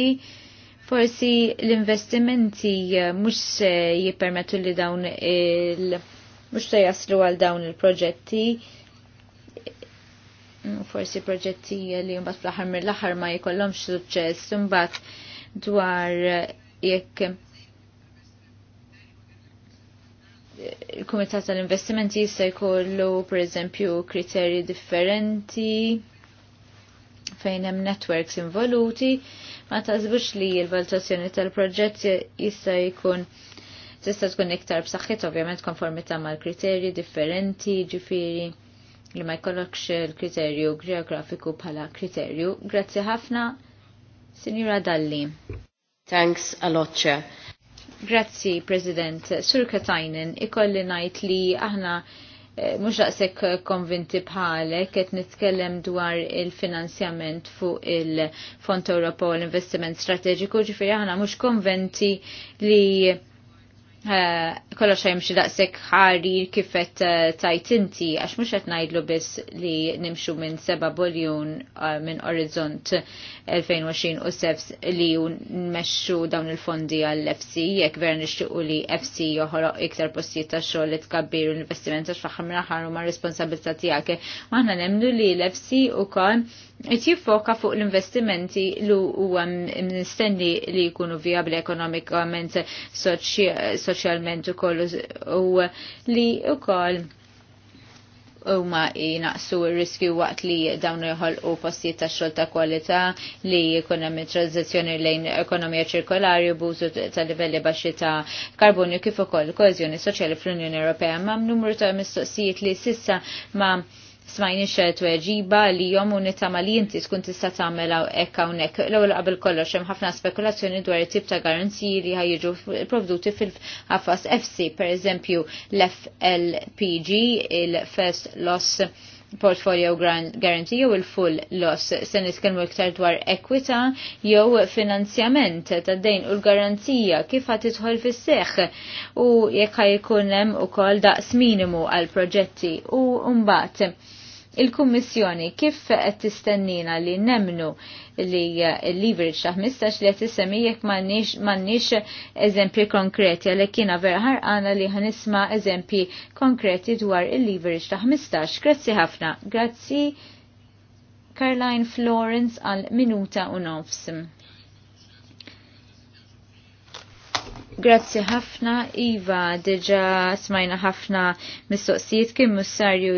forsi l-investimenti eh, mhux se jippermettu li dawn il mhux se jaslu għal dawn il-proġetti forsi proġetti li mbagħad fl-aħħar mill-aħħar ma jkollhomx suċċess imbagħad dwar jekk il-Kumitat tal-Investimenti jista' jkollu pereżempju kriterji differenti fejn hemm networks involuti ma tażbux li l-valutazzjoni tal-proġett jista' jkun tista' tkun iktar b'saħħit ovvjament konformità mal-kriterji differenti ġifieri li ma jkollokx il-kriterju geografiku bħala kriterju. Grazzi ħafna, Sinjura Dalli. Thanks a lot, Chair. Grazzi, President. Sur Katajnen, ikolli najt li aħna eh, mux daqsek konvinti bħalek, et nitkellem dwar il-finanzjament fuq il-Fond Europol l-Investiment Strategiku, ġifiri aħna mux konventi li Eh, kollo xa jimxi daqsek ħari kifet eh, tajt inti, għax mux għet najdlu bis li nimxu minn seba' boljon eh, minn Orizzont 2020 u sefs li nmexxu dawn il-fondi għall-FC, jek vera nixtiqu li FC joħroq iktar postijiet ta' xogħol li tkabbir l-investiment għax faħħar minn aħħar huma responsabilità tiegħek. Maħna nemnu li l-FC ukoll Qed jiffoka fuq l-investimenti li huwa um, mistenni li jkunu viabli ekonomikament, soċjalment ukoll u li wkoll huma jinaqsu r-riskju waqt li dawn jħolqu postijiet ta' xogħol ta' kwalità li jkun hemm tranzizzjoni lejn ekonomija ċirkolari u bużu ta' livelli baxxi ta' karbonju kif ukoll koeżjoni soċjali fl-Unjoni Ewropea ma' numru ta' mistoqsijiet li sissa ma' smajni xert eġiba li jom unita ma li jinti tkun tista tamela ekk hawnhekk. L-ewwel qabel kollox hemm ħafna spekulazzjoni dwar it-tip ta' garanziji li ħajjiġu provduti fil-ħafas FC, pereżempju l-FLPG, il-First Loss portfolio guarantee jew il-full loss se nitkellmu iktar dwar ekwita jew finanzjament ta' dejn u l-garanzija kif ħad tidħol fis-seħħ u jekk ħajkun hemm ukoll daqs minimu għal proġetti u mbagħad Il-Kummissjoni kif qed tistennina li nemnu li l-leverage eh, ta' 15 li qed issemmi jekk m'għandniex eżempji konkreti għalhekk jiena vera ħarqana li ħanisma' eżempji konkreti dwar il-leverage ta' 15. Grazzi ħafna. Grazzi Caroline Florence għal minuta u nofs. Grazzi ħafna, Iva, deġa smajna ħafna mistoqsijiet kien mussarju,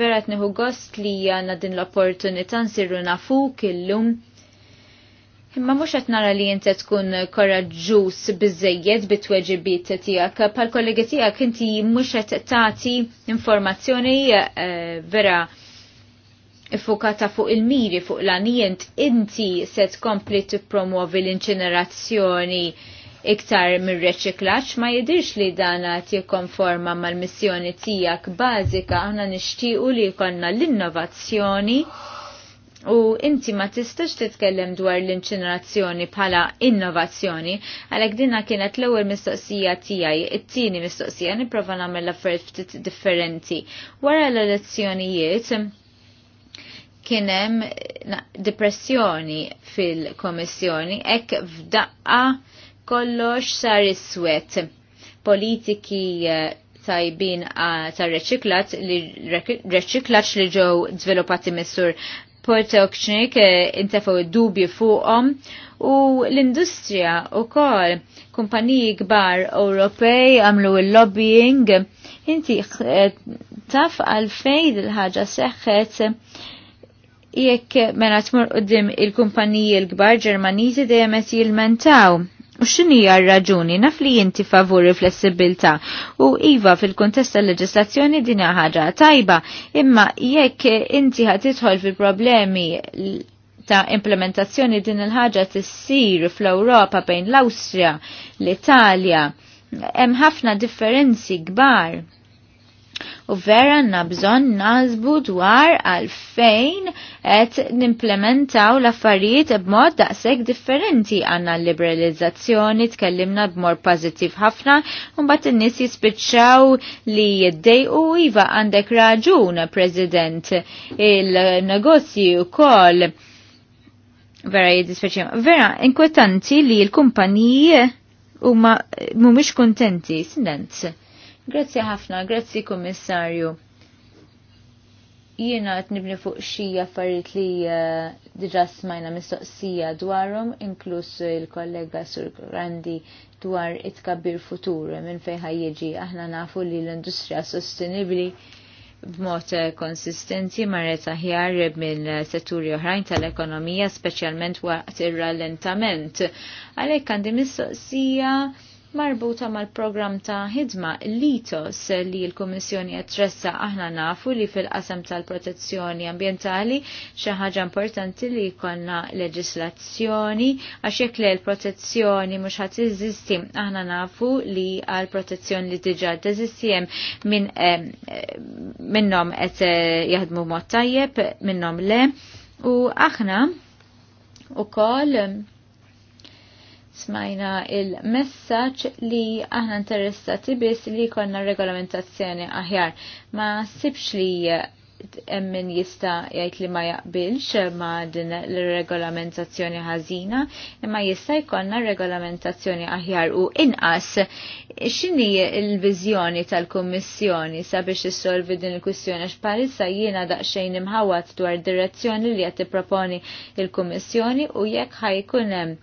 vera tneħu gost li għandna din l-opportunità nsirru nafu killum. Imma mux qed nara li jinti tkun korraġġus bizzejjed bit-tweġibiet tijak, pal-kollegi tijak inti mux qed tati informazzjoni eh, vera ifukata fuq il-miri fuq l-anijent inti se tkompli tippromuovi l-inċenerazzjoni iktar mir reċiklaċ ma jidirx li dana tikkonforma mal-missjoni tiegħek bażika aħna nixtiequ li jkollna l-innovazzjoni u inti ma tistax titkellem dwar l-inċinerazzjoni bħala innovazzjoni għalhekk dina kienet l-ewwel mistoqsija tiegħi, it-tieni mistoqsija nipprova nagħmel affarijiet ftit differenti. Wara l-elezzjonijiet kienem depressjoni fil-komissjoni, ek f'daqqa kollox sar iswet. Politiki eh, tajbin eh, tar reċiklat li reċiklat li ġew żviluppati missur Portoknik eh, intefaw dubju fuqhom u l-industrija wkoll kumpaniji kbar Ewropej għamlu l-lobbying inti taf għalfejn il-ħaġa seħħet jekk mela tmur qudiem il-kumpaniji l-kbar Ġermaniżi dejjem qed jilmentaw U x'inhija r-raġuni naf li inti favuri flessibilità u iva fil-kuntest tal-leġislazzjoni din ħaġa tajba, imma jekk inti ħad tidħol fil-problemi ta' implementazzjoni din il-ħaġa tissir fl-Ewropa bejn l-Awstrija, l-Italja, hemm ħafna differenzi kbar U vera għanna bżon nazbu dwar għalfejn qed nimplementaw l-affarijiet b'mod daqshekk differenti għanna liberalizzazzjoni tkellimna b'mod pożittiv ħafna u mbagħad in-nies jispiċċaw li u iva għandek raġun, President, il-negozji wkoll vera jiddispeċi. Vera, inkwetanti li l-kumpaniji u mumiex kontenti, sindent. Grazzi ħafna, grazzi kummissarju. Jiena qed nibni fuq xi affarijiet li eh, diġà smajna mistoqsija dwarhom, inkluż il-kollega Sur Grandi dwar it-kabbir futur minn fejn jieġi. aħna nafu li l-industrija sostenibbli b'mod eh, konsistenti marret aħjar minn setturi oħrajn tal-ekonomija, speċjalment waqt ir-rallentament. Għalhekk għandi mistoqsija marbuta mal-programm ta' ħidma LITOS li l-Kummissjoni għatressa aħna nafu li fil-qasam tal-protezzjoni ambientali xi ħaġa importanti li jkollna leġislazzjoni għax jekk li l-protezzjoni mhux ħadd iżisti aħna nafu li għal protezzjoni li diġà teżisti hemm minn eh, minnhom qed eh, jaħdmu mod tajjeb minnhom le u aħna ukoll smajna il-messaċ li aħna interessati biss li konna regolamentazzjoni aħjar. Ma sibx li emmin jista jgħid li ma jaqbilx ma din l-regolamentazzjoni ħażina, imma jista jkollna regolamentazzjoni aħjar u inqas x'inhi l-viżjoni tal-Kummissjoni sabiex issolvi din il-kwistjoni għax parissa jiena daqsxejn imħawat dwar direzzjoni li qed tipproponi il-Kummissjoni u jekk ħajkun hemm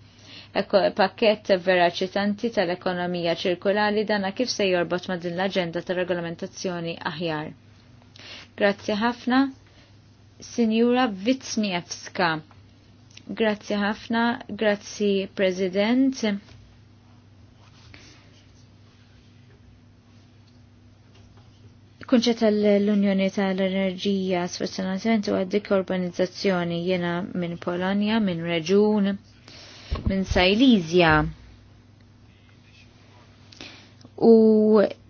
pakket ċitanti tal-ekonomija ċirkulari dana kif se jorbot ma' din l-agenda tal regolamentazzjoni aħjar. Grazzi ħafna, Sinjura Vitsniewska. Grazzi ħafna, grazzi President. kunċet l unjoni tal-Enerġija sfortunatament u għaddik organizzazzjoni jena minn Polonja, minn Reġun, minn Sajlizja. U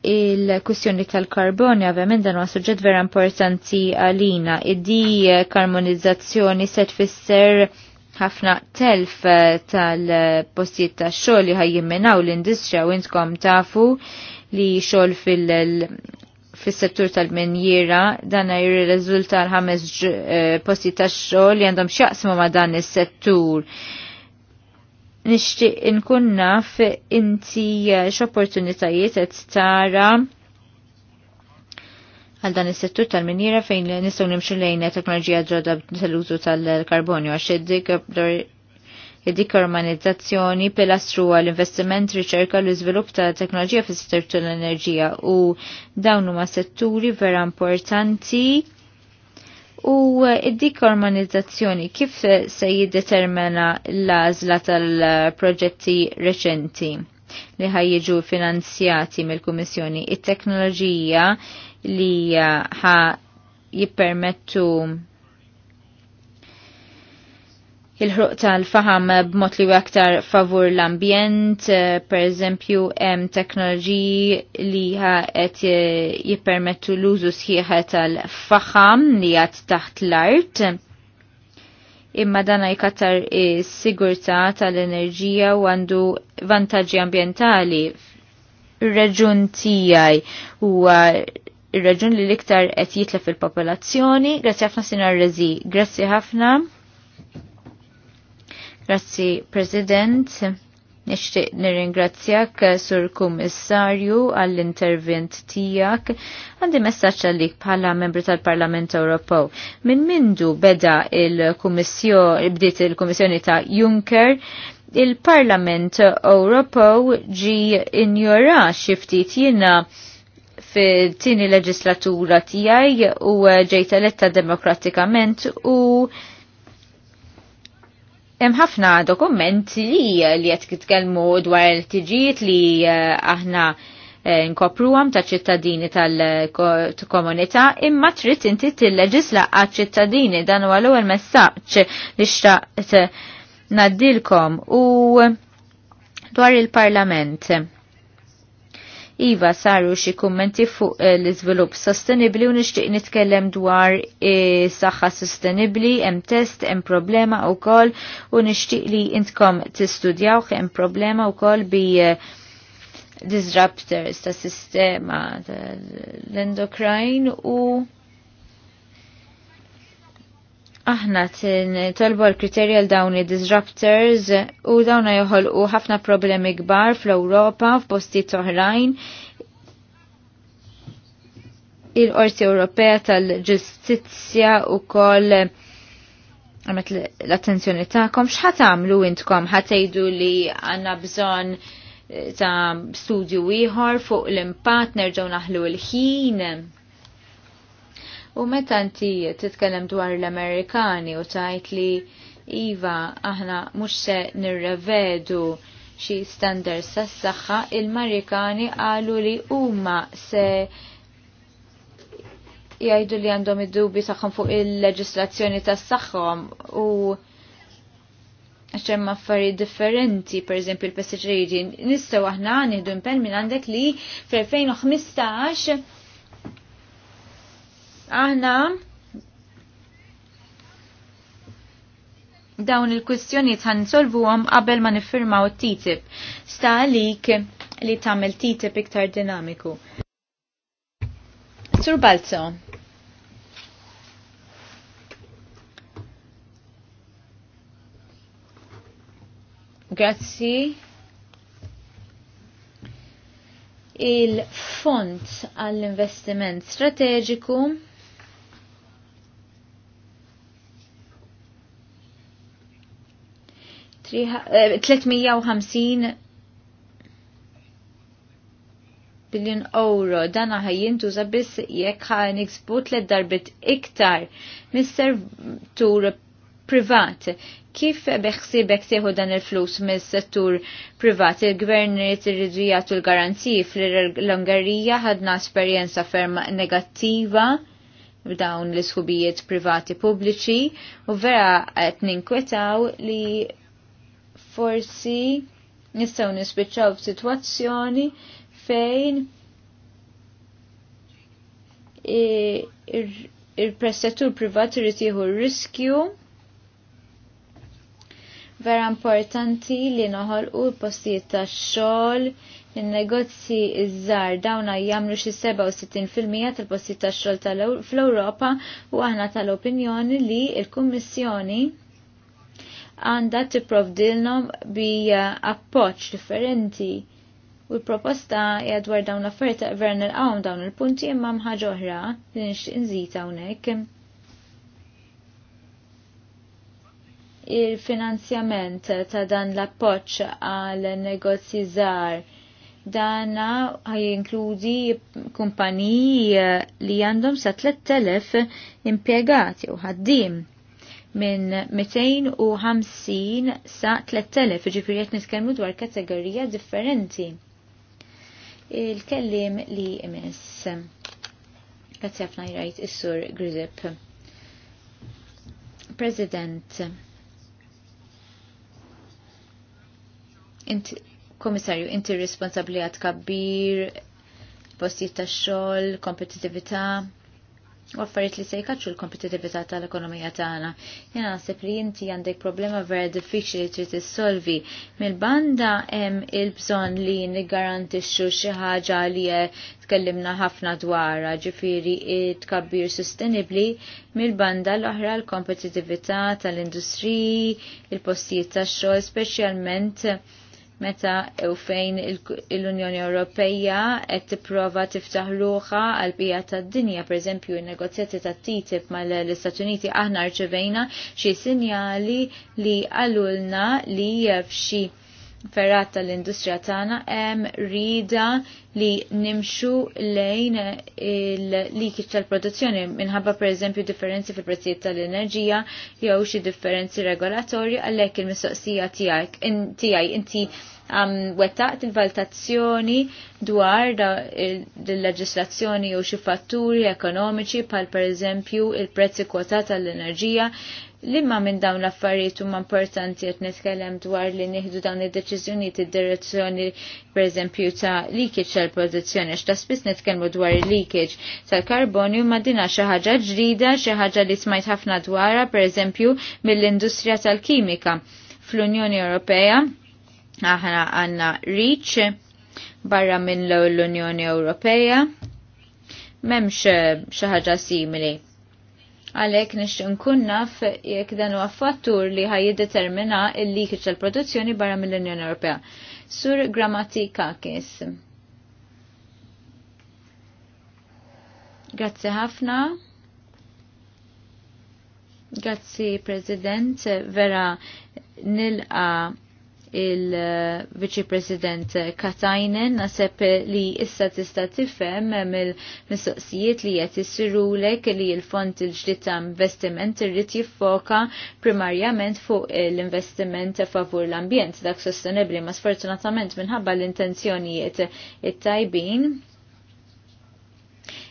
il-kwistjoni tal-karbonja ovvjament dan huwa suġġett vera importanti għalina. Id-di karbonizzazzjoni se tfisser ħafna telf tal-postijiet ta' xogħol li ħajjimmenaw l-industrija u intkom tafu li xogħol fil- fis-settur tal-menjira dan jirriżulta l-ħames eh, posti ta' xogħol li għandhom x'jaqsmu ma' dan is-settur nixtieq inkun naf inti eh, x'opportunitajiet qed tara għal dan is-settur tal-minjera fejn nistgħu nimxu lejn teknoloġija ġodda tal-użu tal-karbonju għax id-dik urbanizzazzjoni pilastru għal investiment riċerka l iżvilupp ta' teknoloġija fis settur tal-enerġija u dawn huma setturi vera importanti U eh, id-dik kif eh, se jiddetermina l-għażla tal-proġetti reċenti li ħajġu finanzjati mill-Kummissjoni it-teknoloġija li eh, ħa jippermettu il-ħruq tal-faham b'mod li aktar favur l-ambjent, eh, per eżempju hemm teknoloġi li qed eh, jippermettu l-użu sħiħa tal-faham li għad taħt l-art. Imma dana jkattar is-sigurtà tal-enerġija u għandu vantaġġi ambjentali ir-reġun tiegħi huwa reġun li l-iktar qed jitlef il-popolazzjoni. Grazzi ħafna sinar Rezi. Grazzi ħafna. Grazzi, President. Nixtieq nirringrazzjak eh, sur kummissarju għall-intervent tiegħek. Għandi messaġġ għalik bħala membri tal-Parlament Ewropew. Min mindu beda il-Kummissjoni bdiet il-Kummissjoni ta' Juncker il-Parlament Ewropew ġi injora xiftit jiena fi tini leġislatura tiegħi u ġejt eletta demokratikament u Hemm ħafna dokumenti li li qed jitkellmu dwar il-tiġijiet li eh, aħna eh, nkopruhom ta' ċittadini tal-komunità imma trid inti tilleġisla għaċ-ċittadini dan huwa l-ewwel messaġġ li xtaqt ngħaddilkom u dwar il-Parlament Iva saru xi kummenti fuq eh, l-iżvilupp sostenibli u nixtieq nitkellem dwar eh, saħħa sostenibli, hemm test, hemm problema wkoll u nixtieq li intkom tistudjaw hemm problema wkoll bi eh, disruptors ta' sistema l-endokrine u Aħna tolbu l-kriterja l dawn disruptors u dawna joħolqu ħafna problemi kbar fl-Ewropa f'postijiet oħrajn. Il-Qorti Ewropea tal-Ġustizzja u koll għamet l-attenzjoni ta'kom x'ħat għamlu intkom ħatejdu li għanna bżon eh, ta' studju ieħor fuq l-impatt nerġgħu naħlu l-ħin U meta inti titkellem dwar l-Amerikani u tajt li Iva aħna mhux se nirrevedu xi standards tas-saħħa, il-Marikani qalu li huma se jgħidu li għandhom id-dubi tagħhom fuq il-leġislazzjoni tas-saħħom u ċemma affari differenti, per eżempju il-pestiċidi, Nistaw aħna nieħdu impenn minn għandek li fl-2015 Aħna dawn il-kwistjonijiet ħan solvuhom qabel ma niffirmaw it-TTIP. Sta għalik li tagħmel TTIP iktar dinamiku. Sur Balzo. Grazzi. Il-Fond għall-Investiment Strategiku 350 eh, biljon euro dan ħajjintu biss jekk ħa niksbu tlet darbit iktar mis-sertur privat. Kif beħsibek tieħu dan il-flus mis-settur privat? Il-gvern irridu jagħtu l-garanziji fl-Ungarija ħadna esperjenza ferm negattiva dawn l-isħubijiet privati pubbliċi u vera qed ninkwetaw li forsi nistgħu nispiċċaw situazzjoni fejn il-prestatur privat irid jieħu riskju vera importanti li noħolqu l-postijiet tax-xogħol in-negozji iż-żgħar dawn jagħmlu xi 67% tal-postijiet tax-xogħol fl-Ewropa u aħna tal-opinjoni li l-Kummissjoni għandha tipprovdilhom bi uh, appoġġ differenti. U l-proposta jadwar dwar dawn l-affarijiet ta' vera nil-għawm dawn il-punti imma mħaġa oħra li unek. hawnhekk. il-finanzjament ta' dan l-appoċ għal negozji żgħar dana jinkludi kumpaniji li għandhom sa 3000 impjegati u ħaddim minn 250 sa 3000, ġifiri qed nitkellmu dwar kategorija differenti. Il-kellim li imess. Grazzi ħafna jrajt is-sur Grizip. President, inti, komissarju, inti responsabli għad kabbir, postijiet ta' xol, kompetitivita' u li se l-kompetitività tal-ekonomija tagħna. Jena naħseb li inti għandek problema vera diffiċli trid issolvi. Mill-banda hemm il-bżonn li niggarantixxu xi ħaġa li eh, tkellimna ħafna dwarha, ġifieri tkabbir sostenibbli mill-banda l-oħra l-kompetitività tal-industriji, il-postijiet tax-xogħol speċjalment meta u fejn l-Unjoni Ewropeja qed tipprova tiftaħ ruħa għal bija tad-dinja, pereżempju n-negozjati tat-TTIP mal-Istati Uniti aħna rċevejna xi sinjali li għalulna li f'xi ferrat tal-industrija tagħna hemm rida li nimxu lejn il-likiċ tal-produzzjoni minħabba pereżempju differenzi fil-prezzijiet tal-enerġija jew xi differenzi regolatorji għalhekk il-mistoqsija tiegħek tiegħi inti għam wettaqt il valtazzjoni dwar il-leġislazzjoni u xi fatturi ekonomiċi pal per eżempju il-prezzi kwota tal-enerġija Limma minn dawn l-affarijiet huma importanti qed nitkellem dwar li nieħdu dawn id-deċiżjonijiet id-direzzjoni pereżempju ta' leakage tal-produzzjoni għax ta' spiss nitkellmu dwar il-leakage tal-karbonju ma dina xi ħaġa ġdida, xi ħaġa li smajt ħafna dwarha pereżempju mill-industrija tal-kimika fl-Unjoni Ewropea Aħna għanna reach barra minn l-Unjoni Ewropea. Memx eh, xaħġa simili. Għalek nix nkun naf jek dan huwa fattur li ħajjiddetermina il-likiċ tal-produzzjoni barra mill-Unjoni Ewropea. Sur Grammatika Kis. Grazzi ħafna. Grazzi President, vera nilqa il-Viċi President Katajnen naseb li issa tista' tifhem mill-mistoqsijiet li qed lek li l-fond il-ġdid ta' investiment irrid jiffoka primarjament fuq l-investiment favur l-ambjent dak sostenibbli ma sfortunatament minħabba l-intenzjonijiet it-tajbin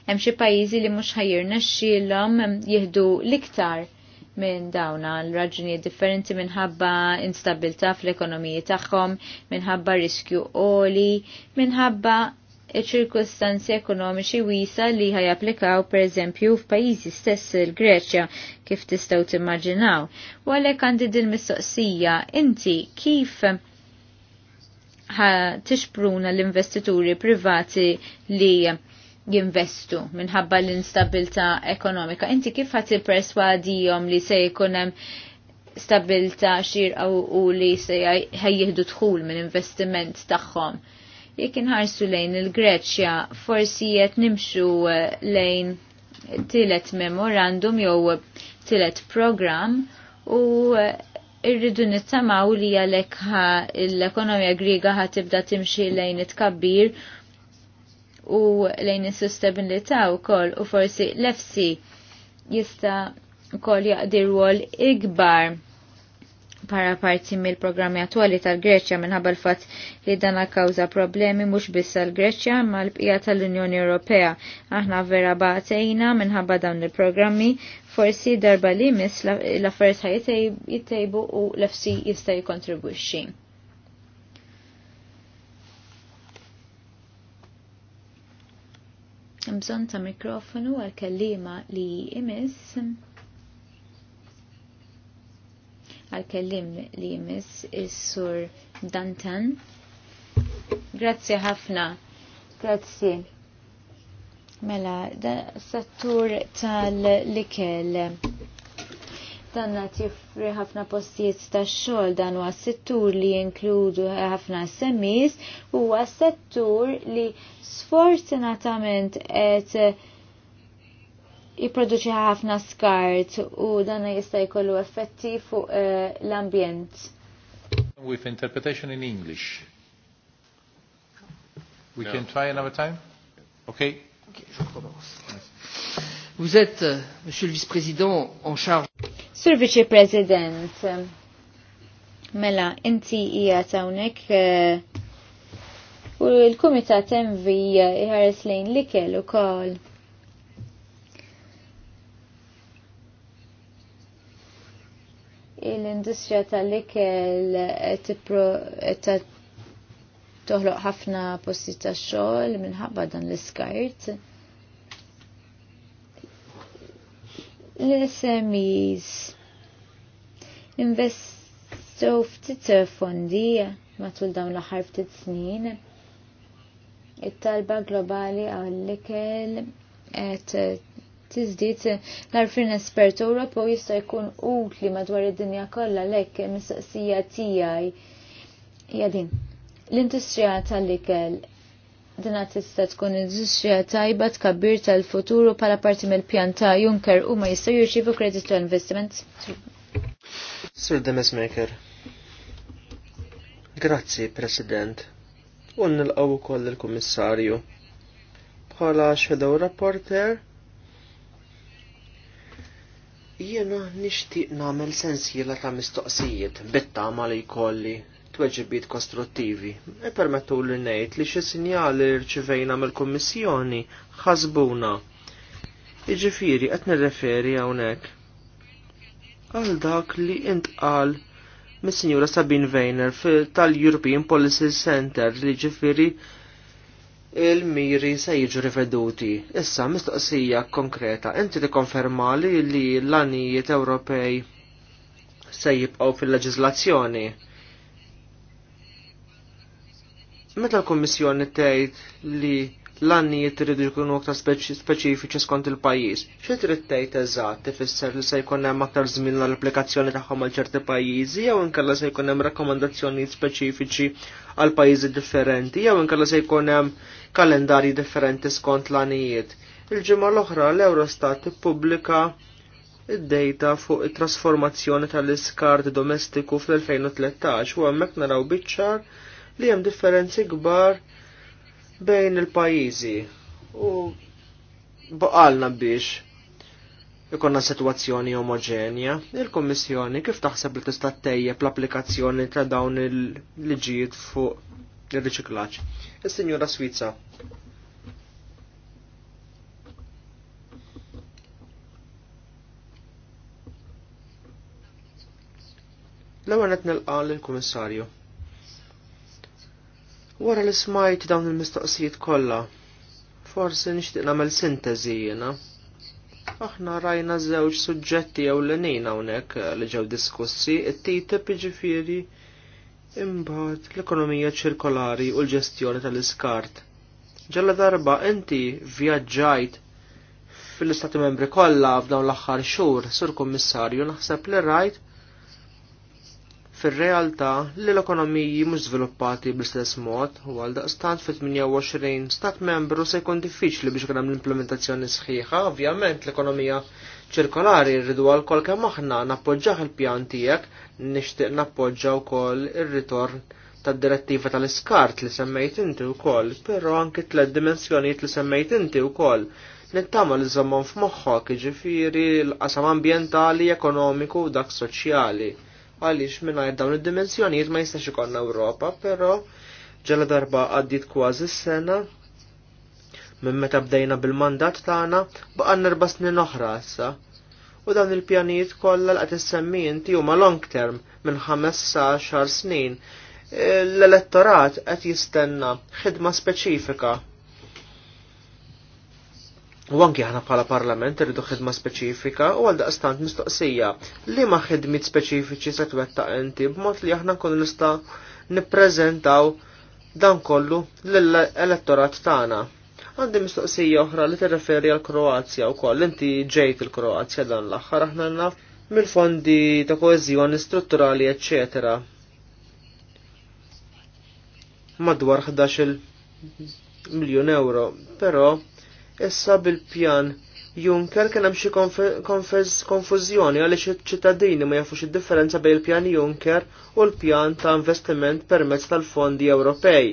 hemm xi pajjiżi li mhux ħajjirna xilhom jieħdu l-iktar minn dawna l-raġunijiet differenti minħabba instabilità fl-ekonomiji tagħhom, minħabba riskju oli, minħabba ċirkustanzi ekonomiċi wisa li applikaw per eżempju f'pajjiżi stess il-Greċja kif tistgħu timmaġinaw. U għalhekk għandi din mistoqsija, inti kif tixpruna l-investituri privati li jinvestu minħabba l-instabilta ekonomika. Inti kif ħat perswadijom li se jkunem stabilta xirqa u li se ħajjihdu dħul minn investiment tagħhom. Jekk inħarsu lejn il-Greċja, forsi qed nimxu eh, lejn tilet memorandum jew tilet program u eh, irridu nittamaw li għalek l-ekonomija griga ħatibda timxi lejn it-kabbir u lejn is-sustabilità wkoll u forsi l jista' wkoll jaqdi rwol ikbar para parti mill-programmi attwali tal-Greċja minħabba l-fatt li dan kawza problemi mhux biss tal-Greċja ma l-bqija tal-Unjoni Ewropea. Aħna vera baqtejna minħabba dawn il-programmi forsi darba li mis l-affarijiet jitejbu u l-fsi jista' jikontribwixxi. Mżon ta' mikrofonu għal kellima li jimis għal kellim li jimis is-sur Dantan. Grazzi ħafna. Grazzi. Mela, da settur tal-likel tanna tifri ħafna postijiet ta' xogħol dan huwa settur li jinkludu ħafna semmis huwa settur li sfortunatament qed jipproduċi ħafna skart u dan jista' jkollu effetti fuq eh, l-ambjent. With interpretation in English. We yeah. can try another time? Okay. Okay, je commence. Vous êtes, euh, Monsieur le Vice-président, en charge. Sur Viċi President, mela, inti hija hawnhekk eh, u l-Kumitat MV iħares lejn li kellu ukoll. l-industrija tal-ikel toħloq ħafna posti ta' xogħol minħabba dan l-iskart L-SMEs investu ftit fondi matul dawn l-aħħar ftit snin. It-talba globali għall likel qed tiżdied l-arfin espert Ewropew jista' jkun utli madwar id-dinja kollha lekk mistoqsija tiegħi hija din. L-industrija tal likel dina tista' tkun industrija tajba tkabbir tal-futuru pala parti mill-pjan ta' Juncker u ma jistgħu jirċivu kredit l investiment. Sur Demesmaker. Grazzi, President. U nilqgħu ukoll il-Kummissarju. Bħala Shadow Rapporter, jiena nixtieq nagħmel sensiela ta' mistoqsijiet bittama li jkolli tweġibiet kostruttivi. E permettu li ngħid li xi sinjali rċivejna mill-Kummissjoni ħasbuna. Iġifieri qed nirreferi hawnhekk għal dak li intqal mis-Sinjura Sabin Vejner tal-European Policy Center li ġifiri il-miri se jiġu riveduti. Issa mistoqsija konkreta, inti tikkonferma li li l-anijiet Ewropej se jibqgħu fil leġizlazzjoni Meta l-Kommissjoni tgħid li l-annijiet iridu jkunu aktar speċifiċi skont il-pajjiż, xi trid tgħid eżatt tifisser li se jkun hemm aktar żmien l-applikazzjoni tagħhom għal ċerti pajjiżi jew inkella se jkun hemm rakkomandazzjonijiet speċifiċi għal pajjiżi differenti jew inkella se jkun hemm kalendarji differenti skont l-annijiet. Il-ġimgħa l-oħra l-Eurostat ippubblika id-data fuq it-trasformazzjoni tal iskard domestiku fl-2013 u hemmhekk naraw biċċar li hemm differenzi kbar bejn il-pajjiżi u baqalna biex ikonna situazzjoni omogenja, il-Kommissjoni kif taħseb li tista' tejjeb l-applikazzjoni ta' dawn il-liġijiet fuq ir-riċiklaġġ. Is-Sinjura Swizza. L-ewwel qed nilqa' lill-Kummissarju. Wara li smajt dawn il-mistoqsijiet kollha, forsi nixtieq nagħmel sintesi jiena. Aħna rajna żewġ suġġetti jew lenin hawnhekk li ġew diskussi, it-TTIP jiġifieri imbagħad l-ekonomija ċirkolari u l-ġestjoni tal-iskart. Ġalla darba inti vjaġġajt fil-istati membri kollha f'dawn l-aħħar xhur sur kummissarju naħseb li rajt Fir-realtà li l-ekonomiji mhux żviluppati bl-istess mod u għal daqstant fit-28 stat membru se jkun diffiċli biex kemm l-implementazzjoni sħiħa, ovvjament l-ekonomija ċirkolari rridu għal kol kemm aħna nappoġġaħ il-pjan tiegħek nixtieq nappoġġa wkoll ir-ritorn tad-direttiva tal-iskart li semmejt inti wkoll, però anki tliet dimensjonijiet li semmejt inti wkoll nittama li żammon f'moħħok, ġifiri l-qasam ambientali, ekonomiku u dak soċjali għaliex mingħajr dawn id-dimensjonijiet ma jistax ikollna Ewropa, però ġela darba għaddit kważi s-sena minn meta bdejna bil-mandat tagħna baqgħna erba' snin oħra issa. U dawn il-pjanijiet kollha li qed issemmi inti huma long term minn ħames sa xar snin. L-elettorat qed jistenna ħidma speċifika U anki ħana bħala parlament rridu ħidma speċifika u għal daqstant mistoqsija li ma ħidmit speċifiċi se twetta inti b'mod li aħna nkunu nista' nippreżentaw dan kollu l-elettorat tagħna. Għandi mistoqsija oħra li tirreferi għal Kroazja u koll, inti ġejt il-Kroazja dan l-aħħar aħna naf mill-fondi ta' koeżjoni strutturali, eccetera madwar 11 miljon euro, pero Issa bil-pjan Juncker kien hemm xi konfużjoni għaliex iċ-ċittadini ma jafux id-differenza bejn il-pjan Juncker u l-pjan ta' investiment permezz tal-fondi Ewropej.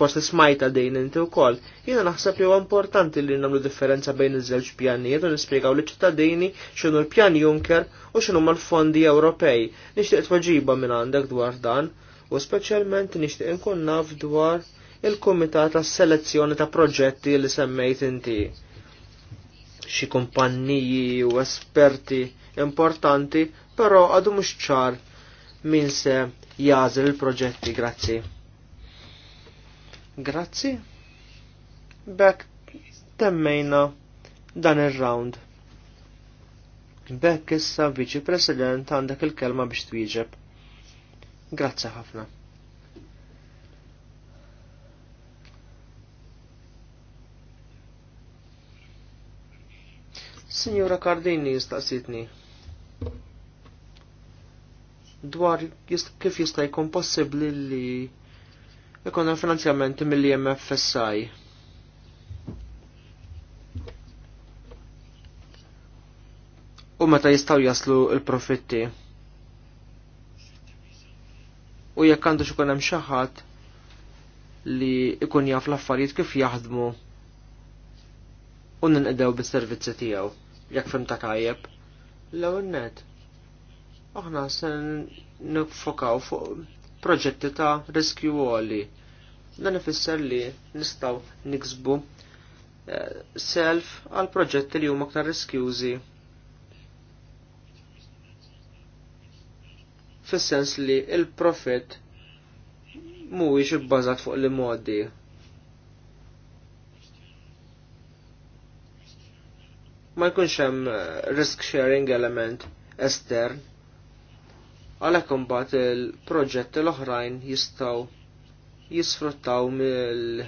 Forsi smajta dejn inti wkoll. Jiena naħseb li huwa importanti li nagħmlu differenza bejn iż-żewġ pjanijiet u nispjegaw liċ-ċittadini x'inhu l-pjan Juncker u x'inhu l-fondi Ewropej. Nixtieq tweġiba minn għandek dwar dan u speċjalment nixtieq inkun naf dwar il-Kumitat tas selezzjoni ta' proġetti li semmejt inti. Xi kumpanniji u esperti importanti, però għadu mhux ċar min se jażel il-proġetti, grazzi. Grazzi. Bekk temmejna dan ir-round. Bekk issa viċi President għandek il-kelma biex twieġeb. Grazzi ħafna. Signora Cardini jistaqsitni dwar jist, kif jista' jkun possibbli li jkun hemm finanzjamenti mill-IMFSI. U meta jistgħu jaslu l-profitti. U jekk għandu ikun hemm xi ħadd li ikun jaf l-affarijiet kif jaħdmu u ninqdew bis-servizzi tiegħu jekk fim ta' tajjeb. L-għonnet, aħna sen nifokaw fuq proġetti ta' riskju għoli. Dan ifisser li nistaw niksbu eh, self għal proġetti li huma aktar riskjużi. Fis-sens li il-profit mhuwiex ibbażat fuq li modi ma jkunx hemm eh, risk sharing element estern għalhekk imbagħad il-proġetti l-oħrajn jistgħu jisfruttaw mill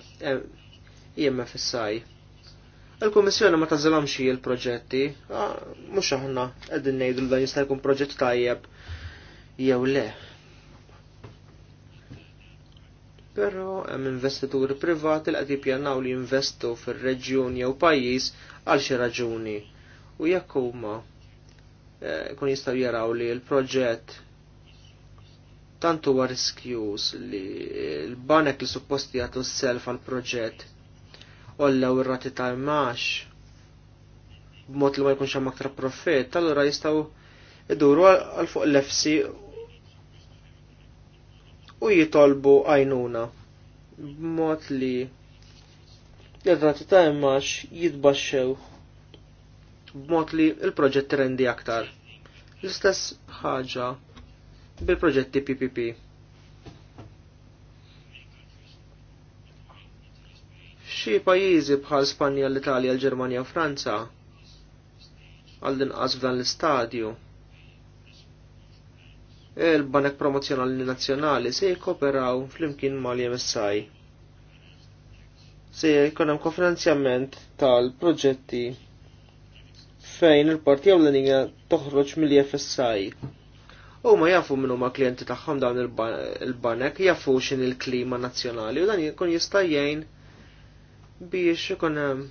imfsi Il-Kummissjoni ma tażilhomx il-proġetti, ah, mhux aħna qegħdin ngħidu dan jista' jkun proġett tajjeb jew le. Però hemm investituri privati li qed jippjanaw li jinvestu fir-reġjun jew pajjiż għal xi raġuni u jekk huma eh, kun jistaw jaraw li l-proġett tant huwa riskjuż li l-banek li supposti jagħtu s-self għal proġett ollew ir-rati ta' imax b'mod li ma jkunx hemm aktar profitt, allura jistgħu iduru għal fuq l-efsi u jitolbu għajnuna b'mod li l edrati ta' immax jitbaxxew b'mod li il-proġett trendi aktar. L-istess ħaġa bil-proġetti PPP. Xi pajjiżi bħal Spanja, l-Italja, l-Ġermanja u Franza għal dinqas f'dan l-istadju. Il-banek promozjonali nazzjonali se jikoperaw fl-imkien mal-MSI se jkun hemm kofinanzjament tal-proġetti fejn il-parti ewlenija toħroġ mill-FSI. U ma jafu minnu ma klienti tagħhom dawn il-banek, jafu xin il-klima nazzjonali u dan jkun jista' jgħin biex ikun hemm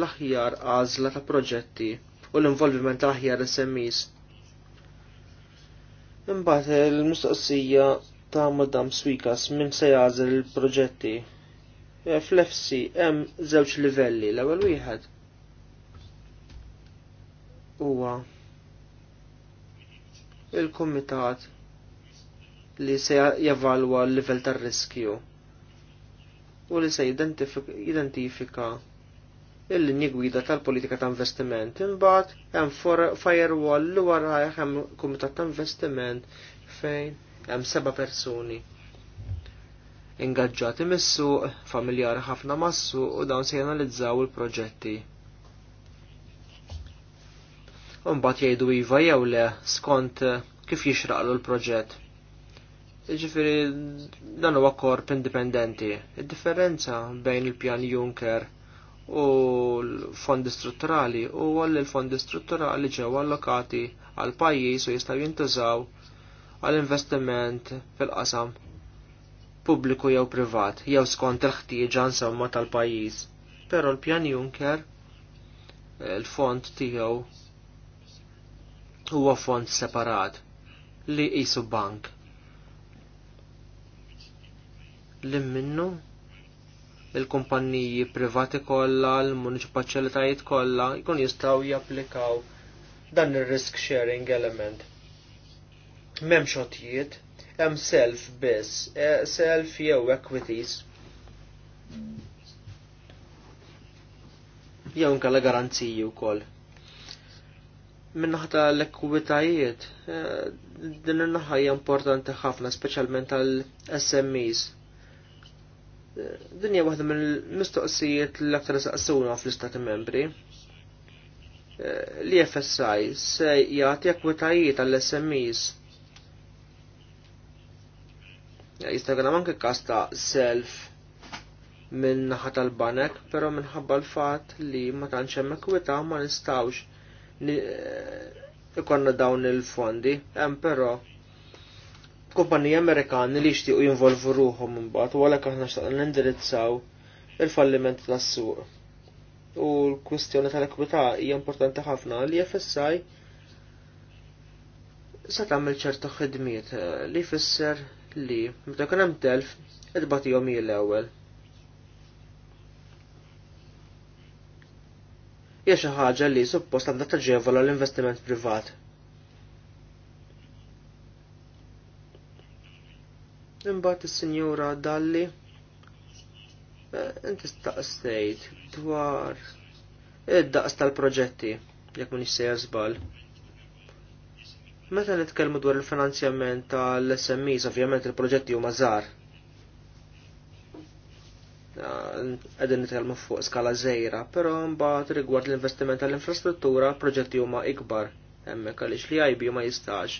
l-aħjar għażla ta' proġetti u l-involviment ta' aħjar SMEs. Imbagħad il-mistoqsija ta' Madam Swikas min se jagħżel il-proġetti Eh, fl hemm żewġ livelli, l-ewwel wieħed huwa il-kumitat li se jevalwa l-livell tar-riskju u li se jidentifika il-linji gwida tal-politika ta' investiment. Imbagħad hemm firewall li wara hemm kumitat ta' investiment fejn hemm seba' persuni ingaġġati mis-suq, familjari ħafna massu u dawn se jenalizzaw il-proġetti. Umbat jgħidu iva jew le skont kif jixraqlu l-proġett. Jiġifieri dan huwa korp indipendenti. Id-differenza bejn il-pjan Juncker u l-fondi strutturali huwa li l-fondi strutturali ġew allokati għal pajjiż u jistgħu jintużaw għal investiment fil-qasam pubbliku jew privat, jew skont il-ħtieġa insomma tal-pajjiż. Però l-pjan Juncker il-fond tiegħu huwa fond separat li qisu bank. Li minnu il-kumpanniji privati kollha, l-municipalitajiet kollha jkun jistgħu japplikaw dan ir-risk sharing element. M'hemm xotijiet hemm self biss, e, self jew equities. Jew nkella garanziji wkoll. Minnaħta l-ekwitajiet, e, din in-naħa hija importanti ħafna, speċjalment għal SMEs. E, din hija waħda mill-mistoqsijiet l-aktar saqsuna fl-Istati Membri l FSI se jagħti ekwitajiet għall SMEs Jista' jkun anke każ self minn naħa tal-banek, però minħabba l-fatt li ma tantx hemm ekwità ma nistawx eh, ikonna dawn il-fondi, hemm pero kumpanija Amerikani li jixtiequ jinvolvu ruhom imbagħad u għalek aħna xtaqna nindirizzaw il-falliment tas-suq. U l-kwistjoni tal-ekwità hija importanti ħafna li FSI se tagħmel ċertu ħidmiet eh, li jfisser li meta kien hemm telf idbatihom hi l-ewwel. Hija xi ħaġa li suppost għandha taġevola l-investiment privat. Imbagħad is-Sinjura Dalli eh, inti staqsejt dwar id-daqs tal-proġetti jekk mhux sejjer żball. Meta nitkellmu dwar il-finanzjament tal-SMEs, ovvjament il-proġetti huma żgħar. Qegħdin nitkellmu fuq skala żejra, però mbagħad rigward l-investiment tal-infrastruttura proġetti huma ikbar hemmhekk għaliex li IB ma jistax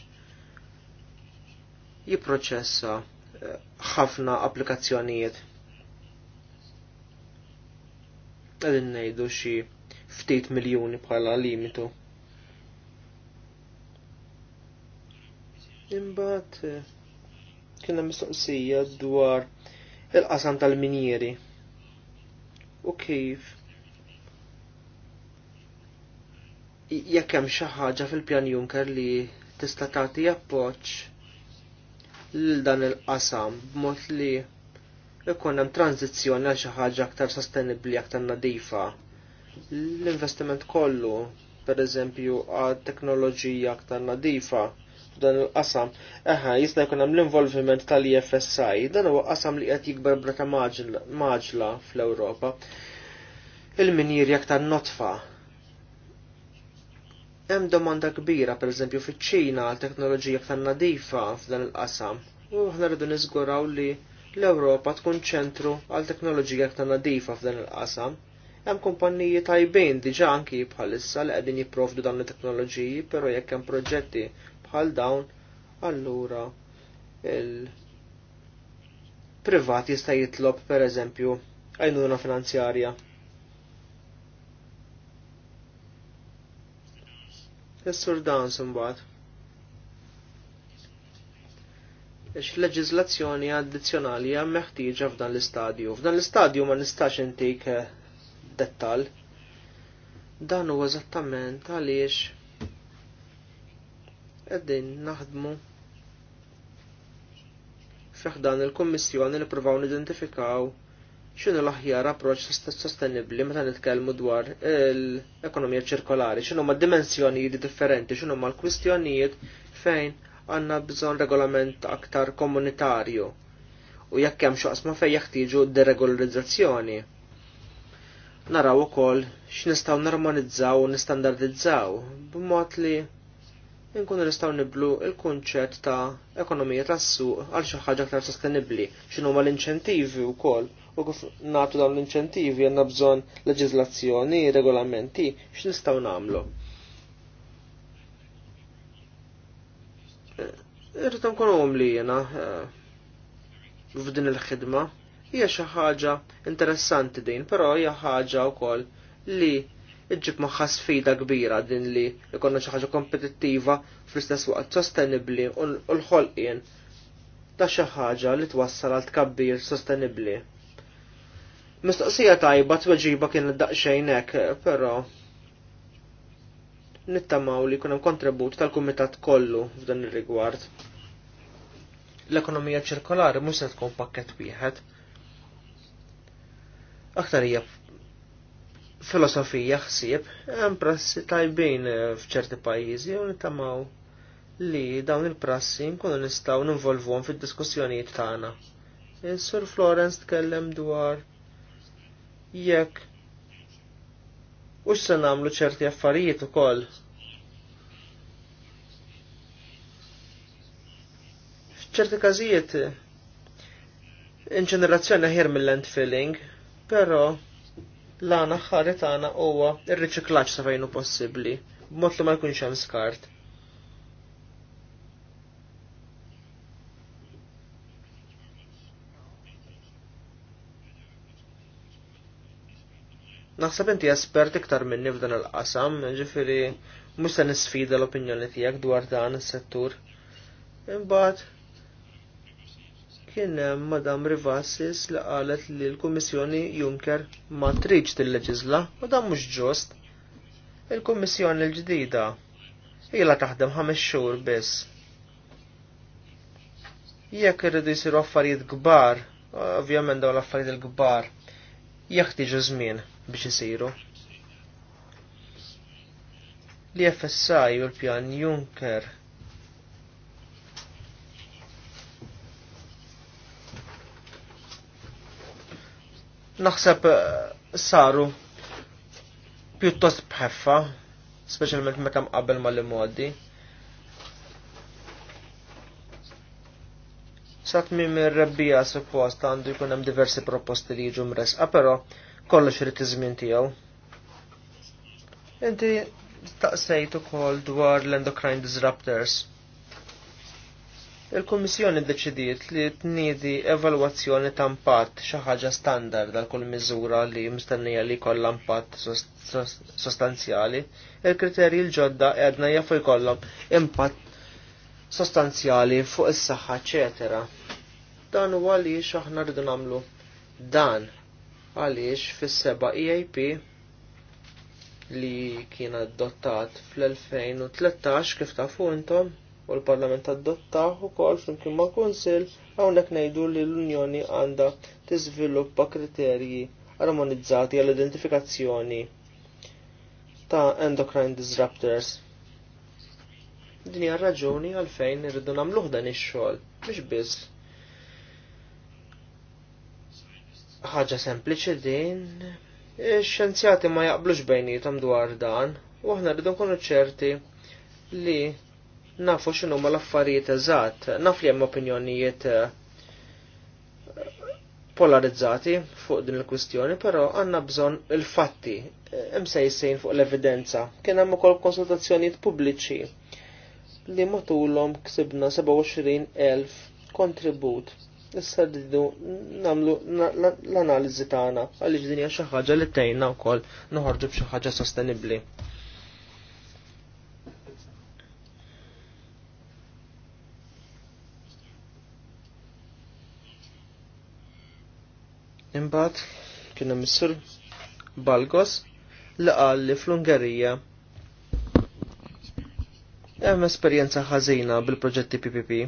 jipproċessa eh, ħafna applikazzjonijiet. Qegħdin ngħidu xi ftit miljuni bħala limitu. Imbagħad eh, kien hemm mistoqsija dwar il-qasam tal-minieri. U kif jekk hemm xi ħaġa fil-pjan Juncker li tista' tagħti appoġġ lil dan il-qasam b'mod li ikun hemm tranzizzjoni għal xi ħaġa aktar sostenibbli aktar nadifa. L-investiment kollu, pereżempju għal teknoloġija aktar nadifa, f'dan il-qasam, eħa, jista' jkun hemm l-involviment tal-EFSI, dan huwa qasam li qed jikber brata maġla fl-Ewropa. Il-minjir jak tan-notfa. Hemm domanda kbira, pereżempju fiċ-Ċina, għal teknoloġija aktar nadifa f'dan il-qasam, u aħna rridu niżguraw li l-Ewropa tkun ċentru għal teknoloġija aktar nadifa f'dan il-qasam hemm kumpanniji tajbin diġà anki bħalissa li qegħdin jipprovdu dawn it-teknoloġiji, però jekk hemm proġetti bħal dawn, allura il-privat jista' jitlob per eżempju għajnuna finanzjarja. Is-sur dan imbagħad. Ix leġizlazzjoni addizzjonali hemm meħtieġa f'dan l-istadju. F'dan l-istadju ma nistax intik eh, dettal. Dan huwa eżattament għaliex qegħdin naħdmu fiħdan il-Kummissjoni nippruvaw nidentifikaw x'inhu l-aħjar approċċ sostenibbli meta nitkellmu dwar l-ekonomija ċirkolari, xinu ma' dimensjonijiet differenti, xinu ma' l-kwistjonijiet fejn għandna bżonn regolament aktar komunitarju u jekk hemm x'aqsma fejn jeħtieġu deregolarizzazzjoni. Naraw ukoll x'nistgħu normalizzaw u nistandardizzaw b'mod li nkunu nistgħu niblu il-kunċett ta' ekonomija tas-suq għal xi ħaġa aktar sostenibbli, x'inhu ma l-inċentivi wkoll u kif nagħtu dawn l-inċentivi għandna bżonn leġiżlazzjoni, regolamenti, x'nistgħu nagħmlu. Irrid nkunu li jiena eh, f'din il-ħidma hija xi ħaġa interessanti din, però hija ħaġa wkoll li iġib maħħa sfida kbira din li ikonna xi ħaġa kompetittiva fl-istess waqt sostenibbli u l-ħolqien ta' xi ħaġa li twassal għal tkabbir sostenibbli. Mistoqsija tajba tweġiba kien daqsxejn hekk, però nittamaw li kunem kontribut tal-kumitat kollu f'dan ir-rigward. L-ekonomija ċirkolari mhux se tkun pakkett wieħed. Aktar hija filosofija ħsieb hemm prassi tajbin eh, f'ċerti pajjiżi u nitamaw li dawn il-prassi nkunu nistgħu ninvolvuhom fid-diskussjonijiet tagħna. Eh, sur Florence tkellem dwar jekk u se nagħmlu ċerti affarijiet ukoll. F'ċerti każijiet eh, inġenerazzjoni ħir mill filling, però l-għana ħari tagħna huwa r-riċiklaġġ sa fejn hu possibbli, b'mod li ma jkunx hemm skart. Naħseb inti espert iktar minni f'dan il-qasam, ġifiri mhux se nisfida l-opinjoni tiegħek dwar dan is-settur. Imbagħad kien hemm Madam Rivassis li qalet li l-Kummissjoni Juncker ma tridx tilleġisla u dan mhux ġost. Il-Kummissjoni l-ġdida ilha taħdem ħames xhur biss. Jekk irridu jsiru affarijiet kbar, ovvjament dawn l-affarijiet il-kbar jeħtieġu żmien biex isiru. Li FSI u l-pjan Juncker naħseb eh, saru pjuttost bħeffa, speċjalment meta ma li modi Sat mi ir-rebbija suppost għandu jkun hemm diversi proposti li jiġu mresqa, però kollox irid iż tiegħu. Inti staqsejt ukoll dwar l-endocrine disruptors il-Kummissjoni ddeċidiet li tniedi evalwazzjoni ta' impatt xi ħaġa standard għal kull miżura li mistennija li jkollha impatt sostanzjali. Il-kriterji l-ġodda għedna jafu jkollhom impatt sostanzjali fuq is-saħħa eċetera. Dan huwa għaliex aħna rridu nagħmlu dan għaliex fis-seba' EIP li kien adottat fl-2013 kif tafu intom u l-Parlament u ukoll flimkien ma' Kunsill hawnhekk ngħidu li l-Unjoni għandha tiżviluppa kriterji armonizzati għall-identifikazzjoni ta' endocrine disruptors. Din hija raġuni għalfejn irridu nagħmluh dan ix-xogħol, mhux biss ħaġa sempliċi din, ix-xjenzjati ma jaqblux bejnietom dwar dan, u aħna rridu nkunu ċerti li nafu x'inhu ma laffariet affarijiet eżatt, naf li hemm opinjonijiet eh, polarizzati fuq din il-kwistjoni, però għandna bżonn il-fatti eh, imsejsejn fuq l-evidenza. Kien hemm ukoll konsultazzjonijiet pubbliċi li matulhom ksibna 27,000 kontribut. Issa rridu nagħmlu l-analiżi tagħna għaliex din hija xi ħaġa li tgħinna wkoll noħorġu b'xi ħaġa sostenibbli. Imbagħad kien hemm Balgos li qal li fl-Ungerija hemm esperjenza ħażina bil-proġetti PPP.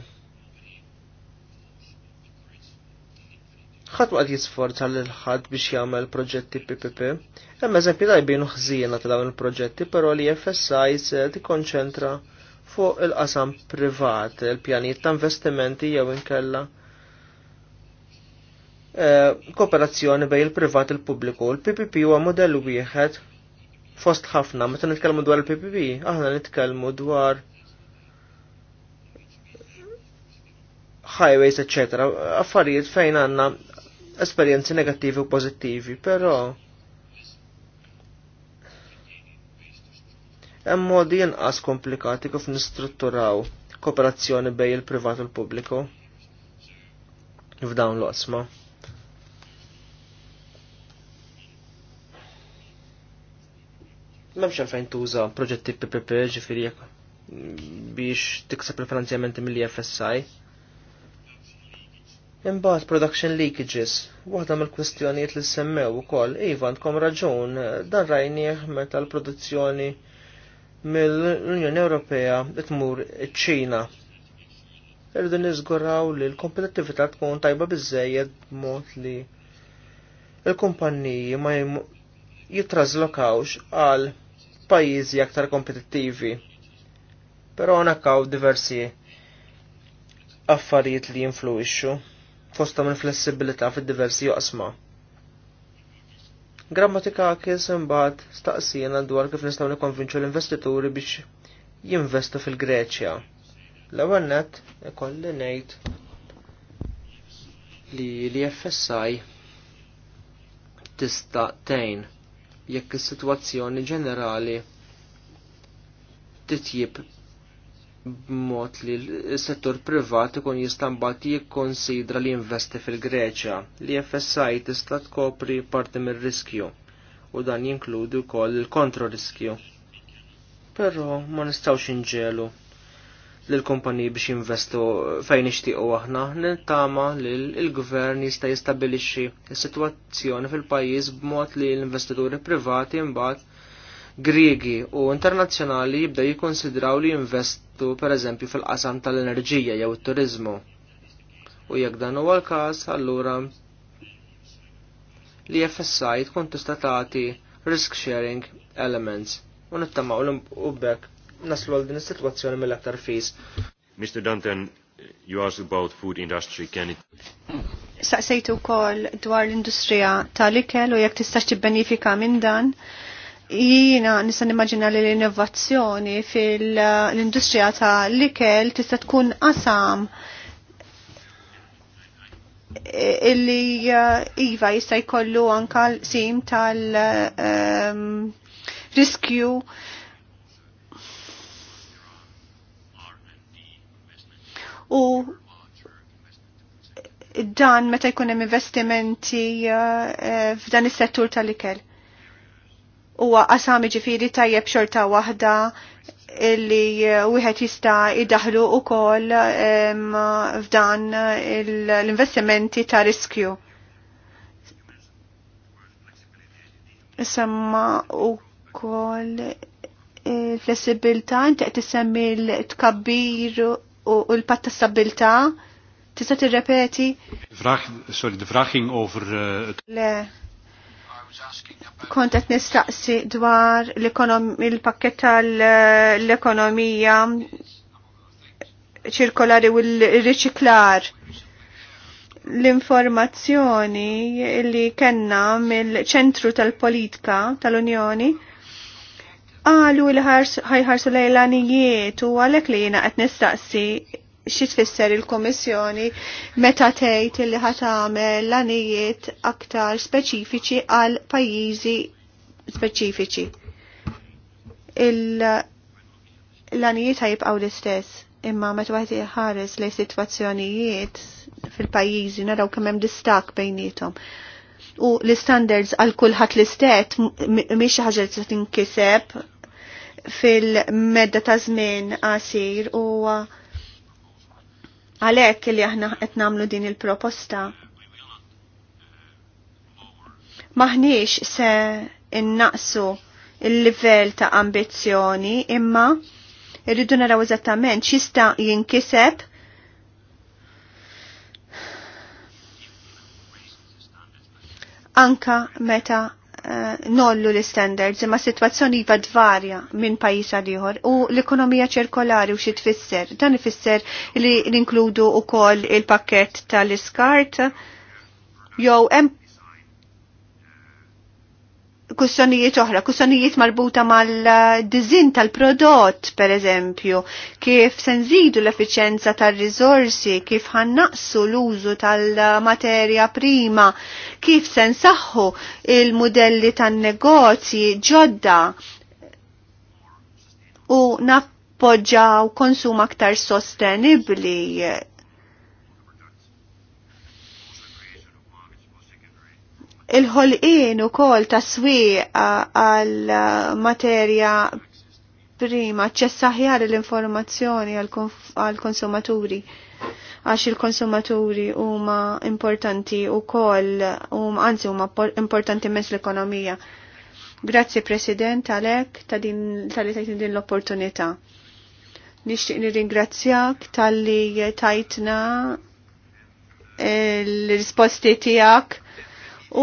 ħadd waqt jisforza lil ħadd biex jagħmel proġetti PPP. Hemm eżempji tajbin ħżiena ta' dawn il-proġetti, però li FSI se tikkonċentra fuq il-qasam privat, il-pjanijiet ta' investimenti jew inkella Eh, kooperazzjoni bejn il-privat il-pubbliku. Il-PPP huwa modell wieħed fost ħafna, meta nitkellmu dwar il-PPP, aħna nitkellmu dwar highways, etc. Affarijiet fejn għandna esperjenzi negattivi u pożittivi, però hemm modi inqas komplikati kif nistrutturaw kooperazzjoni bejn il-privat u l-pubbliku f'dawn l-qosma. memx għalfejn tuża proġetti PPP ġifiri biex tikseb il-finanzjamenti mill-FSI. Imbagħad production leakages, waħda mill-kwistjonijiet li semmew ukoll, iva għandkom raġun, dan rajnieh meta l-produzzjoni mill-Unjoni Ewropea tmur iċ-Ċina. Irridu niżguraw li l-kompetittività tkun tajba biżejjed b'mod li l kumpanniji ma jitrażlokawx għal Pajjiżi aktar kompetittivi. Però nakaw diversi affarijiet li jinfluwixxu fosta minn flessibilità fid-diversi joqsma. Grammatika kies imbagħad staqsijena dwar kif nistgħu nikkonvinċu l-investituri biex jinvestu fil-Greċja. L-ewwel nett ikolli ngħid li li FSI tista' tejn jekk is-sitwazzjoni ġenerali titjib b'mod li s-settur privat ikun jista' mbagħad jikkonsidra li jinvesti fil-Greċja li FSI tista' tkopri parti mir-riskju u dan jinkludi wkoll il-kontro riskju. Però ma nistgħux inġelu l-kompanji biex jinvestu fejn ixtiqu aħna, nintama li l-gvern jista' jistabilixxi s-sitwazzjoni fil-pajjiż b'mod li l-investituri privati mbagħad Griegi u internazzjonali jibda jikkonsidraw li jinvestu pereżempju fil-qasam tal-enerġija jew it-turizmu. U jekk dan huwa l-każ, allura li FSI tkun tista' tagħti risk sharing elements u nittama' u bekk naslu għal din is-sitwazzjoni mill-aktar fis. Mr. Danten, you asked about food industry, can it? Saqsejtu kol dwar l-industrija tal-ikel u jekk tistax tibbenifika minn dan. Jina nista' nimmaġina li l-innovazzjoni fil-industrija tal-ikel tista' tkun qasam illi eh, Iva jista' jkollu anka l-sim tal-riskju ehm, um, u dan meta jkun hemm investimenti uh, eh, f'dan is-settur tal-ikel. Huwa qasam jiġifieri tajjeb xorta waħda illi eh, wieħed jista' jidaħlu wkoll f'dan l-investimenti ta' riskju. Semma wkoll il-flessibilità inti qed l-tkabbir u l-patta stabilta tista' tirrepeti? Sorry, the vraag over eh, Le. Kont qed nistaqsi dwar il-pakket tal-ekonomija ċirkolari u l-riċiklar l-informazzjoni li kenna mill-ċentru tal-politika tal-Unjoni Għalu il-ħajħarsu lejlanijiet u għalek li jina għet nistaqsi xie tfisser il-Komissjoni meta tgħid li ħat l-anijiet aktar speċifiċi għal pajjiżi speċifiċi. L-anijiet ħajibqgħu l-istess imma meta wieħed jħares li sitwazzjonijiet fil-pajjiżi naraw kemm hemm distak bejnietom. U l-standards għal kulħadd l-istet miex xi ħaġa tinkiseb fil-medda ta' żmien għasir u għalhekk li aħna qed nagħmlu din il-proposta. Maħniex se innaqsu il-livell ta' ambizzjoni imma irridu naraw eżattament x'ista' jinkiseb anka meta Eh, nollu l-standards imma situazzjoni iva varja minn pajis għal ieħor u l-ekonomija ċirkolari u xi tfisser. Dan ifisser li u wkoll il-pakkett tal-iskart jew kussjonijiet oħra, kussjonijiet marbuta mal-dizin tal-prodott, per eżempju, kif senżidu l-efficienza tal-rizorsi, kif ħannaqsu l-użu tal-materja prima, kif sensaħħu il-modelli tan-negozji ġodda u nappoġġaw konsum aktar sostenibli il-ħolqien ukoll ta' swieqa għal materja prima ċessaħjar l-informazzjoni għal konsumaturi għax il-konsumaturi huma importanti u koll um, anzi huma importanti mess l-ekonomija. Grazzi President għalek tal-li tajtin din l-opportunità. Nixtieq nirringrazzjak tal-li tajtna eh, l-risposti tiegħek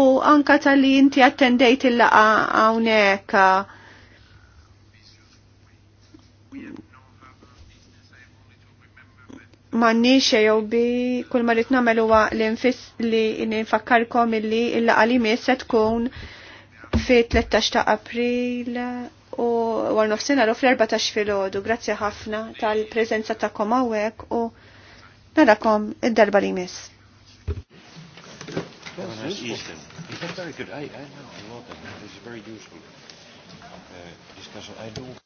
u anka tal-li inti attendejt il-laqa għawnek manni xejow bi kull marrit namel huwa l-infis li ninfakkarkom illi il-laqa li mis se tkun fi 13 ta' april u għal nofsina l fl-14 fil-ħodu. Grazzi ħafna tal-prezenza ta' komawek u narakom id-darba li mis. That's everyone has used It's very good. I, I know. I love them. It's very useful uh, discussion. I do.